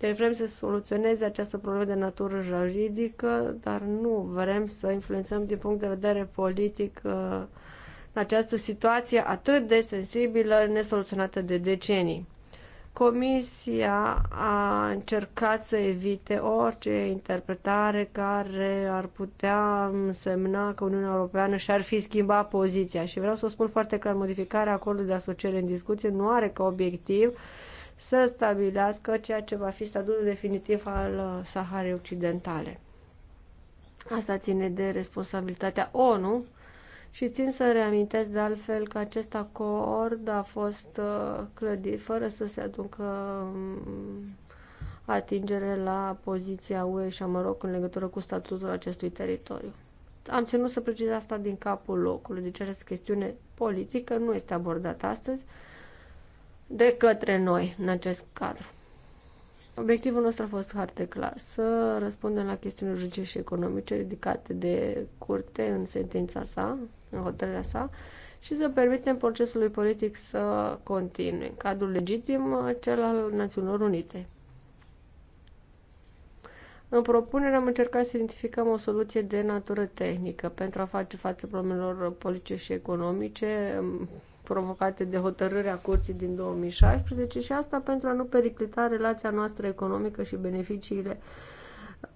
deci vrem să soluționeze această problemă de natură juridică, dar nu vrem să influențăm din punct de vedere politic în uh, această situație atât de sensibilă, nesoluționată de decenii. Comisia a încercat să evite orice interpretare care ar putea însemna că Uniunea Europeană și-ar fi schimbat poziția și vreau să o spun foarte clar, modificarea acordului de asociere în discuție nu are ca obiectiv să stabilească ceea ce va fi statutul definitiv al uh, Saharei Occidentale. Asta ține de responsabilitatea ONU și țin să reamintesc de altfel că acest acord a fost uh, clădit fără să se aducă mm, atingere la poziția UE și a Maroc în legătură cu statutul acestui teritoriu. Am ținut să precizez asta din capul locului, deci această chestiune politică nu este abordată astăzi, de către noi în acest cadru. Obiectivul nostru a fost foarte clar, să răspundem la chestiuni juridice și economice ridicate de curte în sentința sa, în hotărârea sa, și să permitem procesului politic să continue în cadrul legitim cel al Națiunilor Unite. În propunere am încercat să identificăm o soluție de natură tehnică pentru a face față problemelor politice și economice provocate de hotărârea curții din 2016 și asta pentru a nu periclita relația noastră economică și beneficiile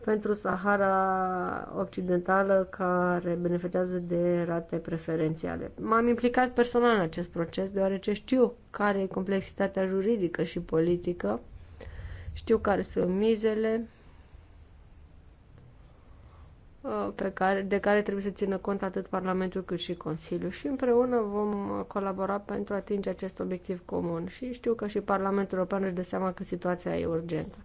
pentru Sahara Occidentală care beneficiază de rate preferențiale. M-am implicat personal în acest proces deoarece știu care e complexitatea juridică și politică, știu care sunt mizele Uh, pe care, de care trebuie să țină cont atât Parlamentul cât și Consiliul și împreună vom uh, colabora pentru a atinge acest obiectiv comun și știu că și Parlamentul European își dă seama că situația e urgentă.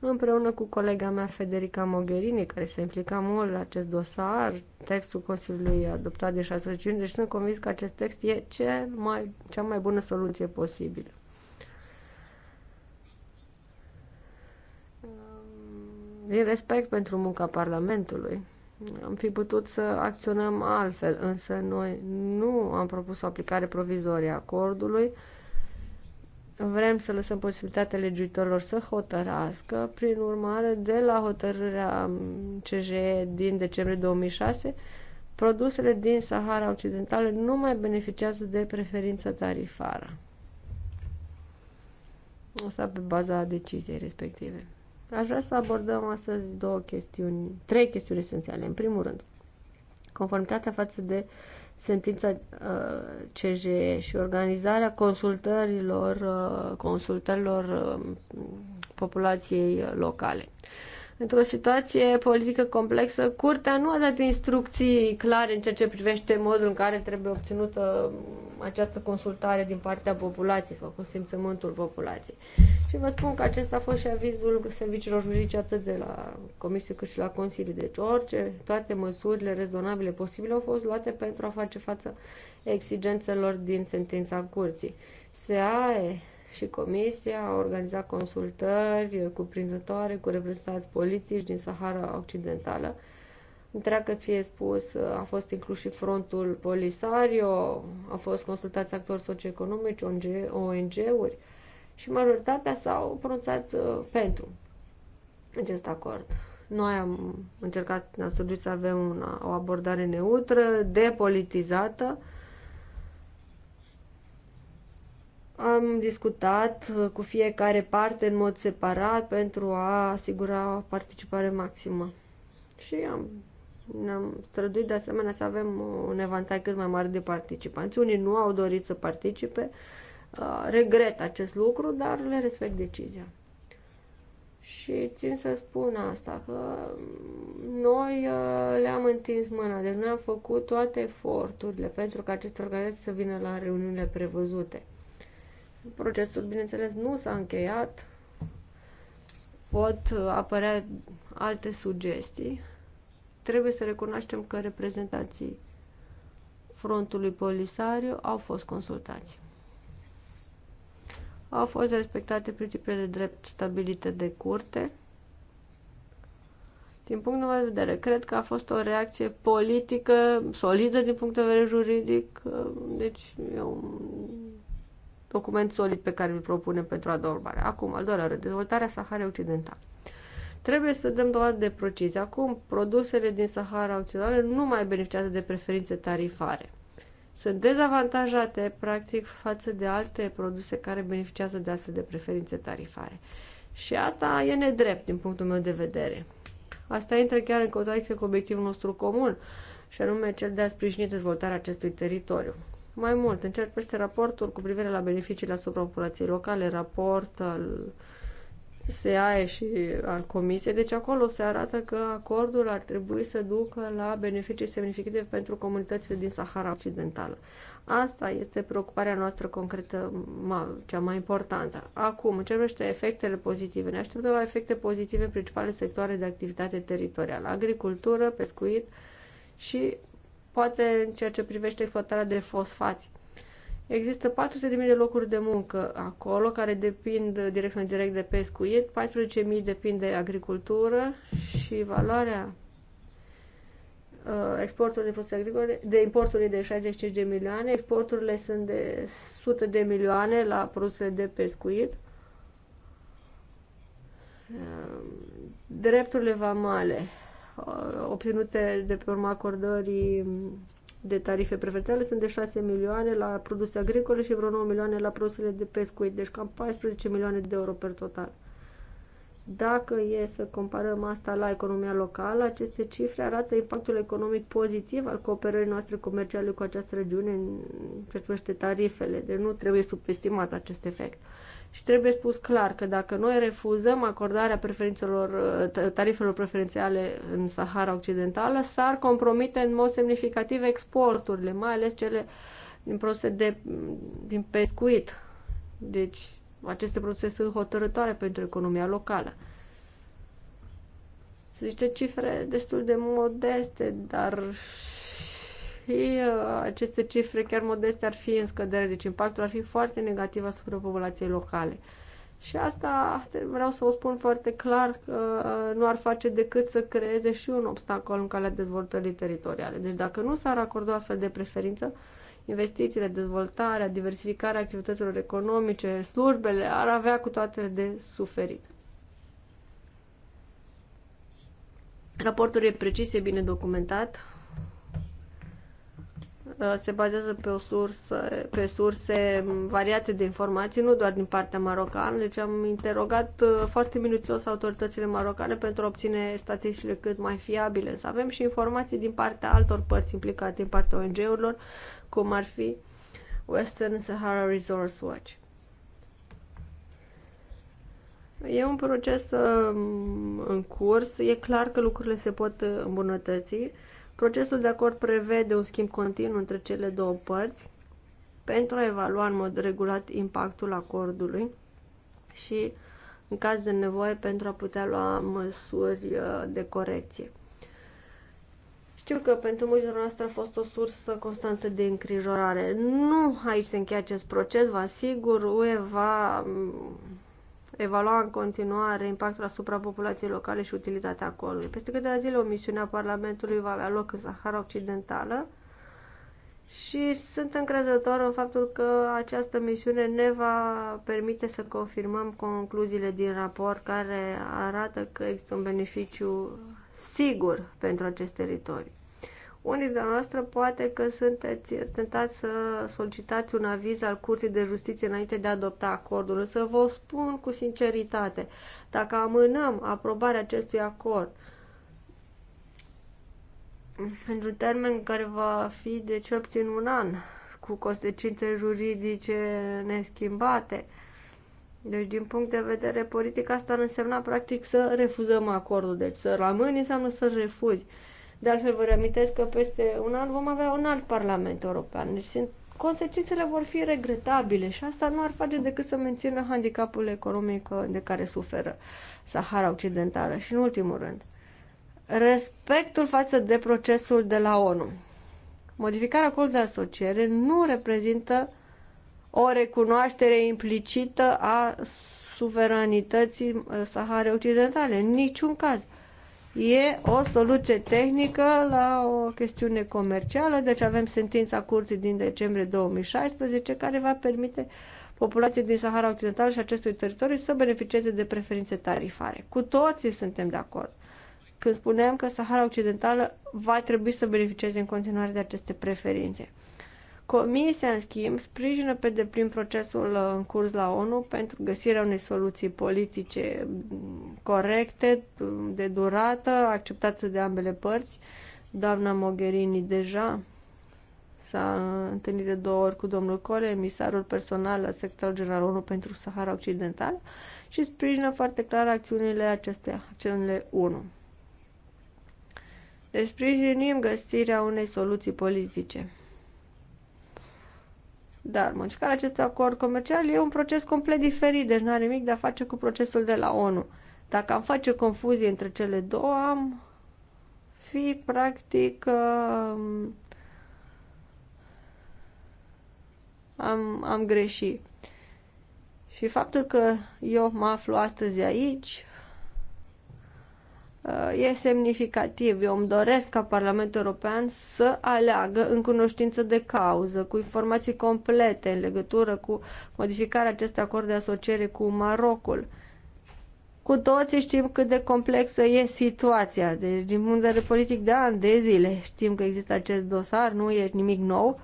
Împreună cu colega mea Federica Mogherini, care se implica mult la acest dosar, textul Consiliului adoptat de 16 iunie, deci sunt convins că acest text e cel mai, cea mai bună soluție posibilă. Din respect pentru munca Parlamentului, am fi putut să acționăm altfel, însă noi nu am propus o aplicare provizorie a acordului. Vrem să lăsăm posibilitatea legiuitorilor să hotărască. Prin urmare, de la hotărârea CJ din decembrie 2006, produsele din Sahara Occidentală nu mai beneficiază de preferință tarifară. Asta pe baza deciziei respective. Aș vrea să abordăm astăzi două chestiuni, trei chestiuni esențiale. În primul rând, conformitatea față de sentința uh, CJE și organizarea consultărilor, uh, consultărilor uh, populației locale. Într-o situație politică complexă, Curtea nu a dat instrucții clare în ceea ce privește modul în care trebuie obținută această consultare din partea populației sau consimțământul populației. Și vă spun că acesta a fost și avizul serviciilor juridice atât de la Comisie cât și la Consiliu. Deci orice, toate măsurile rezonabile posibile au fost luate pentru a face față exigențelor din sentința curții. SEAE și Comisia a organizat consultări cuprinzătoare cu reprezentanți politici din Sahara Occidentală, Întreagă fie spus, a fost inclus și frontul Polisario, a fost consultați actori socioeconomici, ONG-uri și majoritatea s-au pronunțat uh, pentru acest acord. Noi am încercat, ne-am să avem una, o abordare neutră, depolitizată, am discutat uh, cu fiecare parte în mod separat pentru a asigura participare maximă. Și am ne-am străduit de asemenea să avem un evantai cât mai mare de participanți. Unii nu au dorit să participe, uh, regret acest lucru, dar le respect decizia. Și țin să spun asta, că noi uh, le-am întins mâna, deci noi am făcut toate eforturile pentru ca aceste organizații să vină la reuniunile prevăzute. Procesul, bineînțeles, nu s-a încheiat, pot uh, apărea alte sugestii, trebuie să recunoaștem că reprezentanții frontului Polisario au fost consultați. Au fost respectate principiile de drept stabilite de curte. Din punctul meu de vedere, cred că a fost o reacție politică solidă din punct de vedere juridic, deci e un document solid pe care îl propunem pentru urmare. Acum, al doilea rând, dezvoltarea Saharei Occidentale. Trebuie să dăm dovadă de precizie. Acum, produsele din Sahara Occidentală nu mai beneficiază de preferințe tarifare. Sunt dezavantajate, practic, față de alte produse care beneficiază de astfel de preferințe tarifare. Și asta e nedrept din punctul meu de vedere. Asta intră chiar în contradicție cu obiectivul nostru comun, și anume cel de a sprijini dezvoltarea acestui teritoriu. Mai mult, încerpește raportul cu privire la beneficiile asupra populației locale, raportul. al SEAE și al Comisiei, deci acolo se arată că acordul ar trebui să ducă la beneficii semnificative pentru comunitățile din Sahara Occidentală. Asta este preocuparea noastră concretă, cea mai importantă. Acum, în ce privește efectele pozitive, ne așteptăm la efecte pozitive în principale sectoare de activitate teritorială, agricultură, pescuit și poate în ceea ce privește exploatarea de fosfați Există 400.000 de locuri de muncă acolo care depind direct sau indirect de pescuit, 14.000 depind de agricultură și valoarea uh, exporturilor de produse agricole, de importuri de 65 de milioane, exporturile sunt de 100 de milioane la produse de pescuit. Uh, drepturile vamale uh, obținute de pe urma acordării de tarife preferențiale sunt de 6 milioane la produse agricole și vreo 9 milioane la produsele de pescuit, deci cam 14 milioane de euro per total. Dacă e să comparăm asta la economia locală, aceste cifre arată impactul economic pozitiv al cooperării noastre comerciale cu această regiune în ce privește tarifele, deci nu trebuie subestimat acest efect și trebuie spus clar că dacă noi refuzăm acordarea preferințelor, ă, tarifelor preferențiale în Sahara Occidentală, s-ar compromite în mod semnificativ exporturile, mai ales cele din produse de, din pescuit. Deci aceste produse sunt hotărătoare pentru economia locală. Sunt niște cifre destul de modeste, dar fi, uh, aceste cifre chiar modeste ar fi în scădere, deci impactul ar fi foarte negativ asupra populației locale. Și asta vreau să o spun foarte clar că uh, nu ar face decât să creeze și un obstacol în calea dezvoltării teritoriale. Deci dacă nu s-ar acorda astfel de preferință, investițiile, dezvoltarea, diversificarea activităților economice, slujbele ar avea cu toate de suferit. Raportul e precis, e bine documentat Uh, se bazează pe, o sursă, pe surse variate de informații, nu doar din partea marocană. Deci am interogat uh, foarte minuțios autoritățile marocane pentru a obține statisticile cât mai fiabile. Să avem și informații din partea altor părți implicate, din partea ONG-urilor, cum ar fi Western Sahara Resource Watch. E un proces um, în curs, e clar că lucrurile se pot uh, îmbunătăți. Procesul de acord prevede un schimb continuu între cele două părți pentru a evalua în mod regulat impactul acordului și, în caz de nevoie, pentru a putea lua măsuri uh, de corecție. Știu că pentru mulți dintre noastre a fost o sursă constantă de îngrijorare. Nu aici se încheie acest proces, vă asigur, UE va mm, evalua în continuare impactul asupra populației locale și utilitatea acordului. Peste câteva zile, o misiune a Parlamentului va avea loc în Sahara Occidentală și sunt încrezător în faptul că această misiune ne va permite să confirmăm concluziile din raport care arată că există un beneficiu sigur pentru acest teritoriu. Unii dintre noastre poate că sunteți tentați să solicitați un aviz al Curții de Justiție înainte de a adopta acordul, Să vă spun cu sinceritate, dacă amânăm aprobarea acestui acord pentru termen care va fi de cel puțin un an, cu consecințe juridice neschimbate, deci, din punct de vedere politic, asta ar însemna, practic, să refuzăm acordul. Deci, să rămâni înseamnă să refuzi. De altfel, vă reamintesc că peste un an vom avea un alt Parlament European. Deci sunt, consecințele vor fi regretabile și asta nu ar face decât să mențină handicapul economic uh, de care suferă Sahara Occidentală. Și în ultimul rând, respectul față de procesul de la ONU. Modificarea acordului de asociere nu reprezintă o recunoaștere implicită a suveranității uh, Sahare Occidentale, în niciun caz. E o soluție tehnică la o chestiune comercială, deci avem sentința curții din decembrie 2016 care va permite populației din Sahara Occidentală și acestui teritoriu să beneficieze de preferințe tarifare. Cu toții suntem de acord când spuneam că Sahara Occidentală va trebui să beneficieze în continuare de aceste preferințe. Comisia, în schimb, sprijină pe deplin procesul uh, în curs la ONU pentru găsirea unei soluții politice mm, corecte, mm, de durată, acceptată de ambele părți. Doamna Mogherini deja s-a uh, întâlnit de două ori cu domnul Cole, emisarul personal la sectorul general ONU pentru Sahara Occidental și sprijină foarte clar acțiunile acestea, acțiunile 1. Desprijinim sprijinim găsirea unei soluții politice. Dar modificarea acestui acord comercial e un proces complet diferit, deci nu are nimic de a face cu procesul de la ONU. Dacă am face confuzie între cele două, am fi practic uh, am, am greșit. Și faptul că eu mă aflu astăzi aici e semnificativ. Eu îmi doresc ca Parlamentul European să aleagă în cunoștință de cauză, cu informații complete în legătură cu modificarea acestui acord de asociere cu Marocul. Cu toții știm cât de complexă e situația, deci din punct de vedere politic de ani, de zile știm că există acest dosar, nu e nimic nou.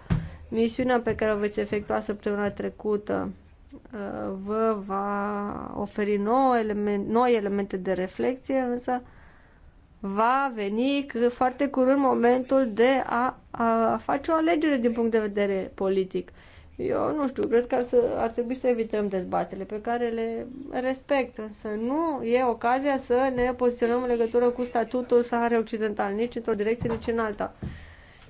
Misiunea pe care o veți efectua săptămâna trecută uh, vă va oferi element, noi elemente de reflexie, însă va veni foarte curând momentul de a, a face o alegere din punct de vedere politic. Eu nu știu, cred că ar, să, ar trebui să evităm dezbatele pe care le respect, însă nu e ocazia să ne poziționăm în legătură cu statutul Saharei Occidental, nici într-o direcție, nici în alta.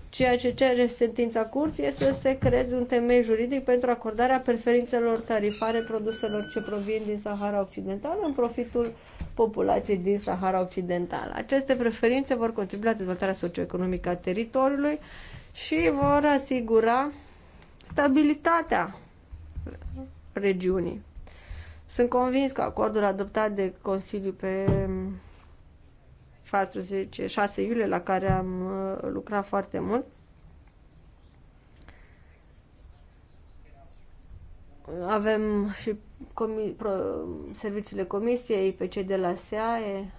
Ceea ce cere sentința curții este să se creeze un temei juridic pentru acordarea preferințelor tarifare produselor ce provin din Sahara Occidentală în profitul populației din Sahara Occidentală. Aceste preferințe vor contribui la dezvoltarea socioeconomică a teritoriului și vor asigura stabilitatea regiunii. Sunt convins că acordul adoptat de Consiliu pe 14, 6 iulie, la care am uh, lucrat foarte mult. Avem și comi pro serviciile comisiei, pe cei de la SEAE,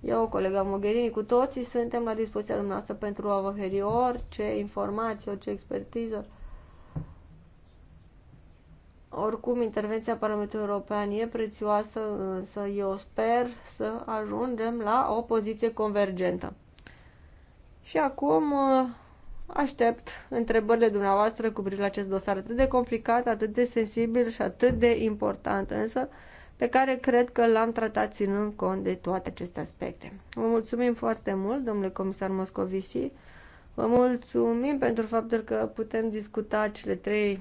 eu, colega Mogherini, cu toții suntem la dispoziția dumneavoastră pentru a vă oferi orice informație, orice expertiză oricum, intervenția Parlamentului European e prețioasă, însă eu sper să ajungem la o poziție convergentă. Și acum uh, aștept întrebările dumneavoastră cu privire la acest dosar atât de complicat, atât de sensibil și atât de important, însă pe care cred că l-am tratat ținând cont de toate aceste aspecte. Vă mulțumim foarte mult, domnule comisar Moscovici. Vă mulțumim pentru faptul că putem discuta cele trei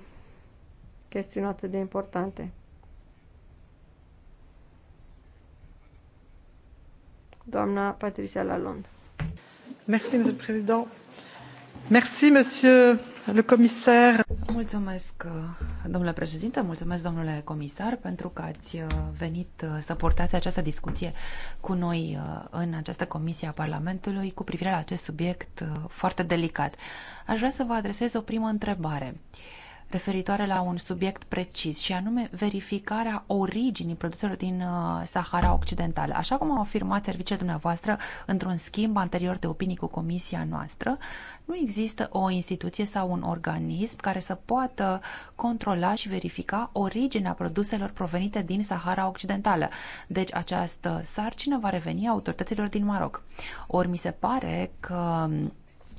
chestiuni atât de importante. Doamna Patricia Lalonde. Merci, Monsieur le Président. Merci, Monsieur le Comisar. Mulțumesc, domnule președinte, mulțumesc, domnule comisar, pentru că ați venit să portați această discuție cu noi uh, în această comisie a Parlamentului cu privire la acest subiect uh, foarte delicat. Aș vrea să vă adresez o primă întrebare referitoare la un subiect precis și anume verificarea originii produselor din uh, Sahara Occidentală. Așa cum au afirmat serviciile dumneavoastră într-un schimb anterior de opinii cu comisia noastră, nu există o instituție sau un organism care să poată controla și verifica originea produselor provenite din Sahara Occidentală. Deci această sarcină va reveni autorităților din Maroc. Ori mi se pare că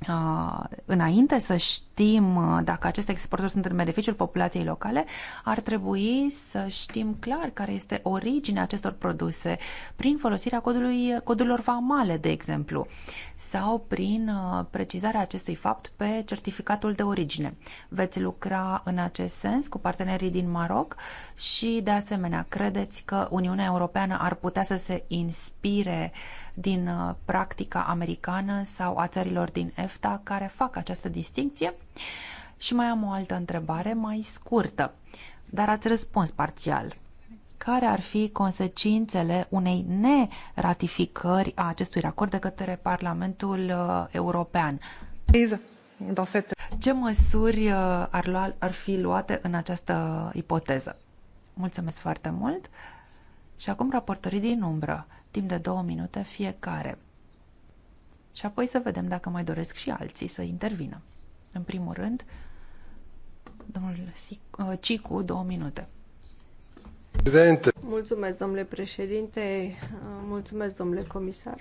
Uh, înainte să știm uh, dacă aceste exporturi sunt în beneficiul populației locale, ar trebui să știm clar care este originea acestor produse prin folosirea codului, codurilor vamale, de exemplu, sau prin uh, precizarea acestui fapt pe certificatul de origine. Veți lucra în acest sens cu partenerii din Maroc și, de asemenea, credeți că Uniunea Europeană ar putea să se inspire uh, din uh, practica americană sau a țărilor din EFTA care fac această distinție? Și mai am o altă întrebare mai scurtă, dar ați răspuns parțial. Care ar fi consecințele unei neratificări a acestui acord de către Parlamentul uh, European? Ce măsuri uh, ar, lua, ar fi luate în această ipoteză? Mulțumesc foarte mult! Și acum raportorii din umbră, timp de două minute fiecare. Și apoi să vedem dacă mai doresc și alții să intervină. În primul rând, domnul uh, Cicu, două minute. Prezente. Mulțumesc, domnule președinte, uh, mulțumesc, domnule comisar.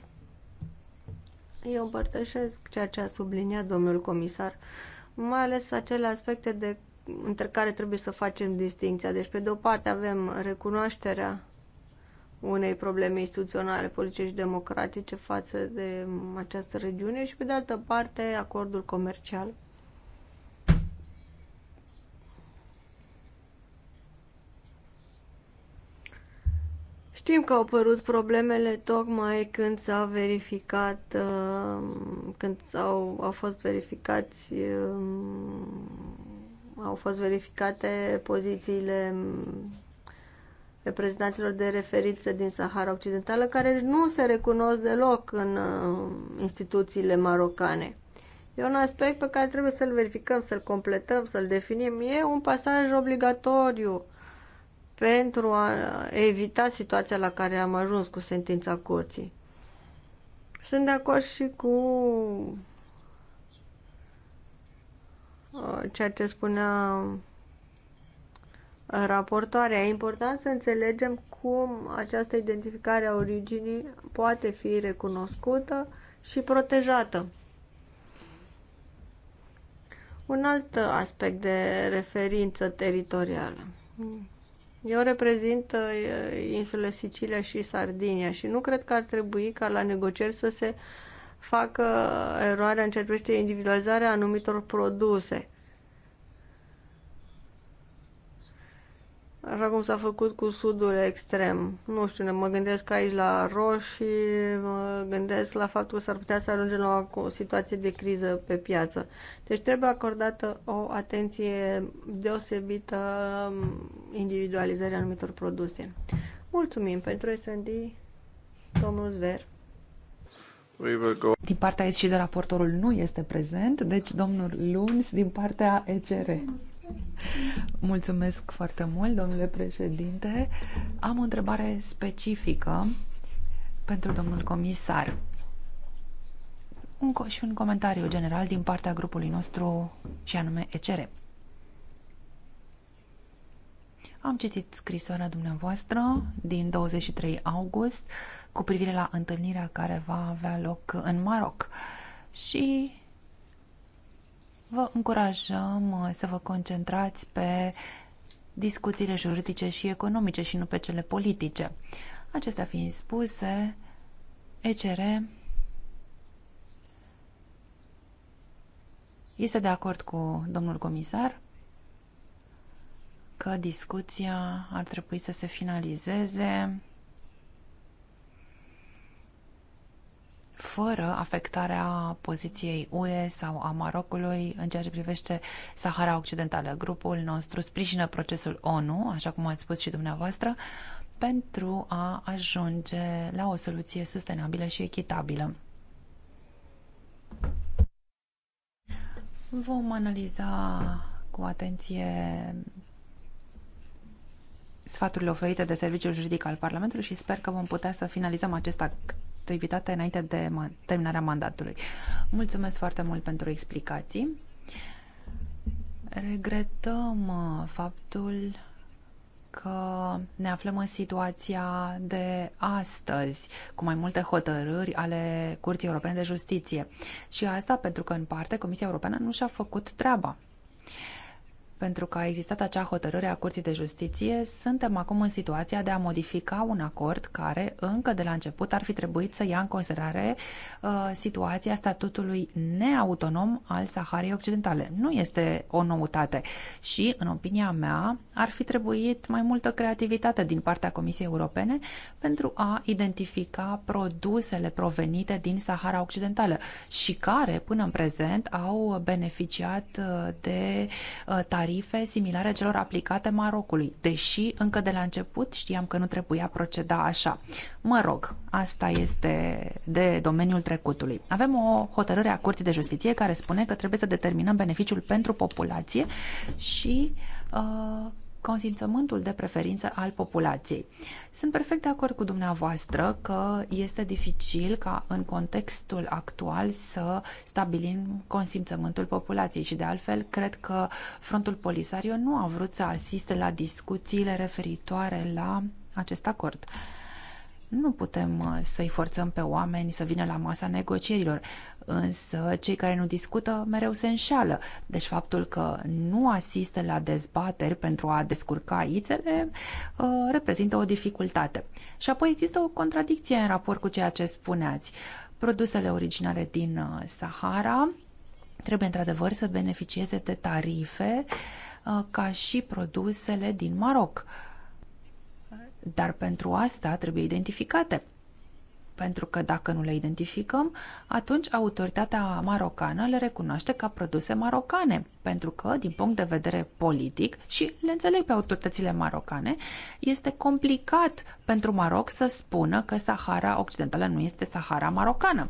Eu împărtășesc ceea ce a subliniat domnul comisar, mai ales acele aspecte de, între care trebuie să facem distinția. Deci, pe de o parte avem recunoașterea unei probleme instituționale, politice și democratice față de această regiune și, pe de altă parte, acordul comercial. Știm că au apărut problemele tocmai când s-a verificat, uh, când au, au fost verificați, uh, au fost verificate pozițiile reprezentanților de referință din Sahara Occidentală, care nu se recunosc deloc în uh, instituțiile marocane. E un aspect pe care trebuie să-l verificăm, să-l completăm, să-l definim. E un pasaj obligatoriu pentru a evita situația la care am ajuns cu sentința curții. Sunt de acord și cu uh, ceea ce spunea raportoarea. E important să înțelegem cum această identificare a originii poate fi recunoscută și protejată. Un alt aspect de referință teritorială. Eu reprezint uh, insule Sicilia și Sardinia și nu cred că ar trebui ca la negocieri să se facă eroarea în ce privește individualizarea anumitor produse Așa cum s-a făcut cu sudul extrem. Nu știu, mă gândesc aici la roșii, mă gândesc la faptul că s-ar putea să ajungem la o situație de criză pe piață. Deci trebuie acordată o atenție deosebită individualizării anumitor produse. Mulțumim pentru S&D, domnul Zver. Din partea S și de raportorul nu este prezent, deci domnul Luns din partea ECR. Mulțumesc foarte mult, domnule președinte. Am o întrebare specifică pentru domnul comisar. Un co- și un comentariu general din partea grupului nostru, și anume ECR. Am citit scrisoarea dumneavoastră din 23 august cu privire la întâlnirea care va avea loc în Maroc și vă încurajăm uh, să vă concentrați pe discuțiile juridice și economice și nu pe cele politice. Acestea fiind spuse, ECR este de acord cu domnul comisar că discuția ar trebui să se finalizeze fără afectarea poziției UE sau a Marocului în ceea ce privește Sahara Occidentală. Grupul nostru sprijină procesul ONU, așa cum ați spus și dumneavoastră, pentru a ajunge la o soluție sustenabilă și echitabilă. Vom analiza cu atenție sfaturile oferite de Serviciul Juridic al Parlamentului și sper că vom putea să finalizăm acest act activitate înainte de terminarea mandatului. Mulțumesc foarte mult pentru explicații. Regretăm uh, faptul că ne aflăm în situația de astăzi, cu mai multe hotărâri ale Curții Europene de Justiție. Și asta pentru că, în parte, Comisia Europeană nu și-a făcut treaba. Uh, pentru că a existat acea hotărâre a Curții de Justiție, suntem acum în situația de a modifica un acord care încă de la început ar fi trebuit să ia în considerare uh, situația statutului neautonom al Saharei Occidentale. Nu este o noutate și, în opinia mea, ar fi trebuit mai multă creativitate din partea Comisiei Europene pentru a identifica produsele provenite din Sahara Occidentală și care, până în prezent, au beneficiat uh, de uh, tarife similare celor aplicate Marocului, deși încă de la început știam că nu trebuia proceda așa. Mă rog, asta este de domeniul trecutului. Avem o hotărâre a Curții de Justiție care spune că trebuie să determinăm beneficiul pentru populație și uh, consimțământul de preferință al populației. Sunt perfect de acord cu dumneavoastră că este dificil ca în contextul actual să stabilim consimțământul populației și de altfel cred că Frontul Polisario nu a vrut să asiste la discuțiile referitoare la acest acord. Nu putem uh, să-i forțăm pe oameni să vină la masa negocierilor. Însă cei care nu discută mereu se înșală. Deci faptul că nu asistă la dezbateri pentru a descurca ițele uh, reprezintă o dificultate. Și apoi există o contradicție în raport cu ceea ce spuneați. Produsele originare din uh, Sahara trebuie într-adevăr să beneficieze de tarife uh, ca și produsele din Maroc. Dar pentru asta trebuie identificate pentru că dacă nu le identificăm, atunci autoritatea marocană le recunoaște ca produse marocane, pentru că, din punct de vedere politic, și le înțeleg pe autoritățile marocane, este complicat pentru Maroc să spună că Sahara Occidentală nu este Sahara marocană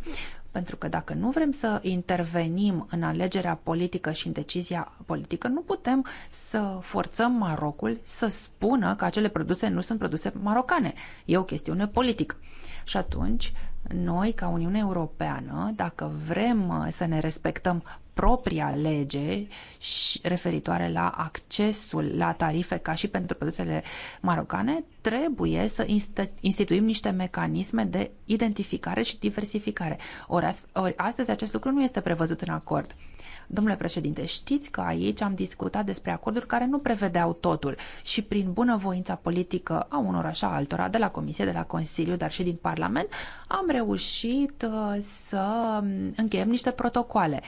pentru că dacă nu vrem să intervenim în alegerea politică și în decizia politică, nu putem să forțăm Marocul să spună că acele produse nu sunt produse marocane. E o chestiune politică. Și atunci, noi, ca Uniune Europeană, dacă vrem uh, să ne respectăm propria lege și referitoare la accesul la tarife ca și pentru produsele marocane, trebuie să instituim niște mecanisme de identificare și diversificare. Ori, ori astăzi acest lucru nu este prevăzut în acord. Domnule președinte, știți că aici am discutat despre acorduri care nu prevedeau totul și prin bunăvoința politică a unor așa altora, de la Comisie, de la Consiliu, dar și din Parlament, am reușit uh, să încheiem niște protocoale.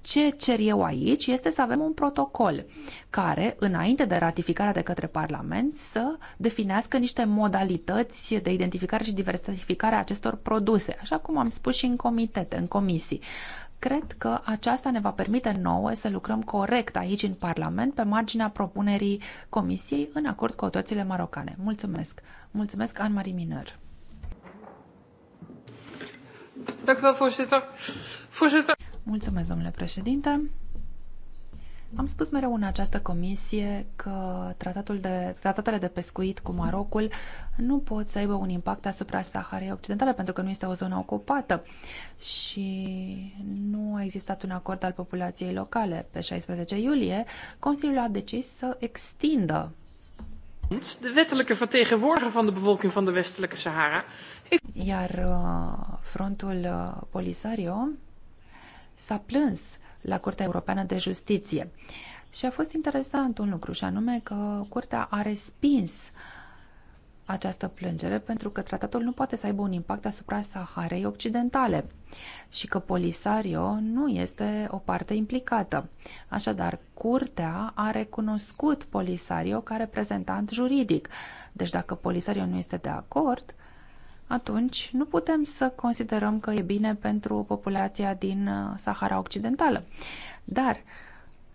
Ce cer eu aici este să avem un protocol care, înainte de ratificarea de către Parlament, să definească niște modalități de identificare și diversificare a acestor produse, așa cum am spus și în comitete, în comisii. Cred că aceasta ne va permite nouă să lucrăm corect aici în Parlament pe marginea propunerii Comisiei în acord cu autoritățile marocane. Mulțumesc! Mulțumesc, Anne-Marie Miner! Mulțumesc, domnule președinte! Am spus mereu în această comisie că tratatul de, tratatele de pescuit cu Marocul nu pot să aibă un impact asupra Saharei Occidentale pentru că nu este o zonă ocupată și nu a existat un acord al populației locale. Pe 16 iulie, Consiliul a decis să extindă de wettelijke vertegenwoordiger van de bevolking van de westelijke Sahara. Iar uh, frontul uh, Polisario s-a plâns la Curtea Europeană de Justiție. Și a fost interesant un lucru, și anume că Curtea a respins această plângere pentru că tratatul nu poate să aibă un impact asupra Saharei Occidentale și că Polisario nu este o parte implicată. Așadar, curtea a recunoscut Polisario ca reprezentant juridic. Deci dacă Polisario nu este de acord, atunci nu putem să considerăm că e bine pentru populația din uh, Sahara Occidentală. Dar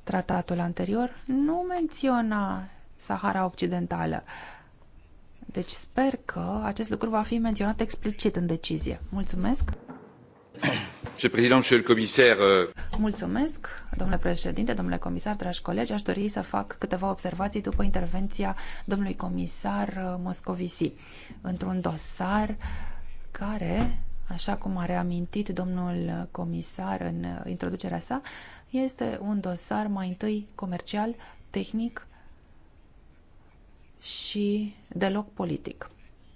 tratatul anterior nu menționa Sahara Occidentală. Deci sper că acest lucru va fi menționat explicit în decizie. Mulțumesc! Euh, Mulțumesc, domnule președinte, domnule comisar, dragi colegi. Aș dori să fac câteva observații după intervenția domnului comisar uh, Moscovici într-un dosar care, așa cum a reamintit domnul comisar în introducerea sa, este un dosar mai întâi comercial, tehnic și deloc politic.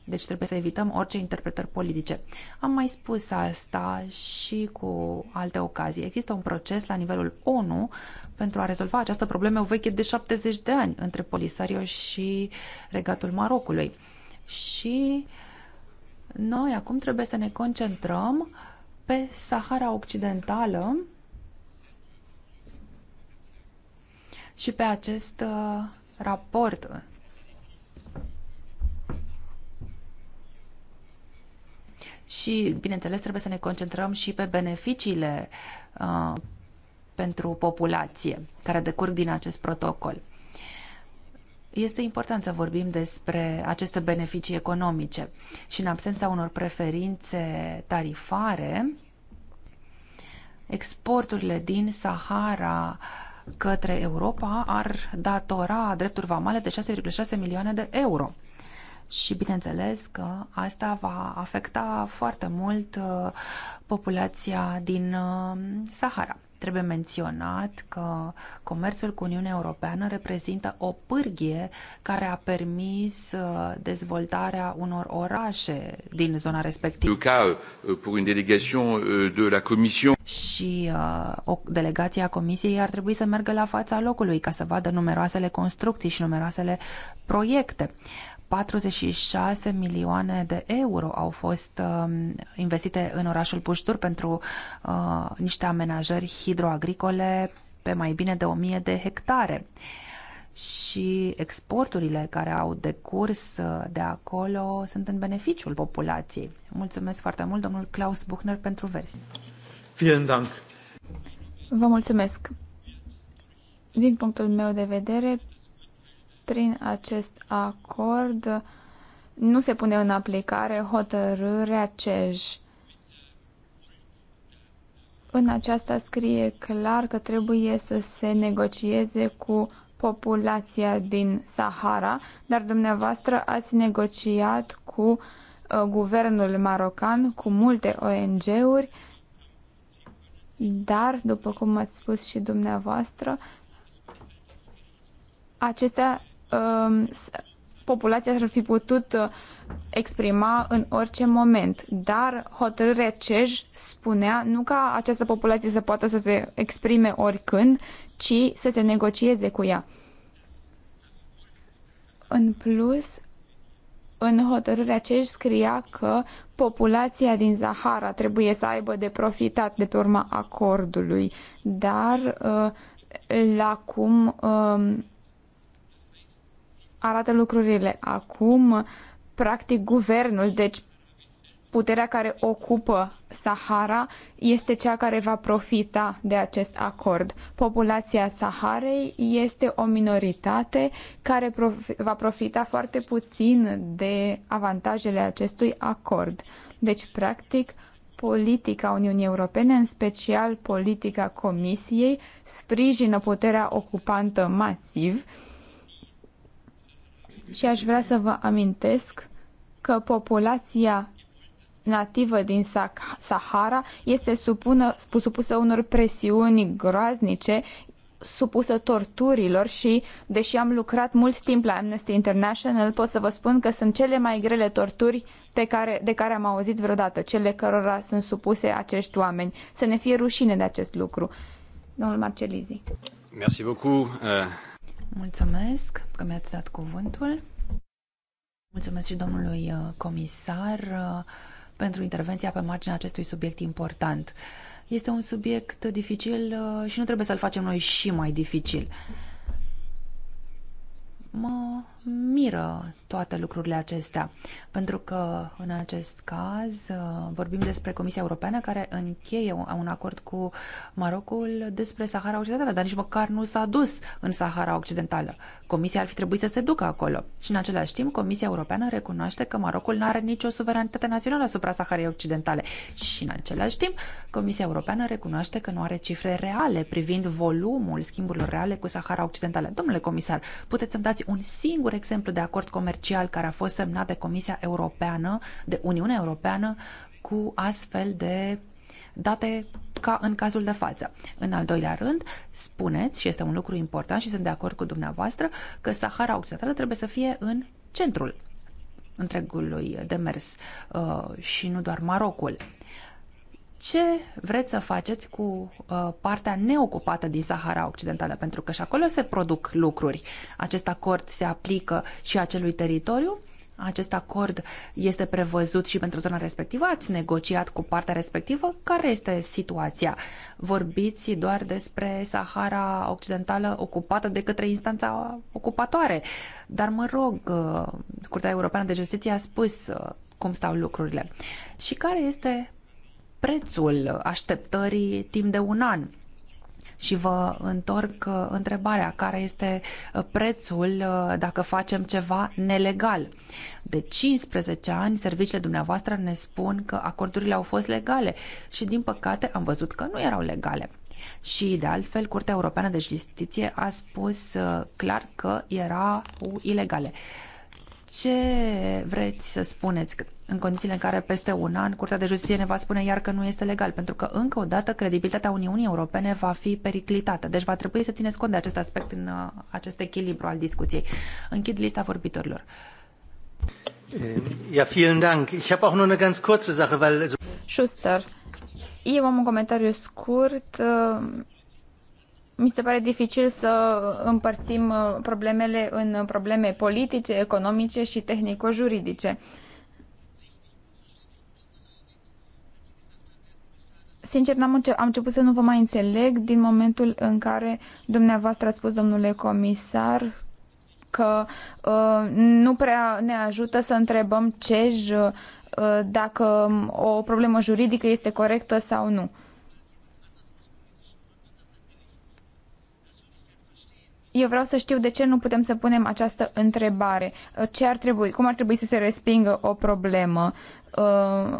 Deci trebuie să evităm orice interpretări politice. Am mai spus asta și cu alte ocazii. Există un proces la nivelul ONU pentru a rezolva această problemă veche de 70 de ani între Polisario și regatul Marocului. Și noi acum trebuie să ne concentrăm pe Sahara Occidentală și pe acest uh, raport și, bineînțeles, trebuie să ne concentrăm și pe beneficiile uh, pentru populație care decurg din acest protocol. Este important să vorbim despre aceste beneficii economice și în absența unor preferințe tarifare, exporturile din Sahara către Europa ar datora drepturi vamale de 6,6 milioane de euro și bineînțeles că asta va afecta foarte mult uh, populația din uh, Sahara. Trebuie menționat că comerțul cu Uniunea Europeană reprezintă o pârghie care a permis uh, dezvoltarea unor orașe din zona respectivă. de la Și uh, o delegație a Comisiei ar trebui să meargă la fața locului ca să vadă numeroasele construcții și numeroasele proiecte. Uh, 46 milioane de euro au fost um, investite în orașul Puștur pentru uh, niște amenajări hidroagricole pe mai bine de 1000 de hectare și exporturile care au decurs uh, de acolo sunt în beneficiul populației. Mulțumesc foarte mult, domnul Klaus Buchner, pentru versi. Vielen Dank! Vă mulțumesc! Din punctul meu de vedere, prin acest acord nu se pune în aplicare hotărârea CEJ. În aceasta scrie clar că trebuie să se negocieze cu populația din Sahara, dar dumneavoastră ați negociat cu uh, guvernul marocan, cu multe ONG-uri, dar, după cum ați spus și dumneavoastră, acestea Um, populația s-ar fi putut uh, exprima în orice moment, dar hotărârea CEJ spunea nu ca această populație să poată să se exprime oricând, ci să se negocieze cu ea. În plus, în hotărârea CEJ scria că populația din Zahara trebuie să aibă de profitat de pe urma acordului, dar uh, la cum um, arată lucrurile acum. Practic, guvernul, deci puterea care ocupă Sahara, este cea care va profita de acest acord. Populația Saharei este o minoritate care prof va profita foarte puțin de avantajele acestui acord. Deci, practic, politica Uniunii Europene, în special politica Comisiei, sprijină puterea ocupantă masiv și aș vrea să vă amintesc că populația nativă din Sahara este supună, supusă unor presiuni groaznice, supusă torturilor și, deși am lucrat mult timp la Amnesty International, pot să vă spun că sunt cele mai grele torturi pe care, de care am auzit vreodată, cele cărora sunt supuse acești oameni. Să ne fie rușine de acest lucru. Domnul Marcelizi. Merci beaucoup. Uh... Mulțumesc că mi-ați dat cuvântul. Mulțumesc și domnului uh, comisar uh, pentru intervenția pe marginea acestui subiect important. Este un subiect dificil uh, și nu trebuie să-l facem noi și mai dificil. Mă miră toate lucrurile acestea, pentru că în acest caz uh, vorbim despre Comisia Europeană care încheie un acord cu Marocul despre Sahara Occidentală, dar nici măcar nu s-a dus în Sahara Occidentală. Comisia ar fi trebuit să se ducă acolo. Și în același timp, Comisia Europeană recunoaște că Marocul nu are nicio suveranitate națională asupra Saharei Occidentale. Și în același timp, Comisia Europeană recunoaște că nu are cifre reale privind volumul schimburilor reale cu Sahara Occidentală. Domnule comisar, puteți să-mi dați un singur exemplu, de acord comercial care a fost semnat de Comisia Europeană, de Uniunea Europeană, cu astfel de date ca în cazul de față. În al doilea rând, spuneți, și este un lucru important și sunt de acord cu dumneavoastră, că Sahara Occidentală trebuie să fie în centrul întregului demers uh, și nu doar Marocul ce vreți să faceți cu uh, partea neocupată din Sahara Occidentală, pentru că și acolo se produc lucruri. Acest acord se aplică și acelui teritoriu? Acest acord este prevăzut și pentru zona respectivă? Ați negociat cu partea respectivă? Care este situația? Vorbiți doar despre Sahara Occidentală ocupată de către instanța ocupatoare. Dar mă rog, uh, Curtea Europeană de Justiție a spus uh, cum stau lucrurile. Și care este prețul așteptării timp de un an. Și vă întorc uh, întrebarea, care este uh, prețul uh, dacă facem ceva nelegal? De 15 ani, serviciile dumneavoastră ne spun că acordurile au fost legale și, din păcate, am văzut că nu erau legale. Și, de altfel, Curtea Europeană de Justiție a spus clar că erau ilegale. Ce vreți să spuneți în condițiile în care peste un an Curtea de Justiție ne va spune iar că nu este legal? Pentru că, încă o dată, credibilitatea Uniunii Europene va fi periclitată. Deci va trebui să țineți cont de acest aspect în uh, acest echilibru al discuției. Închid lista vorbitorilor. Ja, vielen Dank. Ich habe auch nur eine ganz kurze Sache, weil... Schuster, eu am un comentariu scurt. Uh mi se pare dificil să împărțim uh, problemele în probleme politice, economice și tehnico-juridice. Sincer, am început, am început să nu vă mai înțeleg din momentul în care dumneavoastră a spus, domnule comisar, că uh, nu prea ne ajută să întrebăm CEJ uh, dacă um, o problemă juridică este corectă sau nu. Uh, Eu vreau să știu de ce nu putem să punem această întrebare. Ce ar trebui, cum ar trebui să se respingă o problemă? Uh,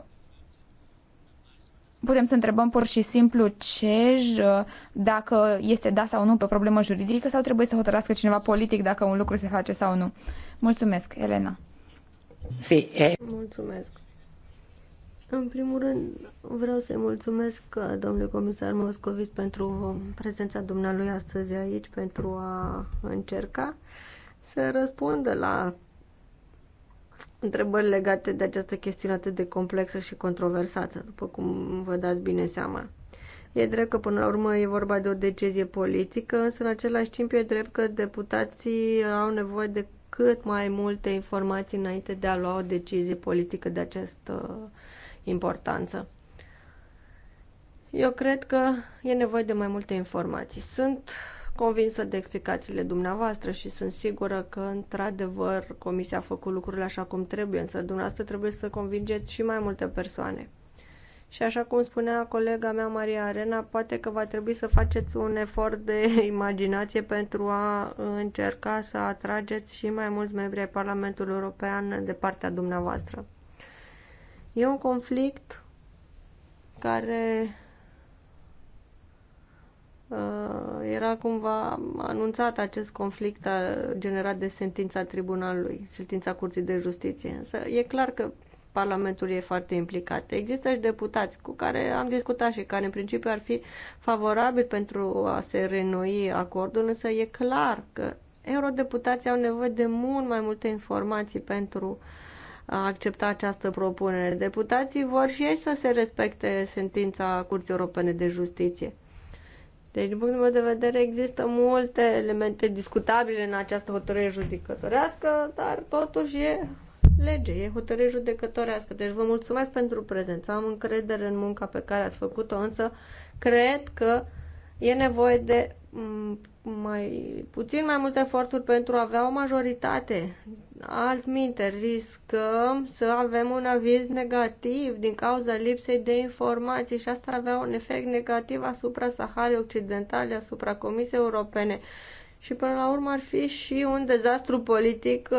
putem să întrebăm pur și simplu ce, uh, dacă este da sau nu pe o problemă juridică sau trebuie să hotărască cineva politic dacă un lucru se face sau nu. Mulțumesc, Elena. Eh. Mulțumesc. În primul rând, vreau să-i mulțumesc, domnule comisar Moscovici, pentru prezența dumnealui astăzi aici, pentru a încerca să răspundă la întrebări legate de această chestiune atât de complexă și controversată, după cum vă dați bine seama. E drept că până la urmă e vorba de o decizie politică, însă în același timp e drept că deputații au nevoie de cât mai multe informații înainte de a lua o decizie politică de acest uh, importanță. Eu cred că e nevoie de mai multe informații. Sunt convinsă de explicațiile dumneavoastră și sunt sigură că, într-adevăr, Comisia a făcut lucrurile așa cum trebuie, însă dumneavoastră trebuie să convingeți și mai multe persoane. Și așa cum spunea colega mea Maria Arena, poate că va trebui să faceți un efort de *laughs* imaginație pentru a încerca să atrageți și mai mulți membri ai Parlamentului European de partea dumneavoastră. E un conflict care uh, era cumva anunțat acest conflict generat de sentința tribunalului, sentința Curții de Justiție. Însă e clar că Parlamentul e foarte implicat. Există și deputați cu care am discutat și care în principiu ar fi favorabil pentru a se renoi acordul, însă e clar că eurodeputații au nevoie de mult mai multe informații pentru uh, a accepta această propunere. Deputații vor și ei să se respecte sentința Curții Europene de Justiție. Deci, din punctul meu de vedere, există multe elemente discutabile în această hotărâre judecătorească, dar totuși e lege, e hotărâre judecătorească. Deci vă mulțumesc pentru prezență, am încredere în munca pe care ați făcut-o, însă cred că e nevoie de mai puțin mai multe eforturi pentru a avea o majoritate. Altminte, riscăm să avem un aviz negativ din cauza lipsei de informații și asta avea un efect negativ asupra Saharei Occidentale, asupra Comisiei Europene. Și până la urmă ar fi și un dezastru politic uh,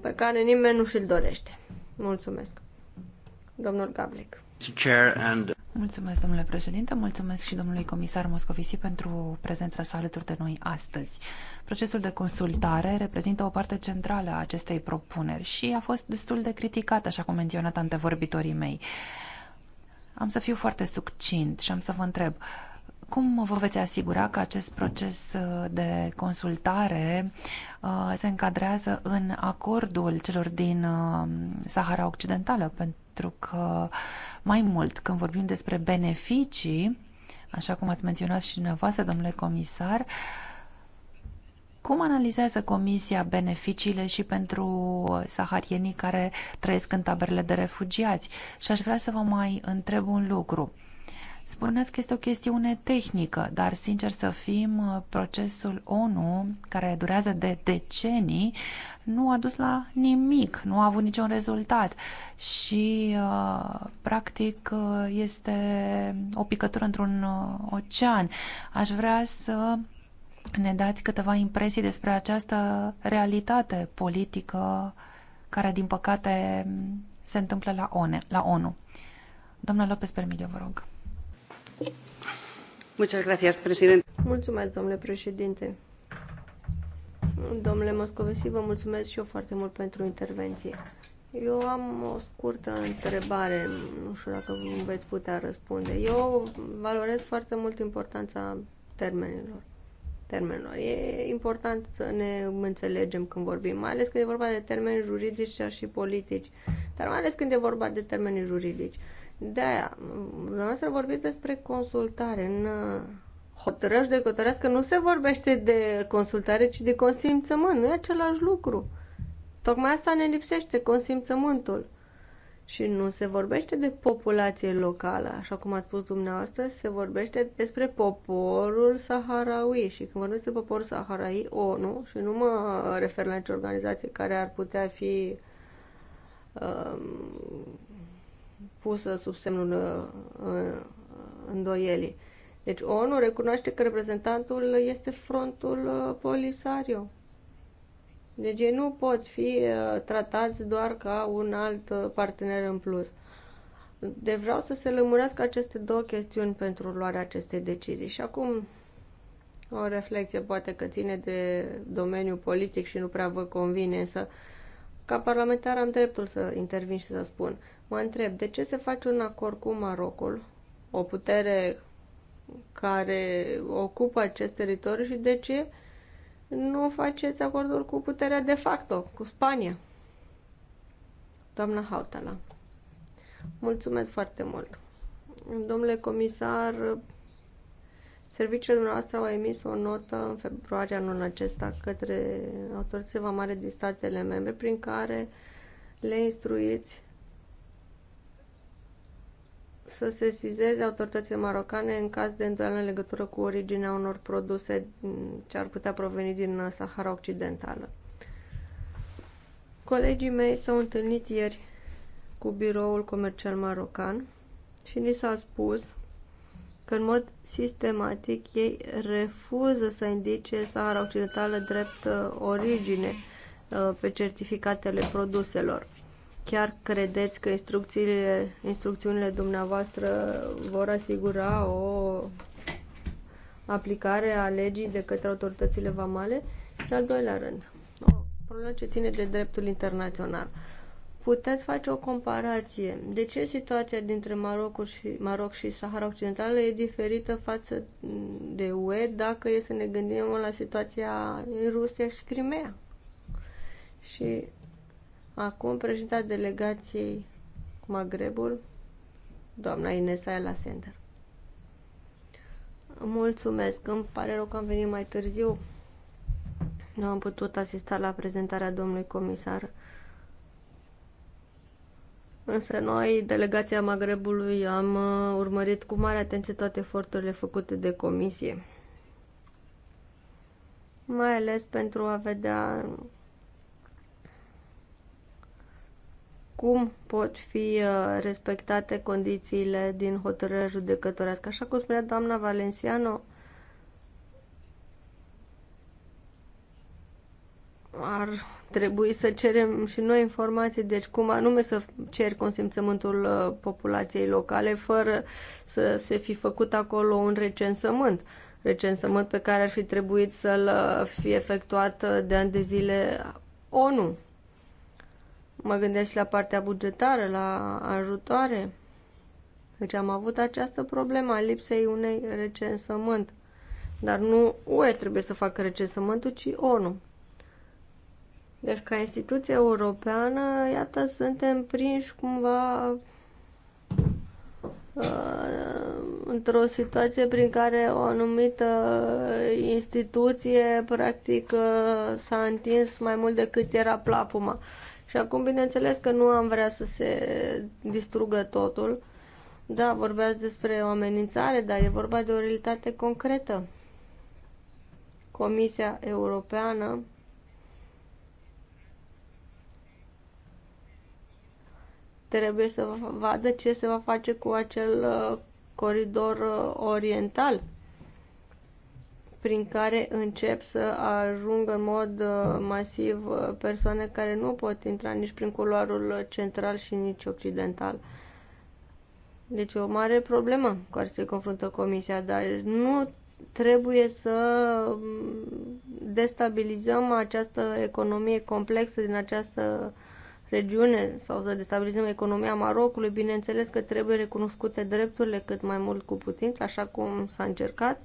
pe care nimeni nu și-l dorește. Mulțumesc. Domnul Gablic. Chair and... Mulțumesc, domnule președinte, mulțumesc și domnului comisar Moscovici pentru prezența sa alături de noi astăzi. Procesul de consultare reprezintă o parte centrală a acestei propuneri și a fost destul de criticat, așa cum menționat antevorbitorii mei. Am să fiu foarte succint și am să vă întreb, cum vă veți asigura că acest proces uh, de consultare uh, se încadrează în acordul celor din uh, Sahara Occidentală pentru pentru că mai mult când vorbim despre beneficii, așa cum ați menționat și dumneavoastră, domnule comisar, cum analizează Comisia beneficiile și pentru saharienii care trăiesc în taberele de refugiați? Și aș vrea să vă mai întreb un lucru. Spuneți că este o chestiune tehnică, dar sincer să fim, procesul ONU, care durează de decenii, nu a dus la nimic, nu a avut niciun rezultat și uh, practic uh, este o picătură într-un uh, ocean. Aș vrea să ne dați câteva impresii despre această realitate politică care, din păcate, se întâmplă la, ONU. Doamna Lopez Permilio, vă rog. Muchas gracias, presidente. Mulțumesc, domnule președinte. Domnule Moscovici, vă mulțumesc și eu foarte mult pentru intervenție. Eu am o scurtă întrebare, nu știu dacă veți putea răspunde. Eu valorez foarte mult importanța termenilor. termenilor. E important să ne înțelegem când vorbim, mai ales când e vorba de termeni juridici și politici, dar mai ales când e vorba de termeni juridici. Uh, de aia, dumneavoastră vorbiți despre consultare. În uh, hotărăști de că nu se vorbește de consultare, ci de consimțământ. Nu e același lucru. Tocmai asta ne lipsește, consimțământul. Și nu se vorbește de populație locală, așa cum ați spus dumneavoastră, se vorbește despre poporul saharaui. Și când vorbesc despre poporul saharaui, nu, și nu mă refer la nicio organizație care ar putea fi um, pusă sub semnul uh, îndoielii. Deci ONU recunoaște că reprezentantul este frontul uh, Polisario. Deci ei nu pot fi uh, tratați doar ca un alt partener în plus. De deci vreau să se lămurească aceste două chestiuni pentru luarea acestei decizii. Și acum o reflexie poate că ține de domeniul politic și nu prea vă convine, însă ca parlamentar am dreptul să intervin și să spun. Mă întreb, de ce se face un acord cu Marocul, o putere care ocupă acest teritoriu și de ce nu faceți acordul cu puterea de facto, cu Spania? Doamna Hautala, mulțumesc foarte mult. Domnule comisar, serviciul dumneavoastră au emis o notă în februarie anul acesta către autoritățile mare din statele membre prin care le instruiți să se autoritățile marocane în caz de îndoială în legătură cu originea unor produse ce ar putea proveni din uh, Sahara Occidentală. Colegii mei s-au întâlnit ieri cu biroul comercial marocan și ni s-a spus că în mod sistematic ei refuză să indice Sahara Occidentală drept uh, origine uh, pe certificatele produselor chiar credeți că instrucțiile, instrucțiunile dumneavoastră vor asigura o aplicare a legii de către autoritățile vamale? Și al doilea rând, o problemă ce ține de dreptul internațional. Puteți face o comparație. De ce situația dintre Marocul și, Maroc și Sahara Occidentală e diferită față de UE dacă e să ne gândim la situația în Rusia și Crimea? Și Acum, președinta delegației cu Magrebul, doamna Inesa la Sender. Mulțumesc, îmi pare rău că am venit mai târziu. Nu am putut asista la prezentarea domnului comisar. Însă noi, delegația Magrebului, am uh, urmărit cu mare atenție toate eforturile făcute de comisie. Mai ales pentru a vedea cum pot fi uh, respectate condițiile din hotărârea judecătorească. Așa cum spunea doamna Valenciano, ar trebui să cerem și noi informații, deci cum anume să cer consimțământul uh, populației locale fără să se fi făcut acolo un recensământ. Recensământ pe care ar fi trebuit să-l uh, fi efectuat de ani de zile ONU Mă gândesc și la partea bugetară, la ajutoare. Deci am avut această problemă a lipsei unei recensământ. Dar nu UE trebuie să facă recensământul, ci ONU. Deci ca instituție europeană, iată, suntem prinși cumva uh, într-o situație prin care o anumită instituție practic uh, s-a întins mai mult decât era plapuma. Și acum, bineînțeles că nu am vrea să se distrugă totul. Da, vorbeați despre o amenințare, dar e vorba de o realitate concretă. Comisia Europeană trebuie să vadă ce se va face cu acel uh, coridor uh, oriental prin care încep să ajungă în mod uh, masiv uh, persoane care nu pot intra nici prin culoarul central și nici occidental. Deci o mare problemă cu care se confruntă Comisia, dar nu trebuie să mm, destabilizăm această economie complexă din această regiune sau să destabilizăm economia Marocului. Bineînțeles că trebuie recunoscute drepturile cât mai mult cu putință, așa cum s-a încercat.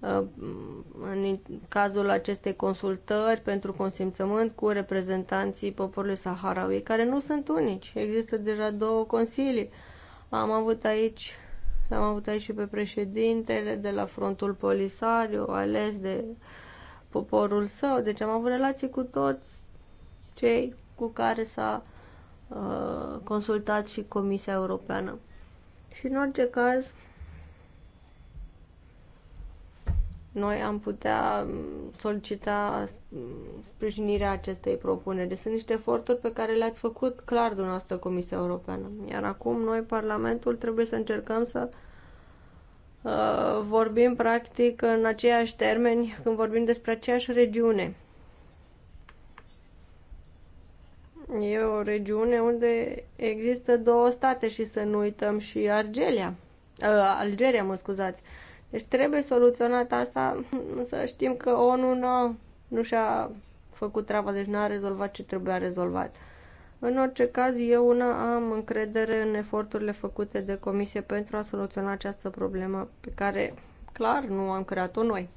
Uh, în cazul acestei consultări pentru consimțământ cu reprezentanții poporului Saharaui, care nu sunt unici. Există deja două consilii. Am avut aici am avut aici și pe președintele de la frontul Polisario, ales de poporul său. Deci am avut relații cu toți cei cu care s-a uh, consultat și Comisia Europeană. Și în orice caz, noi am putea mm, solicita mm, sprijinirea acestei propuneri. Deci sunt niște eforturi pe care le-ați făcut clar dumneavoastră Comisia Europeană. Iar acum noi, Parlamentul, trebuie să încercăm să uh, vorbim practic în aceiași termeni când vorbim despre aceeași regiune. E o regiune unde există două state și să nu uităm și Argelia. Uh, Algeria, mă scuzați. Uh, deci trebuie soluționat asta, *laughs* să știm că ONU nu, nu și-a făcut treaba, deci n-a rezolvat ce trebuia rezolvat. În orice caz, eu una am încredere în eforturile făcute de comisie pentru a soluționa această problemă pe care, clar, nu am creat-o noi.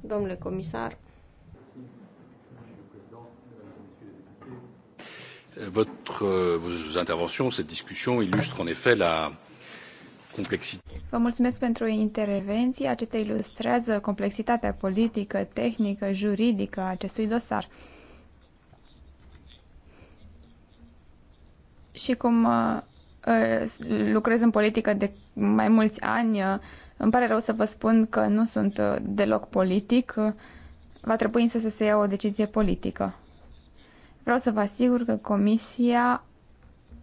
Domnule comisar. Votre, vos interventions, cette discussion illustre en effet la, complexitatea. Vă mulțumesc pentru intervenție. Acestea ilustrează complexitatea politică, tehnică, juridică a acestui dosar. Și cum uh, uh, lucrez în politică de mai mulți ani, uh, îmi pare rău să vă spun că nu sunt deloc politic. Va trebui însă să se ia o decizie politică. Vreau să vă asigur că Comisia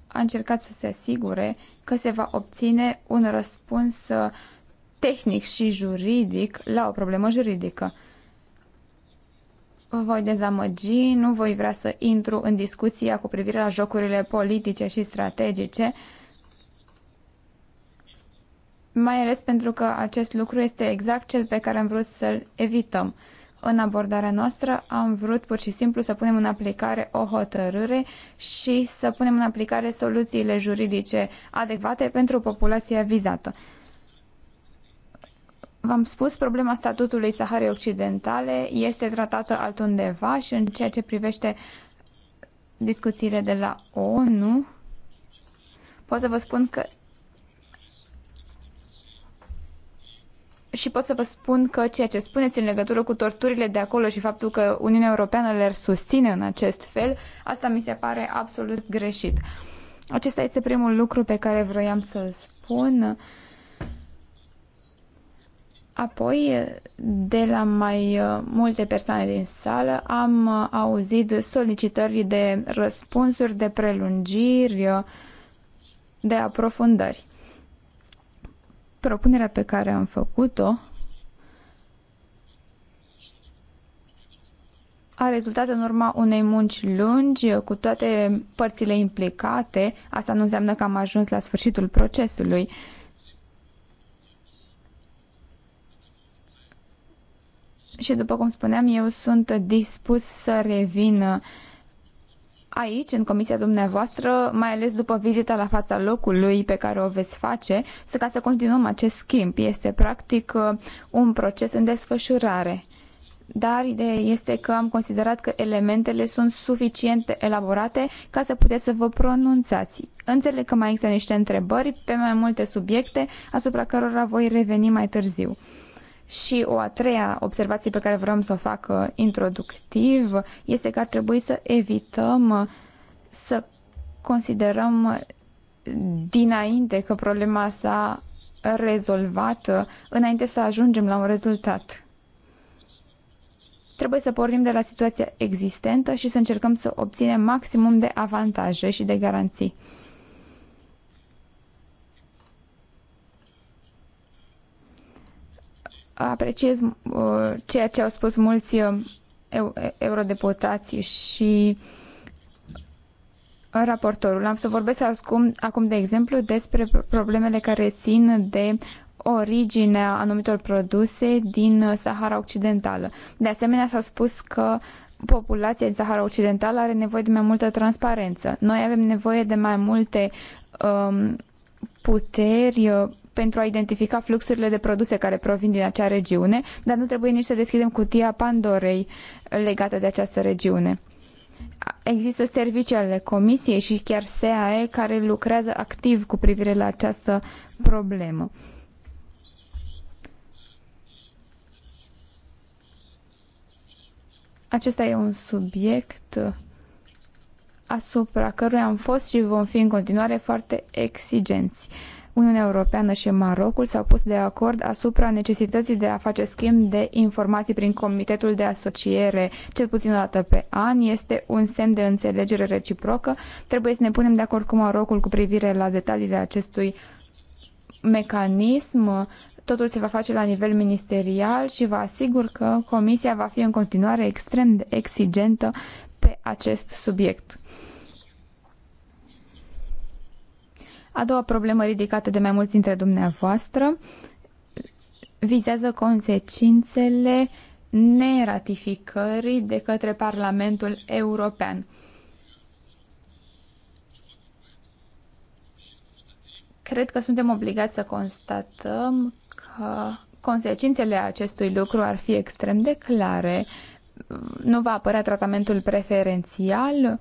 a încercat să se asigure că se va obține un răspuns uh, tehnic și juridic la o problemă juridică. Vă voi dezamăgi, nu voi vrea să intru în discuția cu privire la jocurile politice și strategice, mai ales pentru că acest lucru este exact cel pe care am vrut să-l evităm. În abordarea noastră am vrut pur și simplu să punem în aplicare o hotărâre și să punem în aplicare soluțiile juridice adecvate pentru populația vizată. V-am spus, problema statutului Saharei Occidentale este tratată altundeva și în ceea ce privește discuțiile de la ONU, pot să vă spun că și pot să vă spun că ceea ce spuneți în legătură cu torturile de acolo și faptul că Uniunea Europeană le susține în acest fel, asta mi se pare absolut greșit. Acesta este primul lucru pe care vroiam să spun. Apoi, de la mai uh, multe persoane din sală, am uh, auzit solicitări de răspunsuri, de prelungiri, uh, de aprofundări. Propunerea pe care am făcut-o a rezultat în urma unei munci lungi cu toate părțile implicate. Asta nu înseamnă că am ajuns la sfârșitul procesului. Și după cum spuneam, eu sunt dispus să revin aici, în comisia dumneavoastră, mai ales după vizita la fața locului pe care o veți face, să ca să continuăm acest schimb. Este practic uh, un proces în desfășurare. Dar ideea este că am considerat că elementele sunt suficient elaborate ca să puteți să vă pronunțați. Înțeleg că mai există niște întrebări pe mai multe subiecte asupra cărora voi reveni mai târziu. Și o a treia observație pe care vreau să o fac uh, introductiv este că ar trebui să evităm uh, să considerăm uh, dinainte că problema s-a rezolvat, înainte să ajungem la un rezultat. Trebuie să pornim de la situația existentă și să încercăm să obținem maximum de avantaje și de garanții. apreciez uh, ceea ce au spus mulți uh, eurodeputații și raportorul. Am să vorbesc acum, acum, de exemplu, despre problemele care țin de originea anumitor produse din Sahara Occidentală. De asemenea, s-a spus că populația din Sahara Occidentală are nevoie de mai multă transparență. Noi avem nevoie de mai multe um, puteri uh, pentru a identifica fluxurile de produse care provin din acea regiune, dar nu trebuie nici să deschidem cutia Pandorei legată de această regiune. Există servicii ale Comisiei și chiar SAE care lucrează activ cu privire la această problemă. Acesta e un subiect asupra căruia am fost și vom fi în continuare foarte exigenți. Uniunea Europeană și Marocul s-au pus de acord asupra necesității de a face schimb de informații prin Comitetul de Asociere, cel puțin o dată pe an. Este un semn de înțelegere reciprocă. Trebuie să ne punem de acord cu Marocul cu privire la detaliile acestui mecanism. Totul se va face la nivel ministerial și vă asigur că Comisia va fi în continuare extrem de exigentă pe acest subiect. A doua problemă ridicată de mai mulți dintre dumneavoastră vizează consecințele neratificării de către Parlamentul European. Cred că suntem obligați să constatăm că consecințele acestui lucru ar fi extrem de clare. Nu va apărea tratamentul preferențial, uh,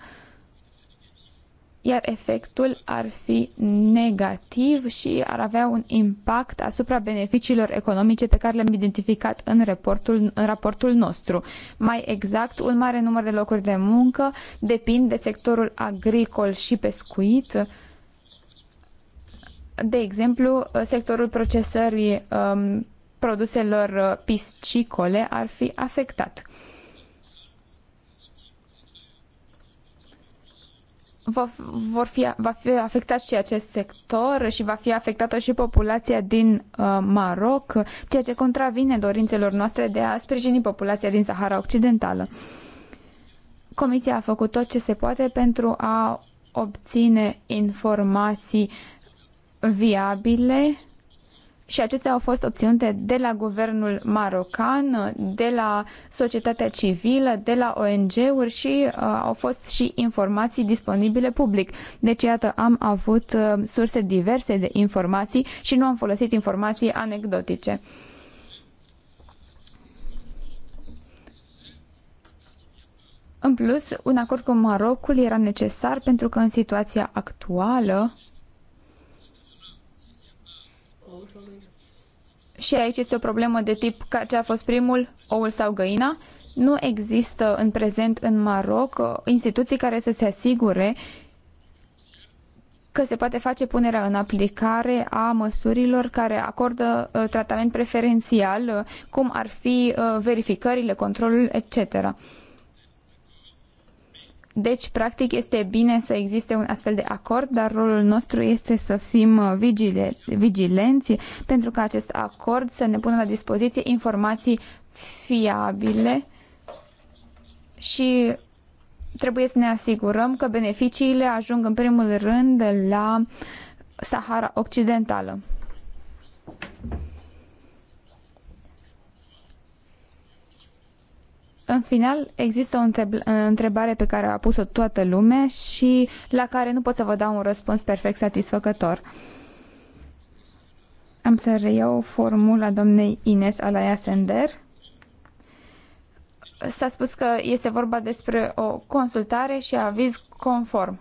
iar efectul ar fi negativ și ar avea un impact asupra beneficiilor economice pe care le-am identificat în raportul, în raportul nostru. Mai exact, un mare număr de locuri de muncă depind de sectorul agricol și pescuit, de exemplu, sectorul procesării um, produselor uh, piscicole ar fi afectat. vor fi, va fi afectat și acest sector și va fi afectată și populația din uh, Maroc, ceea ce contravine dorințelor noastre de a sprijini populația din Sahara Occidentală. Comisia a făcut tot ce se poate pentru a obține informații viabile și acestea au fost obținute de la guvernul marocan, de la societatea civilă, de la ONG-uri și uh, au fost și informații disponibile public. Deci, iată, am avut uh, surse diverse de informații și nu am folosit informații anecdotice. În plus, un acord cu Marocul era necesar pentru că în situația actuală și aici este o problemă de tip ce a fost primul, oul sau găina. Nu există în prezent în Maroc uh, instituții care să se asigure că se poate face punerea în aplicare a măsurilor care acordă uh, tratament preferențial, uh, cum ar fi verificările, controlul, etc. Deci, practic, este bine să existe un astfel de acord, dar rolul nostru este să fim uh, vigile, vigilenți pentru că acest acord să ne pună la dispoziție informații fiabile și trebuie să ne asigurăm că beneficiile ajung în primul rând la Sahara Occidentală. În final, există o întrebare pe care a pus-o toată lumea și la care nu pot să vă dau un răspuns perfect satisfăcător. Am să reiau formula domnei Ines Alaia Sender. S-a spus că este vorba despre o consultare și aviz conform.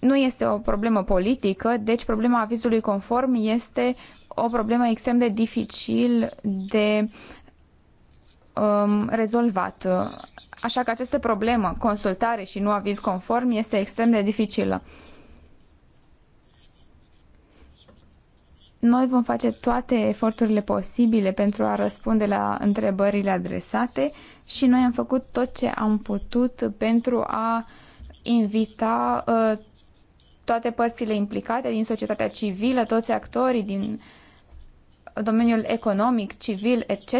Nu este o problemă politică, deci problema avizului conform este o problemă extrem de dificil de um, rezolvat. Uh, așa că această problemă, consultare și nu aviz conform, este extrem de dificilă. Noi vom face toate eforturile posibile pentru a răspunde la întrebările adresate și noi am făcut tot ce am putut pentru a invita uh, toate părțile implicate din societatea civilă, toți actorii din uh, domeniul economic, civil, etc.,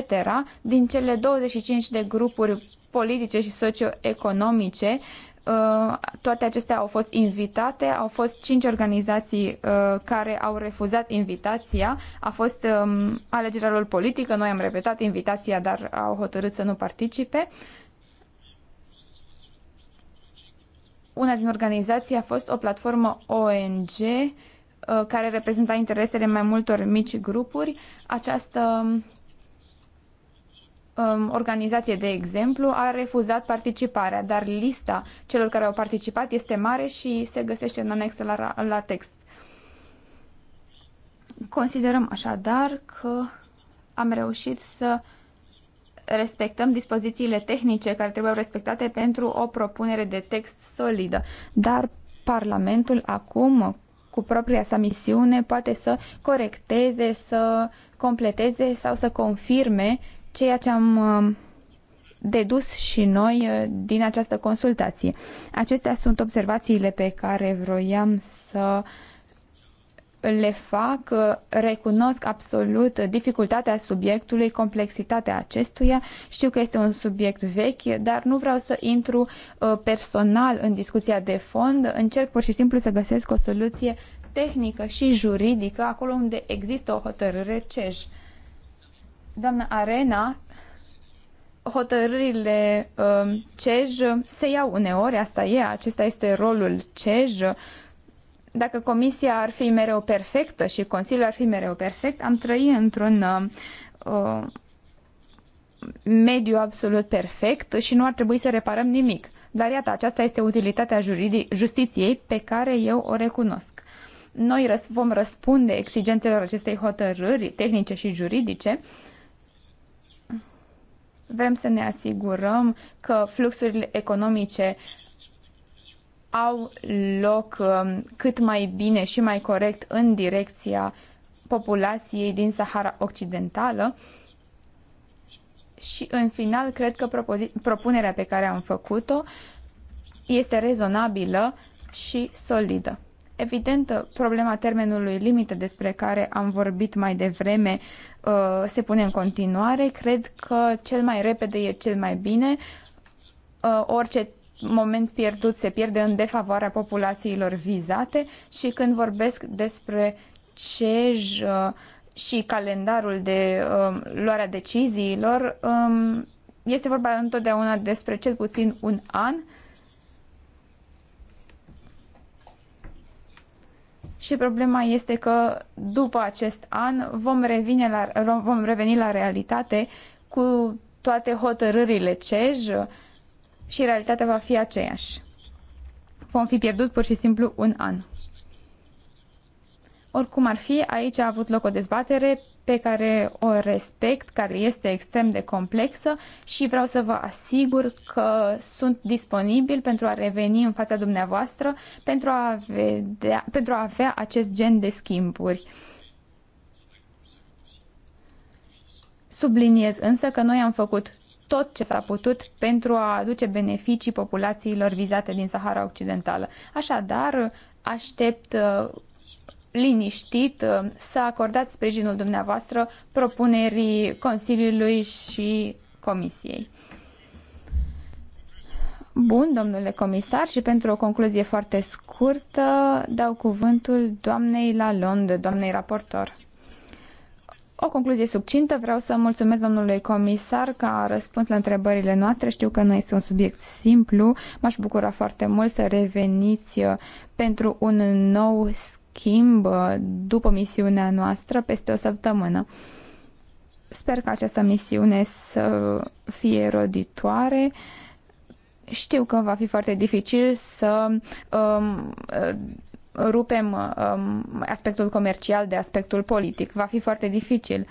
din cele 25 de grupuri politice și socioeconomice, uh, toate acestea au fost invitate, au fost cinci organizații uh, care au refuzat invitația, a fost um, alegerea lor politică, noi am repetat invitația, dar au hotărât să nu participe. Una din organizații a fost o platformă ONG Uh, care reprezenta interesele mai multor mici grupuri. Această um, organizație, de exemplu, a refuzat participarea, dar lista celor care au participat este mare și se găsește în anexă la, la text. Considerăm așadar că am reușit să respectăm dispozițiile tehnice care trebuiau respectate pentru o propunere de text solidă, dar Parlamentul acum, cu propria sa misiune poate să corecteze, să completeze sau să confirme ceea ce am uh, dedus și noi uh, din această consultație. Acestea sunt observațiile pe care vroiam să le fac uh, recunosc absolut dificultatea subiectului, complexitatea acestuia. Știu că este un subiect vechi, dar nu vreau să intru uh, personal în discuția de fond. Încerc pur și simplu să găsesc o soluție tehnică și juridică acolo unde există o hotărâre CEJ. Doamna Arena, hotărârile uh, CEJ se iau uneori, asta e, acesta este rolul CEJ dacă Comisia ar fi mereu perfectă și Consiliul ar fi mereu perfect, am trăi într-un uh, mediu absolut perfect și nu ar trebui să reparăm nimic. Dar iată, aceasta este utilitatea justiției pe care eu o recunosc. Noi răs- vom răspunde exigențelor acestei hotărâri tehnice și juridice. Vrem să ne asigurăm că fluxurile economice au loc um, cât mai bine și mai corect în direcția populației din Sahara Occidentală. Și în final, cred că propunerea pe care am făcut-o este rezonabilă și solidă. Evident, problema termenului limită despre care am vorbit mai devreme uh, se pune în continuare. Cred că cel mai repede e cel mai bine. Uh, orice moment pierdut se pierde în defavoarea populațiilor vizate și când vorbesc despre CEJ uh, și calendarul de um, luarea deciziilor, um, este vorba întotdeauna despre cel puțin un an și problema este că după acest an vom, revine la, vom reveni la realitate cu toate hotărârile CEJ și realitatea va fi aceeași. Vom fi pierdut pur și simplu un an. Oricum ar fi, aici a avut loc o dezbatere pe care o respect, care este extrem de complexă și vreau să vă asigur că sunt disponibil pentru a reveni în fața dumneavoastră pentru a, vedea, pentru a avea acest gen de schimburi. Subliniez însă că noi am făcut tot ce s-a putut pentru a aduce beneficii populațiilor vizate din Sahara Occidentală. Așadar, aștept uh, liniștit uh, să acordați sprijinul dumneavoastră propunerii Consiliului și Comisiei. Bun, domnule comisar, și pentru o concluzie foarte scurtă, dau cuvântul doamnei Lalonde, doamnei raportor. O concluzie succintă, vreau să mulțumesc domnului comisar că a răspuns la întrebările noastre. Știu că nu este un subiect simplu. M-aș bucura foarte mult să reveniți uh, pentru un nou schimb uh, după misiunea noastră peste o săptămână. Sper că această misiune să fie roditoare. Știu că va fi foarte dificil să um, uh, rupem um, aspectul comercial de aspectul politic. Va fi foarte dificil.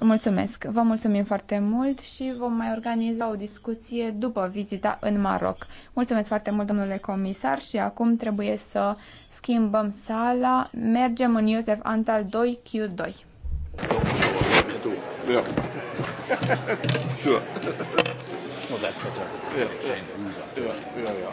Mulțumesc. Vă mulțumim foarte mult și vom mai organiza o discuție după vizita în Maroc. Mulțumesc foarte mult, domnule comisar, și acum trebuie să schimbăm sala. Mergem în Iosef Antal 2Q2. Yeah. sure. *laughs* Well, that's better. Yeah, yeah. yeah. yeah. yeah.